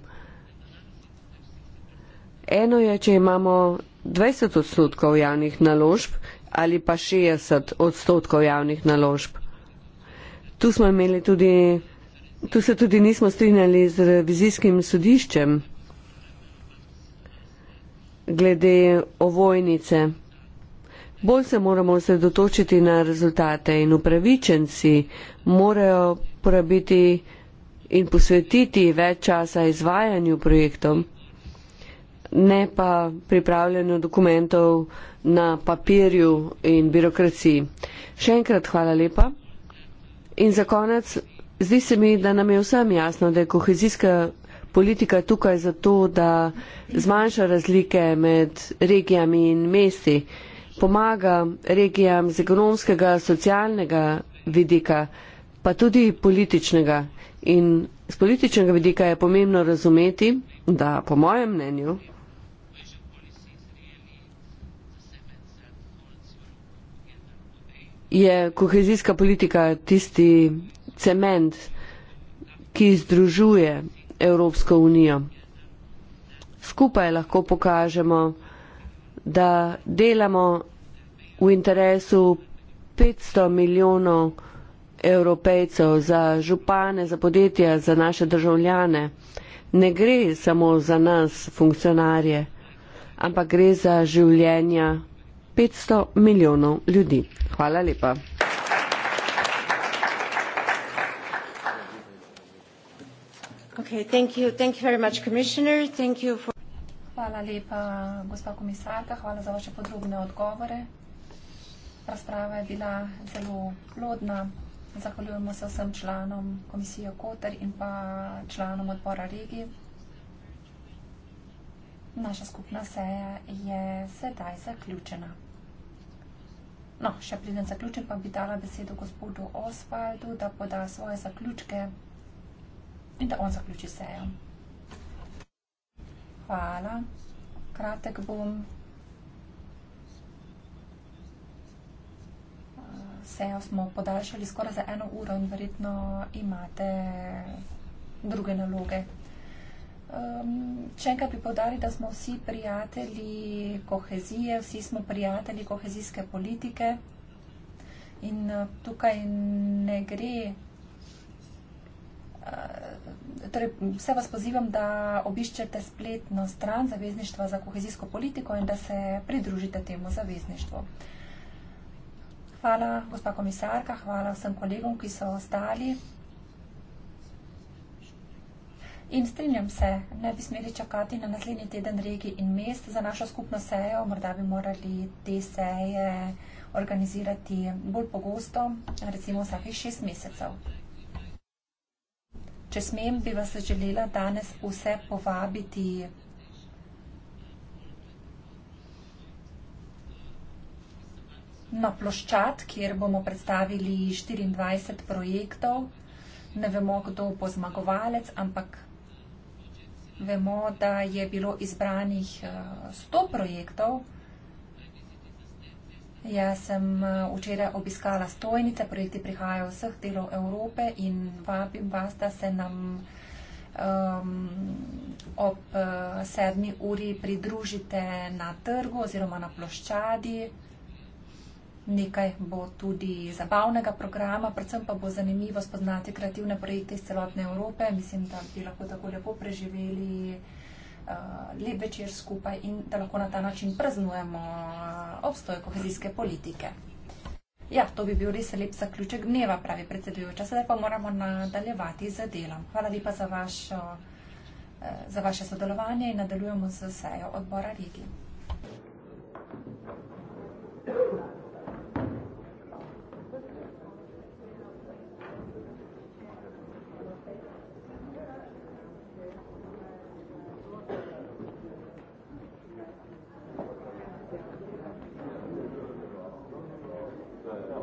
Eno je, če imamo 20 odstotkov javnih naložb, ali pa 60 odstotkov javnih naložb. Tu smo imeli tudi, tu se tudi nismo strinjali z revizijskim sodiščem glede ovojnice. Bolj se moramo osredotočiti na rezultate in upravičenci morajo porabiti in posvetiti več časa izvajanju projektov ne pa pripravljeno dokumentov na papirju in birokraciji. Še enkrat hvala lepa. In za konec, zdi se mi, da nam je vsem jasno, da je kohezijska politika tukaj zato, da zmanjša razlike med regijami in mesti, pomaga regijam z ekonomskega, socialnega vidika, pa tudi političnega. In z političnega vidika je pomembno razumeti, da po mojem mnenju je kohezijska politika tisti cement, ki združuje Evropsko unijo. Skupaj lahko pokažemo, da delamo v interesu 500 milijonov evropejcev za župane, za podjetja, za naše državljane. Ne gre samo za nas, funkcionarje, ampak gre za življenja 500 milijonov ljudi. Hvala lepa. Okay, thank you. Thank you very much, Commissioner. Thank you for... Hvala lepa, gospa komisarka. Hvala za vaše podrobne odgovore. Razprava je bila zelo plodna. Zahvaljujemo se vsem članom komisije Koter in pa članom odbora regij. Naša skupna seja je sedaj zaključena. No, še preden zaključim, pa bi dala besedo gospodu Osvaldu, da poda svoje zaključke in da on zaključi sejo. Hvala. Kratek bom. Sejo smo podaljšali skoraj za eno uro in verjetno imate druge naloge. Um, če enkrat bi podarili, da smo vsi prijatelji kohezije, vsi smo prijatelji kohezijske politike in uh, tukaj ne gre. Eh, torej, vse vas pozivam, da obiščete spletno stran Zavezništva za kohezijsko politiko in da se pridružite temu zavezništvu. Hvala, gospa komisarka, hvala vsem kolegom, ki so ostali. In strinjam se, ne bi smeli čakati na naslednji teden regij in mest za našo skupno sejo, morda bi morali te seje organizirati bolj pogosto, recimo vsakih šest mesecev. Če smem, bi vas želela danes vse povabiti na ploščad, kjer bomo predstavili 24 projektov. Ne vemo, kdo bo zmagovalec, ampak vemo, da je bilo izbranih 100 eh, projektov. Jaz sem eh, včeraj obiskala stojnice, projekti prihajajo vseh delov Evrope in vabim vas, da se nam um, ob eh, sedmi uri pridružite na trgu oziroma na ploščadi nekaj bo tudi zabavnega programa, predvsem pa bo zanimivo spoznati kreativne projekte iz celotne Evrope. Mislim, da bi lahko tako lepo preživeli uh, lep večer skupaj in da lahko na ta način praznujemo eh, obstoj kohezijske politike. Ja, to bi bil res lep zaključek dneva, pravi predsedujoča. Sedaj pa moramo nadaljevati z delom. Hvala lepa za, vašo, eh, za vaše sodelovanje in nadaljujemo z sejo odbora regije. Thank you.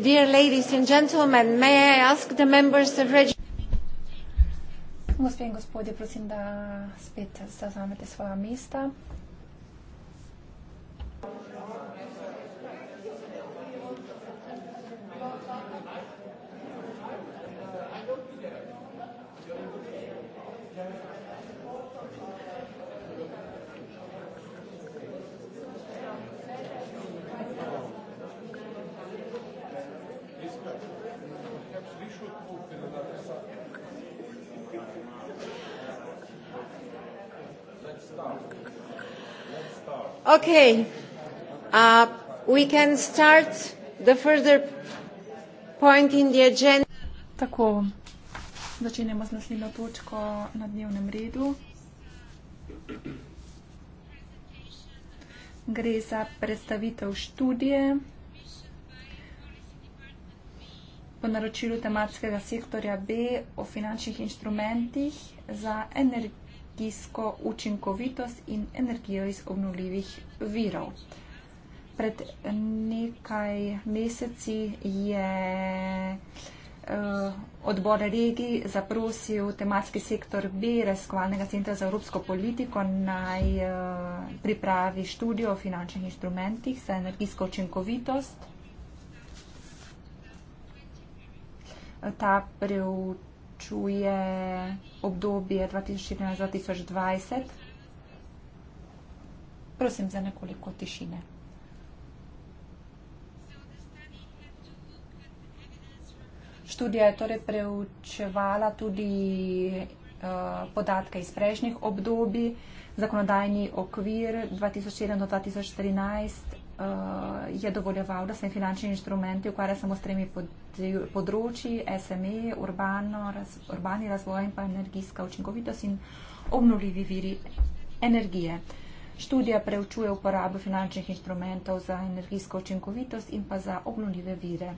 Dear ladies and gentlemen, may I ask the members of Gospe in gospodje, prosim, da spet zavzamete svoja mesta. Okay, uh, we can start the further point in the agenda. Tako, začenjamo z naslednjo točko na dnevnem redu. Gre za predstavitev študije po naročilu tematskega sektorja B o finančnih inštrumentih za energijo energijsko učinkovitost in energijo iz obnovljivih virov. Pred nekaj meseci je eh, odbor regij zaprosil tematski sektor B razkovalnega centra za evropsko politiko naj eh, pripravi študijo o finančnih inštrumentih za energijsko učinkovitost. Ta preuč vključuje obdobje 2014-2020. Prosim za nekoliko tišine. Študija je torej preučevala tudi uh, podatke iz prejšnjih obdobij, zakonodajni okvir 2007 do 2014 uh, je dovoljeval, da sem finančni inštrument, ukvarja samo s tremi področji, SME, urbano, raz, urbani razvoj in pa energijska učinkovitost in obnovljivi viri energije. Študija preučuje uporabo finančnih inštrumentov za energijsko učinkovitost in pa za obnovljive vire.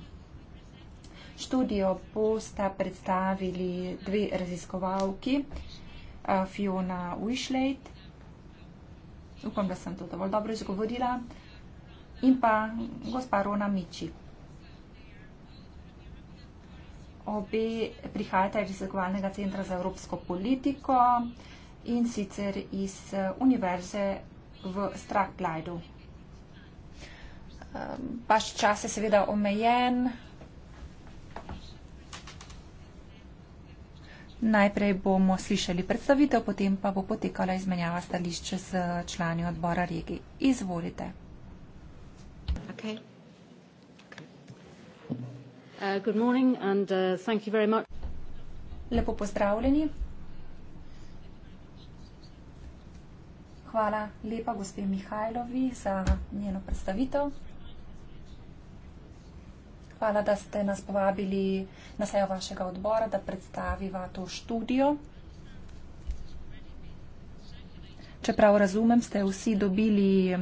Študijo posta predstavili dve raziskovalki, eh, Fiona Wishlate, upam, da sem to dovolj dobro izgovorila, in pa gosparona Miči. Obe prihajata iz izagovalnega centra za evropsko politiko in sicer iz eh, univerze v Strakleidu. Ehm, vaš čas je seveda omejen. Najprej bomo slišali predstavitev, potem pa bo potekala izmenjava stališče z člani odbora regij. Izvolite. Okay. okay. Uh, good morning and uh, thank you very much. Lepo pozdravljeni. Hvala lepa gospe Mihajlovi za njeno predstavitev. Hvala, da ste nas povabili na sejo vašega odbora, da predstaviva to študijo. Čeprav razumem, ste vsi dobili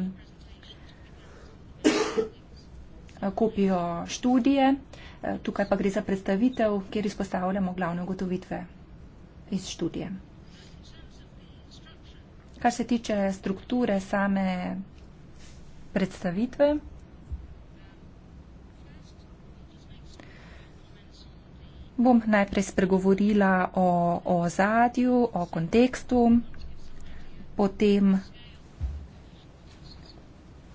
kopijo študije, eh, tukaj pa gre za predstavitev, kjer izpostavljamo glavne ugotovitve iz študije. Kar se tiče strukture same predstavitve, bom najprej spregovorila o ozadju, o kontekstu, potem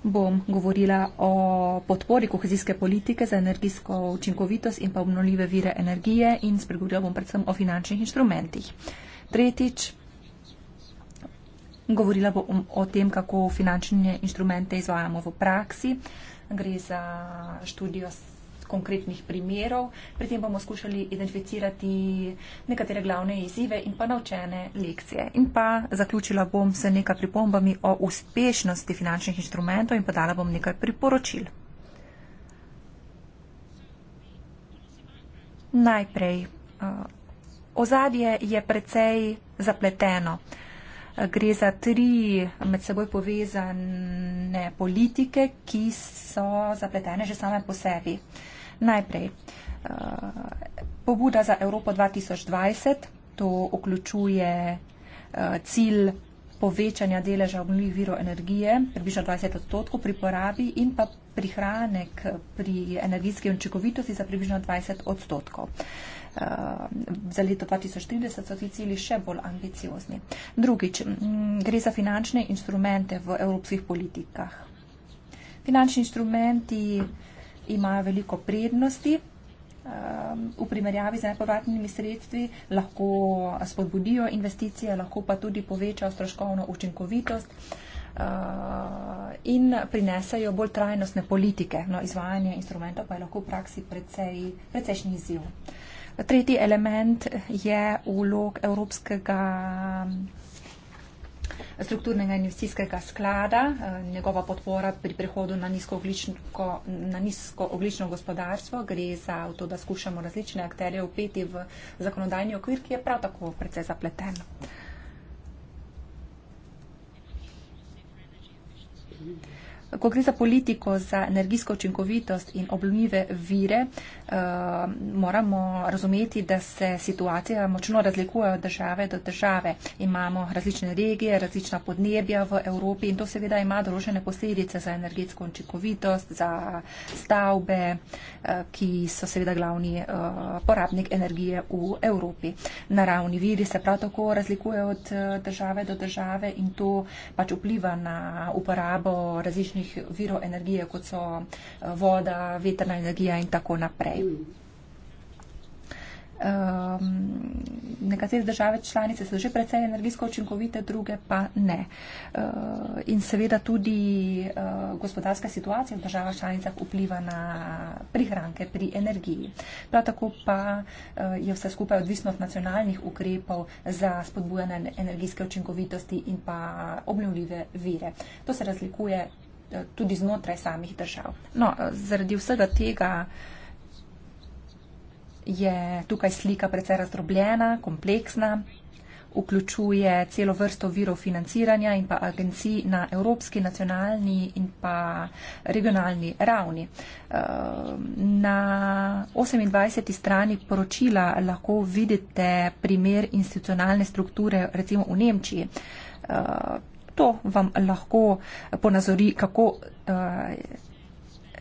bom govorila o podpori kohezijske politike za energijsko učinkovitost in pa obnovljive vire energije in spregovorila bom predvsem o finančnih inštrumentih. Tretjič, govorila bom o tem, kako finančne inštrumente izvajamo v praksi. Gre za študijo s konkretnih primerov. Pri tem bomo skušali identificirati nekatere glavne izzive in pa naučene lekcije. In pa zaključila bom se nekaj pripombami o uspešnosti finančnih inštrumentov in podala bom nekaj priporočil. Najprej. Eh, ozadje je precej zapleteno. Gre za tri med seboj povezane politike, ki so zapletene že same po sebi. Uh, Najprej, eh, pobuda za Evropo 2020, to vključuje eh, cilj povečanja deleža obnovljivih virov energije, približno 20 odstotkov pri porabi in pa prihranek pri energijski učinkovitosti za približno 20 odstotkov. Eh, za leto 2030 so ti cilji še bolj ambiciozni. Drugič, gre za finančne instrumente v evropskih politikah. Finančni instrumenti imajo veliko prednosti um, v primerjavi z nepovratnimi sredstvi, lahko spodbudijo investicije, lahko pa tudi povečajo stroškovno učinkovitost uh, in prinesajo bolj trajnostne politike. No, izvajanje instrumenta pa je lahko v praksi precej, precejšnji izziv. Tretji element je vlog Evropskega strukturnega investicijskega sklada, eh, njegova podpora pri prehodu na nizkooglično, na nizkooglično gospodarstvo. Gre za to, da skušamo različne akterje upeti v zakonodajni okvir, ki je prav tako precej zapleten. Mm-hmm. Ko gre za politiko za energijsko učinkovitost in obljubljive vire, eh, moramo razumeti, da se situacija močno razlikuje od države do države. Imamo različne regije, različna podnebja v Evropi in to seveda ima določene posledice za energetsko učinkovitost, za stavbe, eh, ki so seveda glavni eh, porabnik energije v Evropi. Naravni viri se prav tako razlikujejo od države do države in to pač vpliva na uporabo različnih obnovljivih virov energije, kot so eh, voda, veterna energija in tako naprej. Um, nekatere države članice so že precej energijsko učinkovite, druge pa ne. Uh, in seveda tudi uh, gospodarska situacija v državah članicah vpliva na prihranke pri energiji. Prav tako pa uh, je vse skupaj odvisno od nacionalnih ukrepov za spodbujanje energijske učinkovitosti in pa obnovljive vire. To se razlikuje Eh, tudi znotraj samih držav. No, eh, zaradi vsega tega je tukaj slika precej razdrobljena, kompleksna, vključuje celo vrsto virov financiranja in pa agencij na evropski, nacionalni in pa regionalni ravni. Eh, na 28. strani poročila lahko vidite primer institucionalne strukture recimo v Nemčiji to vam lahko ponazori, kako eh,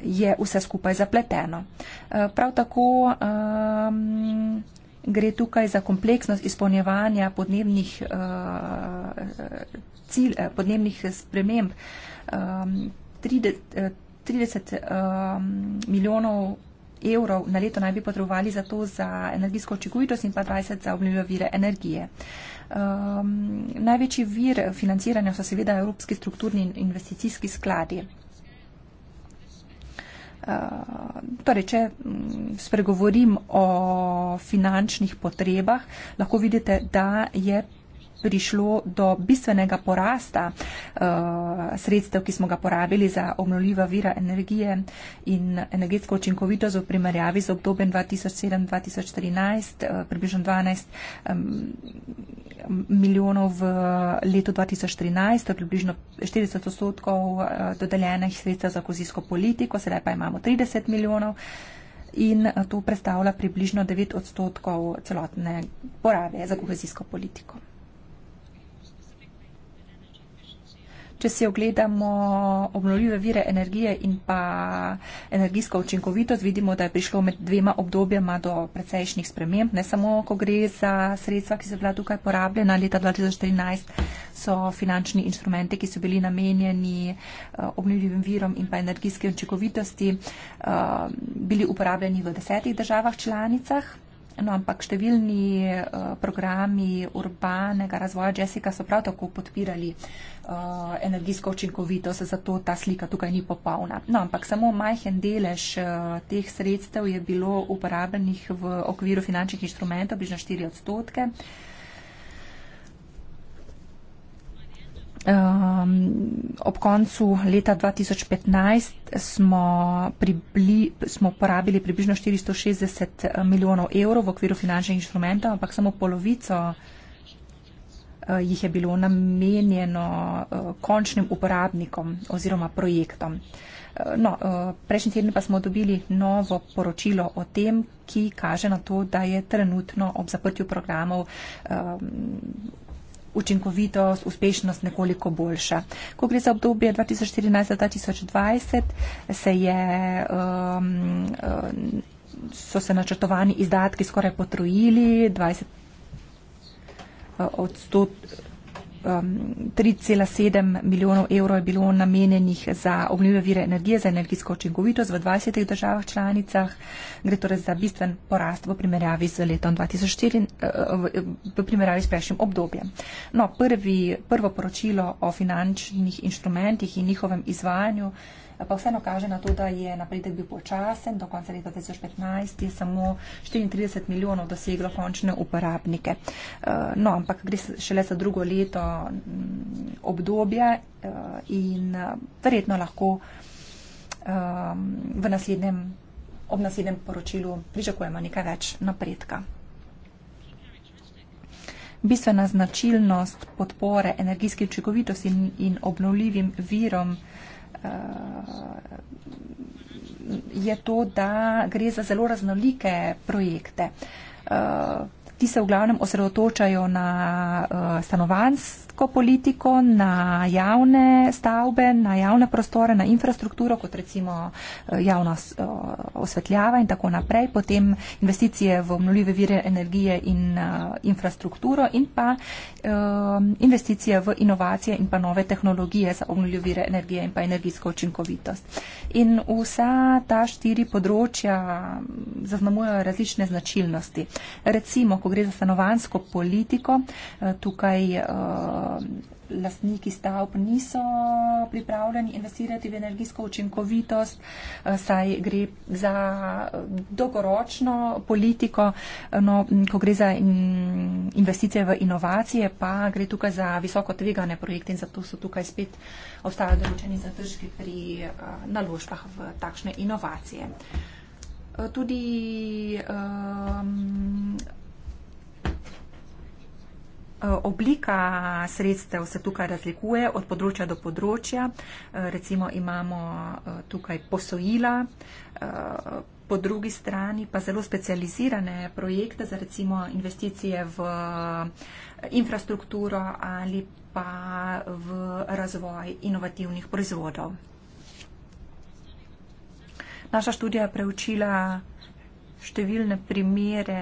je vse skupaj zapleteno. Eh, prav tako um, gre tukaj za kompleksnost izpolnjevanja podnebnih, uh, cilj, podnebnih sprememb. Um, 30, 30 um, milijonov evrov na leto naj bi potrebovali za to za energijsko očekujitost in pa 20 za obnovljive vire energije. Um, največji vir financiranja so seveda Evropski strukturni investicijski skladi. Uh, torej, če mm, spregovorim o finančnih potrebah, lahko vidite, da je prišlo do bistvenega porasta eh, sredstev, ki smo ga porabili za obnovljiva vira energije in energetsko učinkovitost v primerjavi z obdobjem 2007-2013, eh, približno 12 milijonov v letu 2013, to je približno 40 odstotkov eh, dodeljenih sredstev za kozijsko politiko, sedaj pa imamo 30 milijonov. In to predstavlja približno 9 odstotkov celotne porabe za kohezijsko politiko. Če si ogledamo obnovljive vire energije in pa energijsko učinkovitost, vidimo, da je prišlo med dvema obdobjama do precejšnjih sprememb. Ne samo, ko gre za sredstva, ki so bila tukaj porabljena. Leta 2013 so finančni inštrumente, ki so bili namenjeni eh, obnovljivim virom in pa energijske učinkovitosti, eh, bili uporabljeni v desetih državah članicah. No, ampak številni uh, programi urbanega razvoja Jessica so prav tako podpirali uh, energijsko učinkovitost, zato ta slika tukaj ni popolna. No, ampak samo majhen delež uh, teh sredstev je bilo uporabljenih v okviru finančnih inštrumentov, bližno 4 odstotke. Uh, Um, ob koncu leta 2015 smo, pribli, smo porabili približno 460 eh, milijonov evrov v okviru finančnih instrumentov, ampak samo polovico uh, jih je bilo namenjeno uh, končnim uporabnikom oziroma projektom. No, prejšnji teden pa smo dobili novo poročilo o tem, ki kaže na to, da je trenutno ob zaprtju programov ehm, učinkovitost, uspešnost nekoliko boljša. Ko gre za obdobje 2014-2020, se je, um, uh, so se načrtovani izdatki skoraj potrojili, 20 uh, odstotkov um, 3,7 milijonov evrov je bilo namenjenih za obnove vire energije, za energijsko učinkovitost v 20 državah članicah. Gre torej za bistven porast v primerjavi z letom 2004, v, v primerjavi s prejšnjim obdobjem. No, prvi, prvo poročilo o finančnih inštrumentih in njihovem izvajanju pa vseeno kaže na to, da je napredek bil počasen, do konca leta 2015 je samo 34 milijonov doseglo končne uporabnike. Eh, no, ampak gre šele za drugo leto mm, obdobja eh, in eh, verjetno lahko ehm, v naslednjem, ob naslednjem poročilu pričakujemo nekaj več napredka. Bistvena značilnost podpore energijske učinkovitosti in, in obnovljivim virom uh, je to, da gre za zelo raznolike projekte. Uh, ti se v glavnem osredotočajo na uh, stanovanjske kmetijsko politiko, na javne stavbe, na javne prostore, na infrastrukturo, kot recimo eh, javna eh, osvetljava in tako naprej, potem investicije v obnovljive vire energije in eh, infrastrukturo in pa investicije v inovacije in pa nove tehnologije za obnovljive vire energije in pa energijsko učinkovitost. In vsa ta štiri področja mm, zaznamujejo različne značilnosti. Recimo, ko gre za stanovansko politiko, tukaj Um, lastniki stavb niso pripravljeni investirati v energijsko učinkovitost, uh, saj gre za um, dolgoročno politiko, no, ko gre za investicije v inovacije, pa gre tukaj za visoko tvegane projekte in zato so tukaj spet ostali določeni zadržki pri uh, naložbah v takšne inovacije. Uh, tudi um, Eh, oblika sredstev se tukaj razlikuje od področja do področja. Eh, recimo imamo eh, tukaj posojila, po drugi strani pa zelo specializirane projekte za recimo investicije v infrastrukturo ali pa v razvoj inovativnih proizvodov. Naša študija je preučila številne primere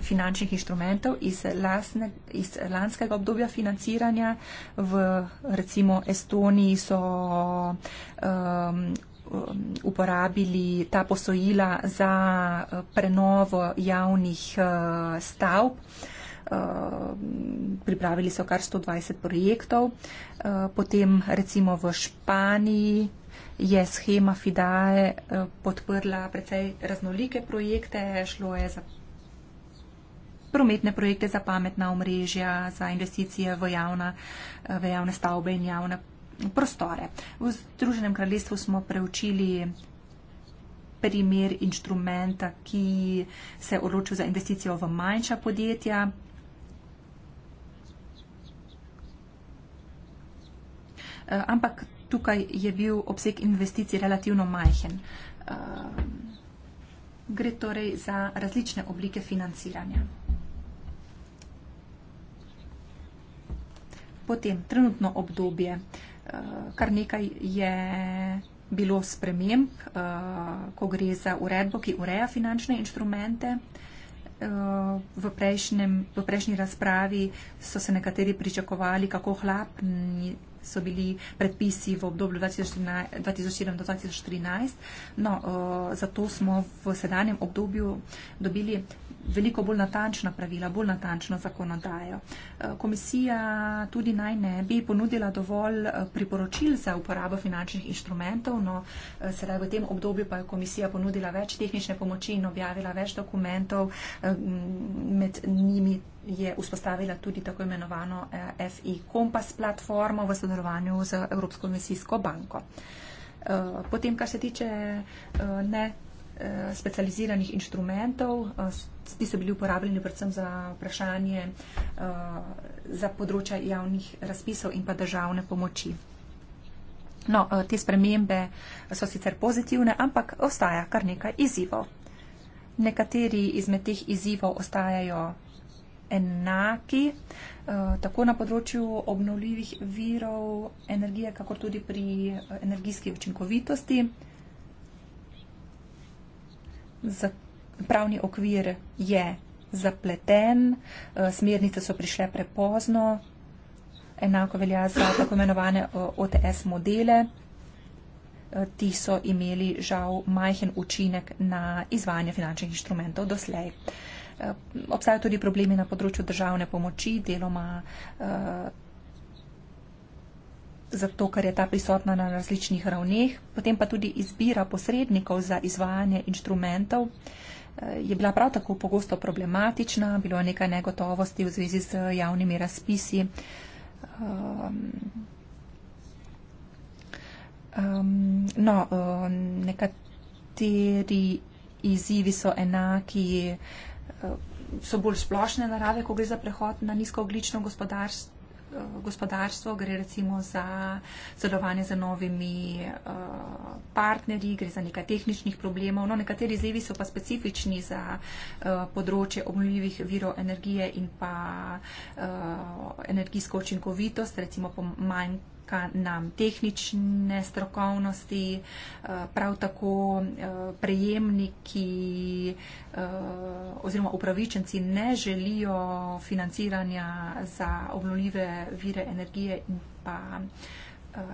finančnih inštrumentov iz, lasne, iz lanskega obdobja financiranja. V recimo Estoniji so um, um uporabili ta posojila za uh, prenovo javnih uh, stavb. Uh, pripravili so kar 120 projektov. Uh, potem recimo v Španiji je schema FIDAE uh, podprla precej raznolike projekte. Šlo je za prometne projekte, za pametna omrežja, za investicije v, javna, v javne stavbe in javne prostore. V Združenem kraljestvu smo preučili primer inštrumenta, ki se je odločil za investicijo v manjša podjetja. Eh, ampak tukaj je bil obseg investicij relativno majhen. Eh, gre torej za različne oblike financiranja. potem trenutno obdobje. Eh, kar nekaj je bilo sprememb, eh, ko gre za uredbo, ki ureja finančne inštrumente. Eh, v, prejšnjem, v prejšnji razpravi so se nekateri pričakovali, kako hlapni so bili predpisi v obdobju 2007 do 2013. No, zato smo v sedanjem obdobju dobili veliko bolj natančna pravila, bolj natančno zakonodajo. Komisija tudi naj ne bi ponudila dovolj e, priporočil za uporabo finančnih inštrumentov, no e, sedaj v tem obdobju pa je komisija ponudila več tehnične pomoči in objavila več dokumentov e, med njimi je vzpostavila tudi tako imenovano eh, FE Kompas platformo v sodelovanju z Evropsko investijsko banko. Eh, potem, kar se tiče eh, ne specializiranih inštrumentov, ti so bili uporabljeni predvsem za vprašanje za področja javnih razpisov in pa državne pomoči. No, te spremembe so sicer pozitivne, ampak ostaja kar nekaj izzivov. Nekateri izmed teh izzivov ostajajo enaki, eh, tako na področju obnovljivih virov energije, kako tudi pri eh, energijski učinkovitosti. Pravni okvir je zapleten, eh, smernice so prišle prepozno, enako velja za tako imenovane OTS modele. Ti so imeli žal majhen učinek na izvajanje finančnih inštrumentov doslej. Eh, obstajajo tudi problemi na področju državne pomoči, deloma eh, zato, ker je ta prisotna na različnih ravneh. Potem pa tudi izbira posrednikov za izvajanje inštrumentov eh, je bila prav tako pogosto problematična, bilo je nekaj negotovosti v zvezi z javnimi razpisi. Um, um, no, um, nekateri izzivi so enaki. Uh, Eh, so bolj splošne narave, ko gre za prehod na nizkooglično gospodarstvo, eh, gospodarstvo, gre recimo za sodelovanje z novimi eh, partnerji, gre za nekaj tehničnih problemov. No, nekateri zivi so pa specifični za področje obnovljivih virov energije in pa energijsko učinkovitost, recimo pomanjk manjka nam tehnične strokovnosti, eh, prav tako eh, prejemniki eh, oziroma upravičenci ne želijo financiranja za obnovljive vire energije in pa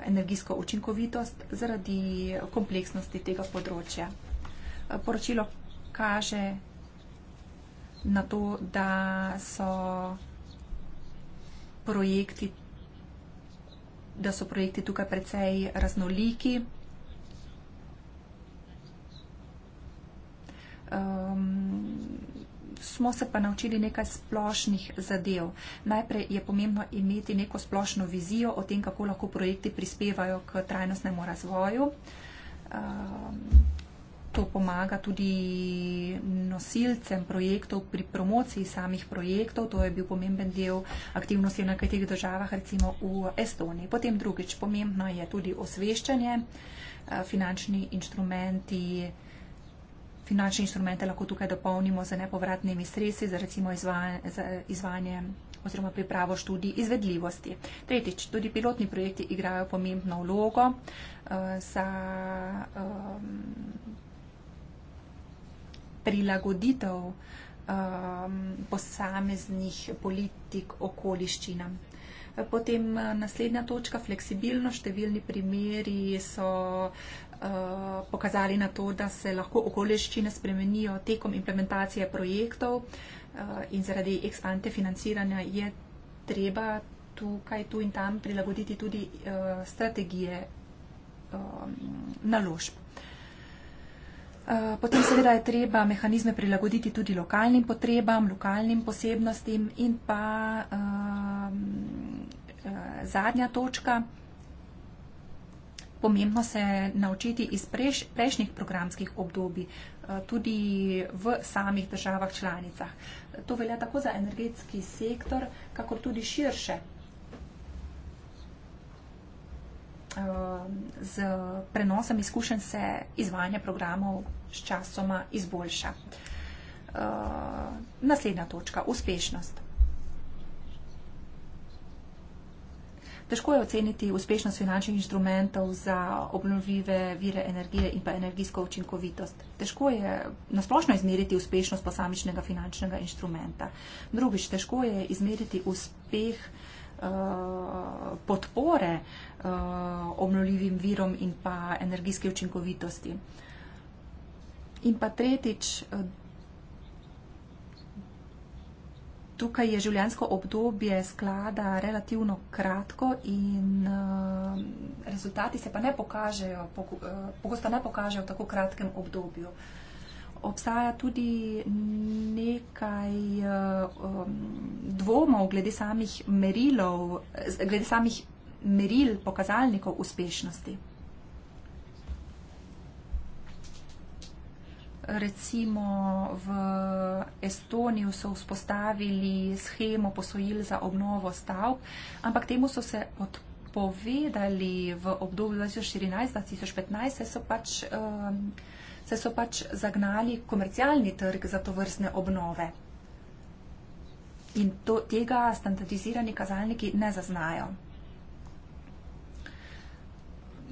energijsko učinkovitost zaradi kompleksnosti tega področja. Poročilo kaže na to, da so projekti da so projekti tukaj precej raznoliki. Um, smo se pa naučili nekaj splošnih zadev. Najprej je pomembno imeti neko splošno vizijo o tem, kako lahko projekti prispevajo k trajnostnemu razvoju. Um, to pomaga tudi nosilcem projektov pri promociji samih projektov. To je bil pomemben del aktivnosti v nekaterih državah, recimo v Estoniji. Potem drugič, pomembno je tudi osveščanje, finančni inštrumenti. Finančne inštrumente lahko tukaj dopolnimo z nepovratnimi sredstvi, za recimo izvajanje oziroma pripravo študij izvedljivosti. Tretjič, tudi pilotni projekti igrajo pomembno vlogo uh, za. Um, prilagoditev um, posameznih politik okoliščinam. Potem uh, naslednja točka, fleksibilnost. Številni primeri so uh, pokazali na to, da se lahko okoliščine spremenijo tekom implementacije projektov uh, in zaradi ex ante financiranja je treba tukaj tu in tam prilagoditi tudi uh, strategije um, naložb. Eh, potem seveda je treba mehanizme prilagoditi tudi lokalnim potrebam, lokalnim posebnostim in pa um, zadnja točka. Pomembno se je naučiti iz preš, prejšnjih programskih obdobij eh, tudi v samih državah članicah. To velja tako za energetski sektor, kakor tudi širše. Um, z prenosom izkušenj se izvajanje programov sčasoma izboljša. Uh, naslednja točka - uspešnost. Težko je oceniti uspešnost finančnih inštrumentov za obnovljive vire energije in pa energijsko učinkovitost. Težko je nasplošno izmeriti uspešnost posamičnega finančnega inštrumenta. Drugič, težko je izmeriti uspeh uh, podpore uh, Eh, obnovljivim virom in pa energijske učinkovitosti. In pa tretjič, eh, tukaj je življenjsko obdobje sklada relativno kratko in eh, rezultati se pa ne pokažejo, pogosto ne pokažejo v tako kratkem obdobju. Obstaja tudi nekaj um, dvomov glede samih merilov, glede samih meril, pokazalnikov uspešnosti. Recimo v Estoniji so vzpostavili schemo posojil za obnovo stavb, ampak temu so se odpovedali v obdobju 2014-2015, se so pač. Um, se so pač zagnali komercialni trg za to vrstne obnove. In to, tega standardizirani kazalniki ne zaznajo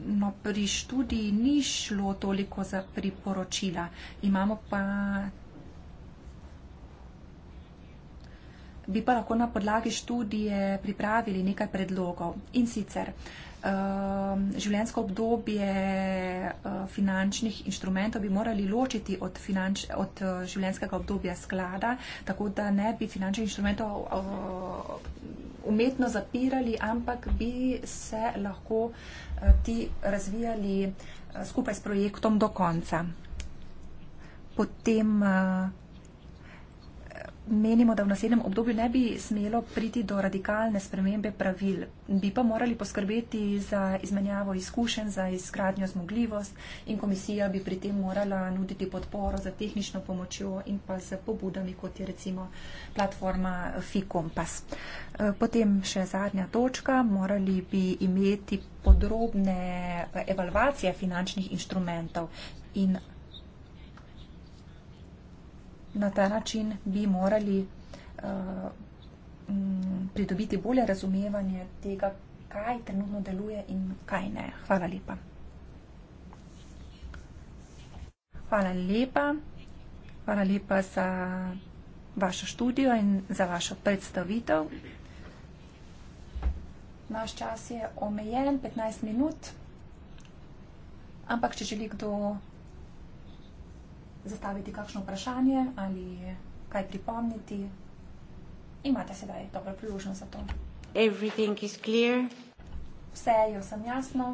no, pri študiji ni šlo toliko za priporočila. Imamo pa. bi pa lahko na podlagi študije pripravili nekaj predlogov. In sicer ehm, življenjsko obdobje eh, finančnih inštrumentov bi morali ločiti od, finanč, od eh, življenjskega obdobja sklada, tako da ne bi finančnih inštrumentov eh, umetno zapirali, ampak bi se lahko eh, ti razvijali eh, skupaj s projektom do konca. Potem eh, menimo, da v naslednjem obdobju ne bi smelo priti do radikalne spremembe pravil. Bi pa morali poskrbeti za izmenjavo izkušenj, za izgradnjo zmogljivost in komisija bi pri tem morala nuditi podporo za tehnično pomočjo in pa z pobudami, kot je recimo platforma FIKOMPAS. Eh, potem še zadnja točka. Morali bi imeti podrobne eh, evalvacije finančnih inštrumentov in na ta način bi morali uh, pridobiti bolje razumevanje tega, kaj trenutno deluje in kaj ne. Hvala lepa. Hvala lepa. Hvala lepa za vašo študijo in za vašo predstavitev. Naš čas je omejen, 15 minut. Ampak, če želi kdo zastaviti kakšno vprašanje ali kaj pripomniti. Imate sedaj dobro priložnost za to. Vse jo sem jasno.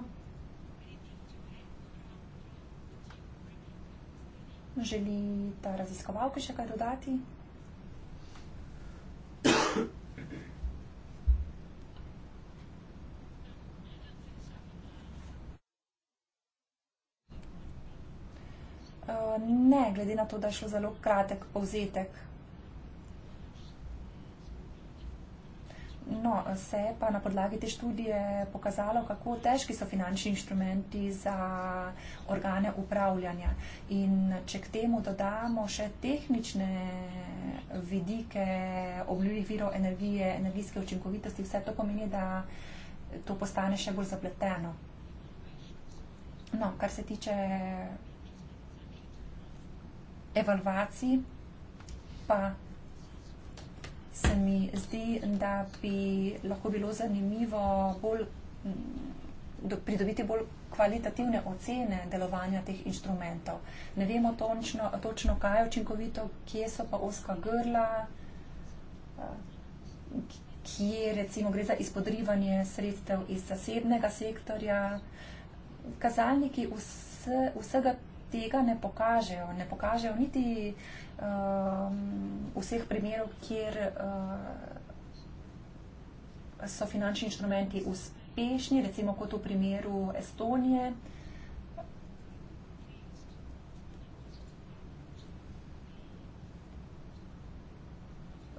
Želi ta raziskovalka še kaj dodati? ne, glede na to, da je šlo zelo kratek povzetek. No, se je pa na podlagi te študije pokazalo, kako težki so finančni inštrumenti za organe upravljanja. In če k temu dodamo še tehnične vidike obljubih virov energije, energijske učinkovitosti, vse to pomeni, da to postane še bolj zapleteno. No, kar se tiče evalvaciji, pa se mi zdi, da bi lahko bilo zanimivo bolj, mm, do, pridobiti bolj kvalitativne ocene delovanja teh inštrumentov. Ne vemo točno, točno kaj je učinkovito, kje so pa oska grla, eh, kje recimo gre za izpodrivanje sredstev iz zasebnega sektorja. Kazalniki vse, vsega tega ne pokažejo. Ne pokažejo niti um, vseh primerov, kjer uh, so finančni inštrumenti uspešni, recimo kot v primeru Estonije.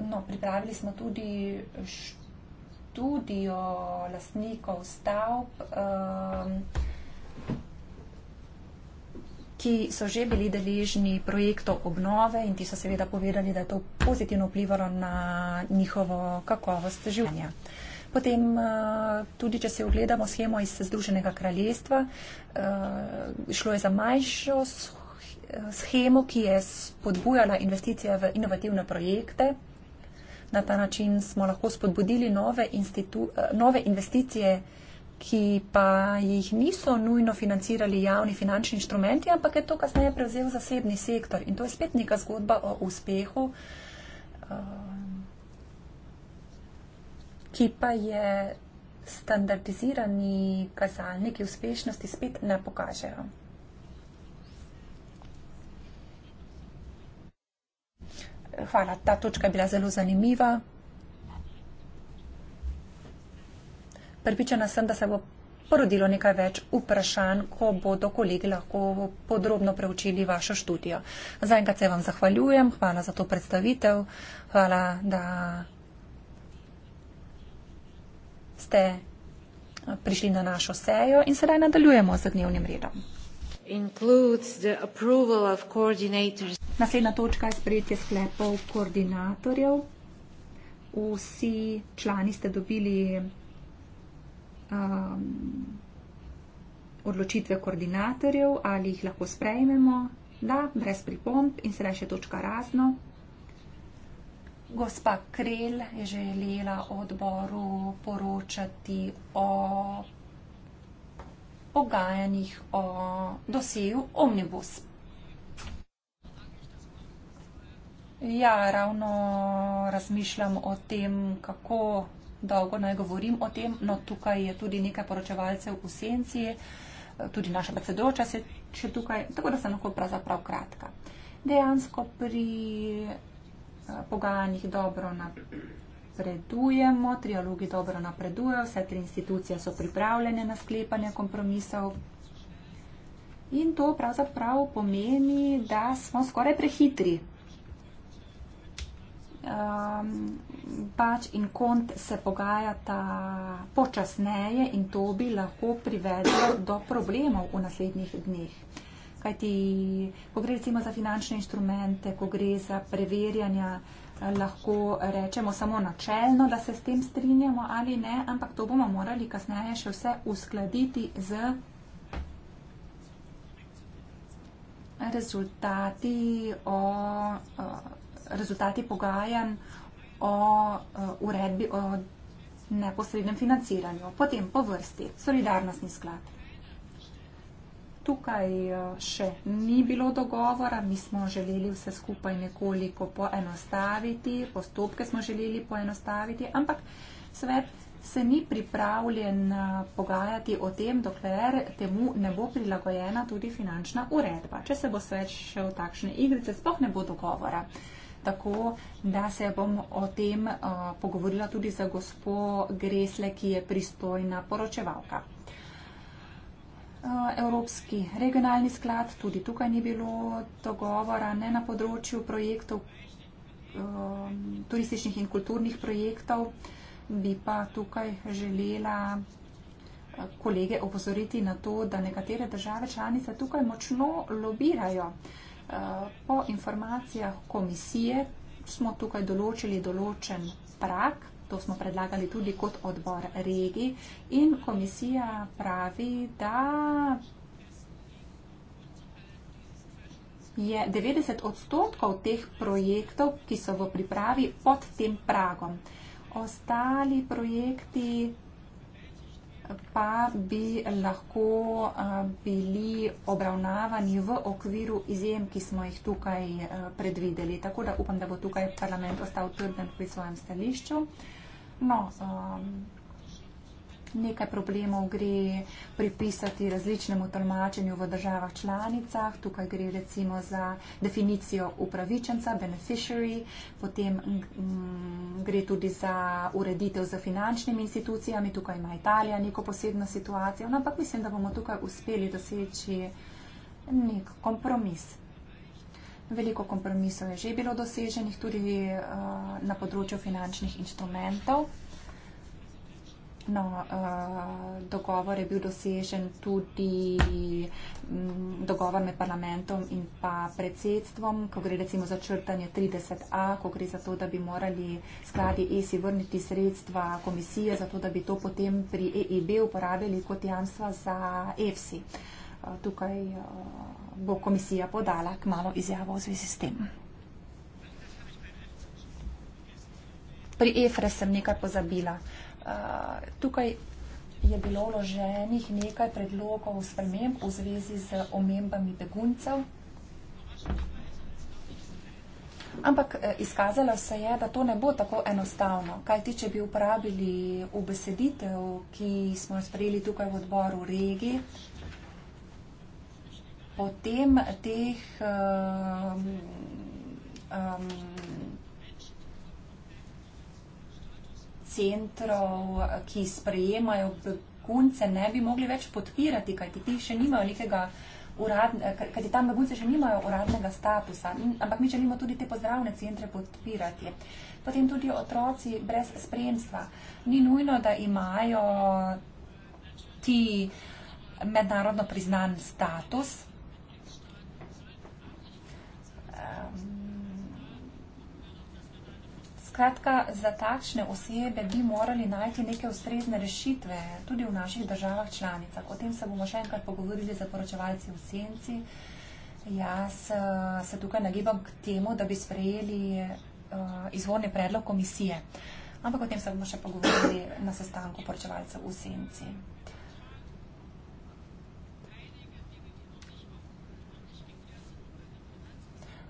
No, pripravili smo tudi študijo lastnikov stavb. Um, ki so že bili deležni projektov obnove in ti so seveda povedali, da je to pozitivno vplivalo na njihovo kakovost življenja. Potem eh, tudi, če se ogledamo schemo iz Združenega kraljestva, eh, šlo je za manjšo schemo, ki je spodbujala investicije v inovativne projekte. Na ta način smo lahko spodbudili nove, eh, nove investicije uh, ki pa jih niso nujno financirali javni finančni inštrumenti, ampak je to kasneje prevzel zasebni sektor. In to je spet neka zgodba o uspehu, eh, ki pa je standardizirani kazalniki uspešnosti spet ne pokažejo. Hvala, ta točka je bila zelo zanimiva. Pripričana sem, da se bo porodilo nekaj več vprašanj, ko bodo kolegi lahko podrobno preučili vašo študijo. Zaenkrat se vam zahvaljujem, hvala za to predstavitev, hvala, da ste eh, prišli na našo sejo in sedaj nadaljujemo z dnevnim redom. Naslednja točka je sprejetje sklepov koordinatorjev. Vsi člani ste dobili um, odločitve koordinatorjev, ali jih lahko sprejmemo, da, brez pripomp in se reče točka razno. Gospa Krel je želela odboru poročati o pogajanjih o doseju omnibus. Ja, ravno razmišljam o tem, kako dolgo naj govorim o tem, no tukaj je tudi nekaj poročevalcev v senci, eh, tudi naša predsedoča se še tukaj, tako da sem lahko pravzaprav kratka. Dejansko pri eh, pogajanjih dobro napredujemo, trialogi dobro napredujejo, vse tri institucije so pripravljene na sklepanje kompromisov. In to pravzaprav pomeni, da smo skoraj prehitri. Um, pač in kont se pogajata počasneje in to bi lahko privedlo do problemov v naslednjih dneh. Kajti, ko gre recimo za finančne inštrumente, ko gre za preverjanja, eh, lahko rečemo samo načelno, da se s tem strinjamo ali ne, ampak to bomo morali kasneje še vse uskladiti z rezultati o eh, rezultati pogajanj o eh, uredbi o neposrednem financiranju. Potem po vrsti, solidarnostni sklad. Tukaj eh, še ni bilo dogovora, mi smo želeli vse skupaj nekoliko poenostaviti, postopke smo želeli poenostaviti, ampak svet se ni pripravljen eh, pogajati o tem, dokler temu ne bo prilagojena tudi finančna uredba. Če se bo svet še v takšne igrice, spoh ne bo dogovora tako, da se bom o tem uh, pogovorila tudi za gospo Gresle, ki je pristojna poročevalka. Eh, Evropski regionalni sklad, tudi tukaj ni bilo dogovora, ne na področju projektov, um, turističnih in kulturnih projektov, bi pa tukaj želela kolege opozoriti na to, da nekatere države članice tukaj močno lobirajo. Uh, Po informacijah komisije smo tukaj določili določen prak, to smo predlagali tudi kot odbor regi in komisija pravi, da je 90 odstotkov teh projektov, ki so v pripravi pod tem pragom. Ostali projekti pa bi lahko eh, bili obravnavani v okviru izjem, ki smo jih tukaj eh, predvideli. Tako da upam, da bo tukaj parlament ostal trden pri svojem stališču. No, um, Nekaj problemov gre pripisati različnemu tolmačenju v državah članicah. Tukaj gre recimo za definicijo upravičenca, beneficiary, potem mm, gre tudi za ureditev za finančnimi institucijami. Tukaj ima Italija neko posebno situacijo, no, ampak mislim, da bomo tukaj uspeli doseči nek kompromis. Veliko kompromisov je že bilo doseženih tudi uh, na področju finančnih inštrumentov. No, uh, dogovor je bil dosežen tudi m, mm, dogovor med parlamentom in pa predsedstvom, ko gre recimo za črtanje 30a, ko gre za to, da bi morali skladi ESI vrniti sredstva komisije, zato da bi to potem pri EIB uporabili kot jamstva za EFSI. Uh, eh, tukaj uh, bo komisija podala k malo izjavo v zvezi s tem. Pri EFRE sem nekaj pozabila. Uh, Eh, tukaj je bilo vloženih nekaj predlogov sprememb v zvezi z omembami beguncev. Ampak eh, izkazalo se je, da to ne bo tako enostavno, kajti če bi uporabili ubeseditev, ki smo jo sprejeli tukaj v odboru regi, potem teh um, um, centrov, ki sprejemajo begunce, ne bi mogli več podpirati, kajti ti še nimajo nekega. Uradne, kajti tam begunci še nimajo uradnega statusa, ampak mi želimo tudi te pozdravne centre podpirati. Potem tudi otroci brez spremstva. Ni nujno, da imajo ti mednarodno priznan status, Skratka, za takšne osebe bi morali najti neke ustrezne rešitve tudi v naših državah članicah. O tem se bomo še enkrat pogovorili za poročevalci v senci. Jaz eh, se tukaj nagibam k temu, da bi sprejeli eh, izvorni predlog komisije. Ampak o tem se bomo še pogovorili na sestanku poročevalcev v senci.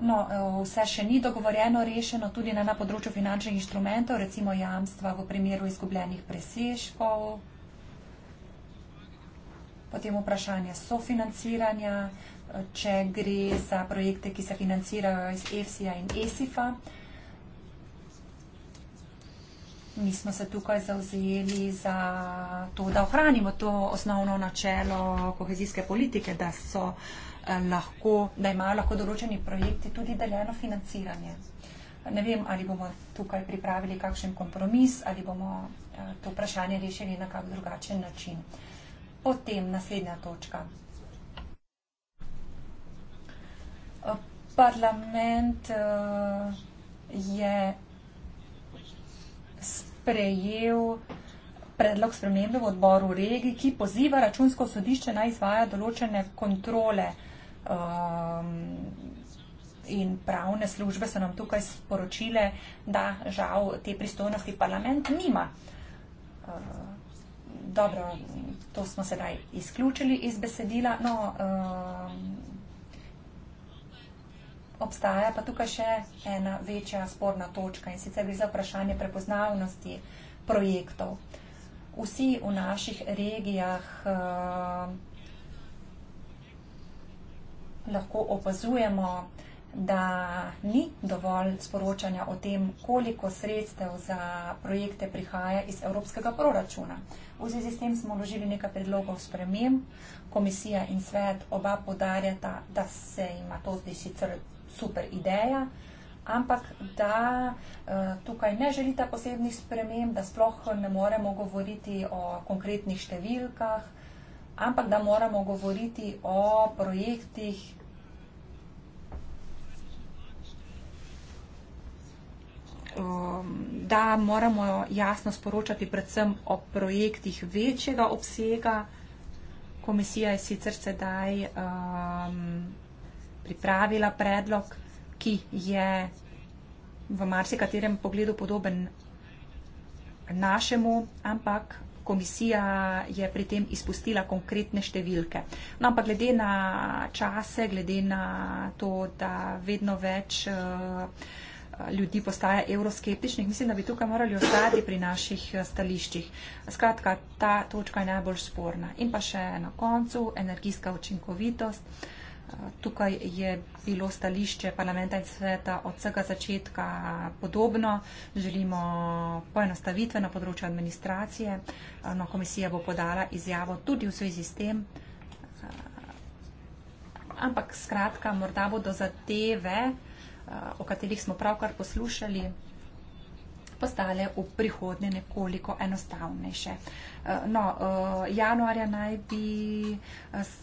No, eh, vse še ni dogovorjeno, rešeno tudi na, na področju finančnih inštrumentov, recimo jamstva v primeru izgubljenih presežkov, potem vprašanje sofinanciranja, eh, če gre za projekte, ki se financirajo iz EFSI-ja in ESIF-a. Mi smo se tukaj zauzeli za to, da ohranimo to osnovno načelo kohezijske politike, da so uh, lahko, da imajo lahko določeni projekti tudi deljeno financiranje. Ne vem, ali bomo tukaj pripravili kakšen kompromis, ali bomo eh, to vprašanje rešili na kak drugačen način. Potem naslednja točka. Eh, parlament eh, je sprejel predlog spremembe v odboru regij, ki poziva računsko sodišče naj izvaja določene kontrole um, in pravne službe so nam tukaj sporočile, da žal te pristojnosti parlament nima. Uh, dobro, to smo sedaj izključili iz besedila. No, um, obstaja pa tukaj še ena večja sporna točka in sicer gre za vprašanje prepoznavnosti projektov. Vsi v naših regijah uh, lahko opazujemo, da ni dovolj sporočanja o tem, koliko sredstev za projekte prihaja iz evropskega proračuna. V zvezi s tem smo vložili nekaj predlogov spremem. Komisija in svet oba podarjata, da se ima to zdaj sicer super ideja, ampak da eh, tukaj ne želita posebnih sprememb, da sploh ne moremo govoriti o konkretnih številkah, ampak da moramo govoriti o projektih. Um, da moramo jasno sporočati predvsem o projektih večjega obsega. Komisija je sicer sedaj um, pripravila predlog, ki je v marsikaterem pogledu podoben našemu, ampak Komisija je pri tem izpustila konkretne številke. No, ampak glede na čase, glede na to, da vedno več eh, ljudi postaja evroskeptičnih, mislim, da bi tukaj morali ostati pri naših eh, stališčih. Skratka, ta točka je najbolj sporna. In pa še na koncu, energijska učinkovitost. Tukaj je bilo stališče parlamenta in sveta od vsega začetka podobno. Želimo poenostavitve na področju administracije. No, komisija bo podala izjavo tudi v zvezi s tem. Ampak skratka, morda bodo zadeve, o katerih smo pravkar poslušali, postale v prihodnje nekoliko enostavnejše. No, eh, januarja naj bi eh,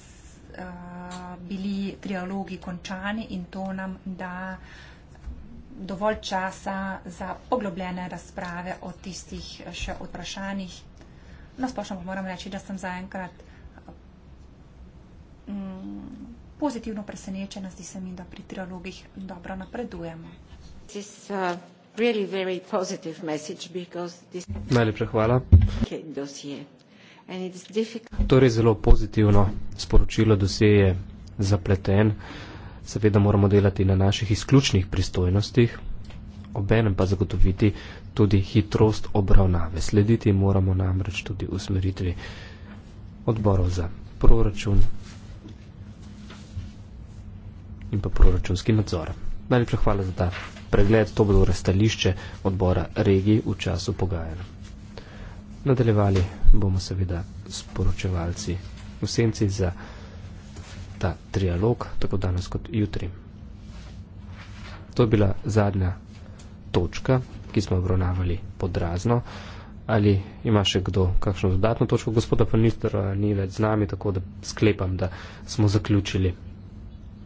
Eh, bili trialogi končani in to nam da dovolj časa za poglobljene razprave o tistih eh, še odprašanjih. Na splošno pa moram reči, da sem zaenkrat eh, mm, pozitivno presenečena, zdi se mi, da pri trialogih dobro napredujemo. This, uh... Really, very positive message because this. Najlepša hvala. Okay, dosje. Torej zelo pozitivno sporočilo dosej je zapleten. Seveda moramo delati na naših izključnih pristojnostih, obenem pa zagotoviti tudi hitrost obravnave. Slediti moramo namreč tudi usmeritvi odborov za proračun in pa proračunski nadzor. Najlepša hvala za ta pregled. To bodo torej razstališče odbora regij v času pogajanja. Nadaljevali bomo seveda sporočevalci v senci za ta trialog, tako danes kot jutri. To je bila zadnja točka, ki smo obravnavali podrazno. Ali ima še kdo kakšno dodatno točko? Gospoda ministra ni več z nami, tako da sklepam, da smo zaključili.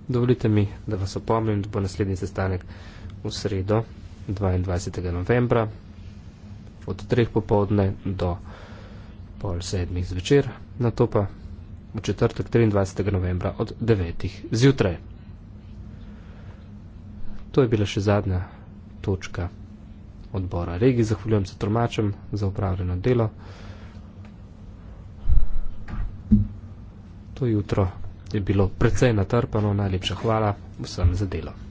Dovolite mi, da vas opomnim, da bo naslednji sestanek v sredo 22. novembra od 3. popovdne do 4 pol sedmih zvečer, na to pa v četrtek 23. novembra od 9. zjutraj. To je bila še zadnja točka odbora regij. Zahvaljujem se tromačem za upravljeno delo. To jutro je bilo precej natrpano. Najlepša hvala vsem za delo.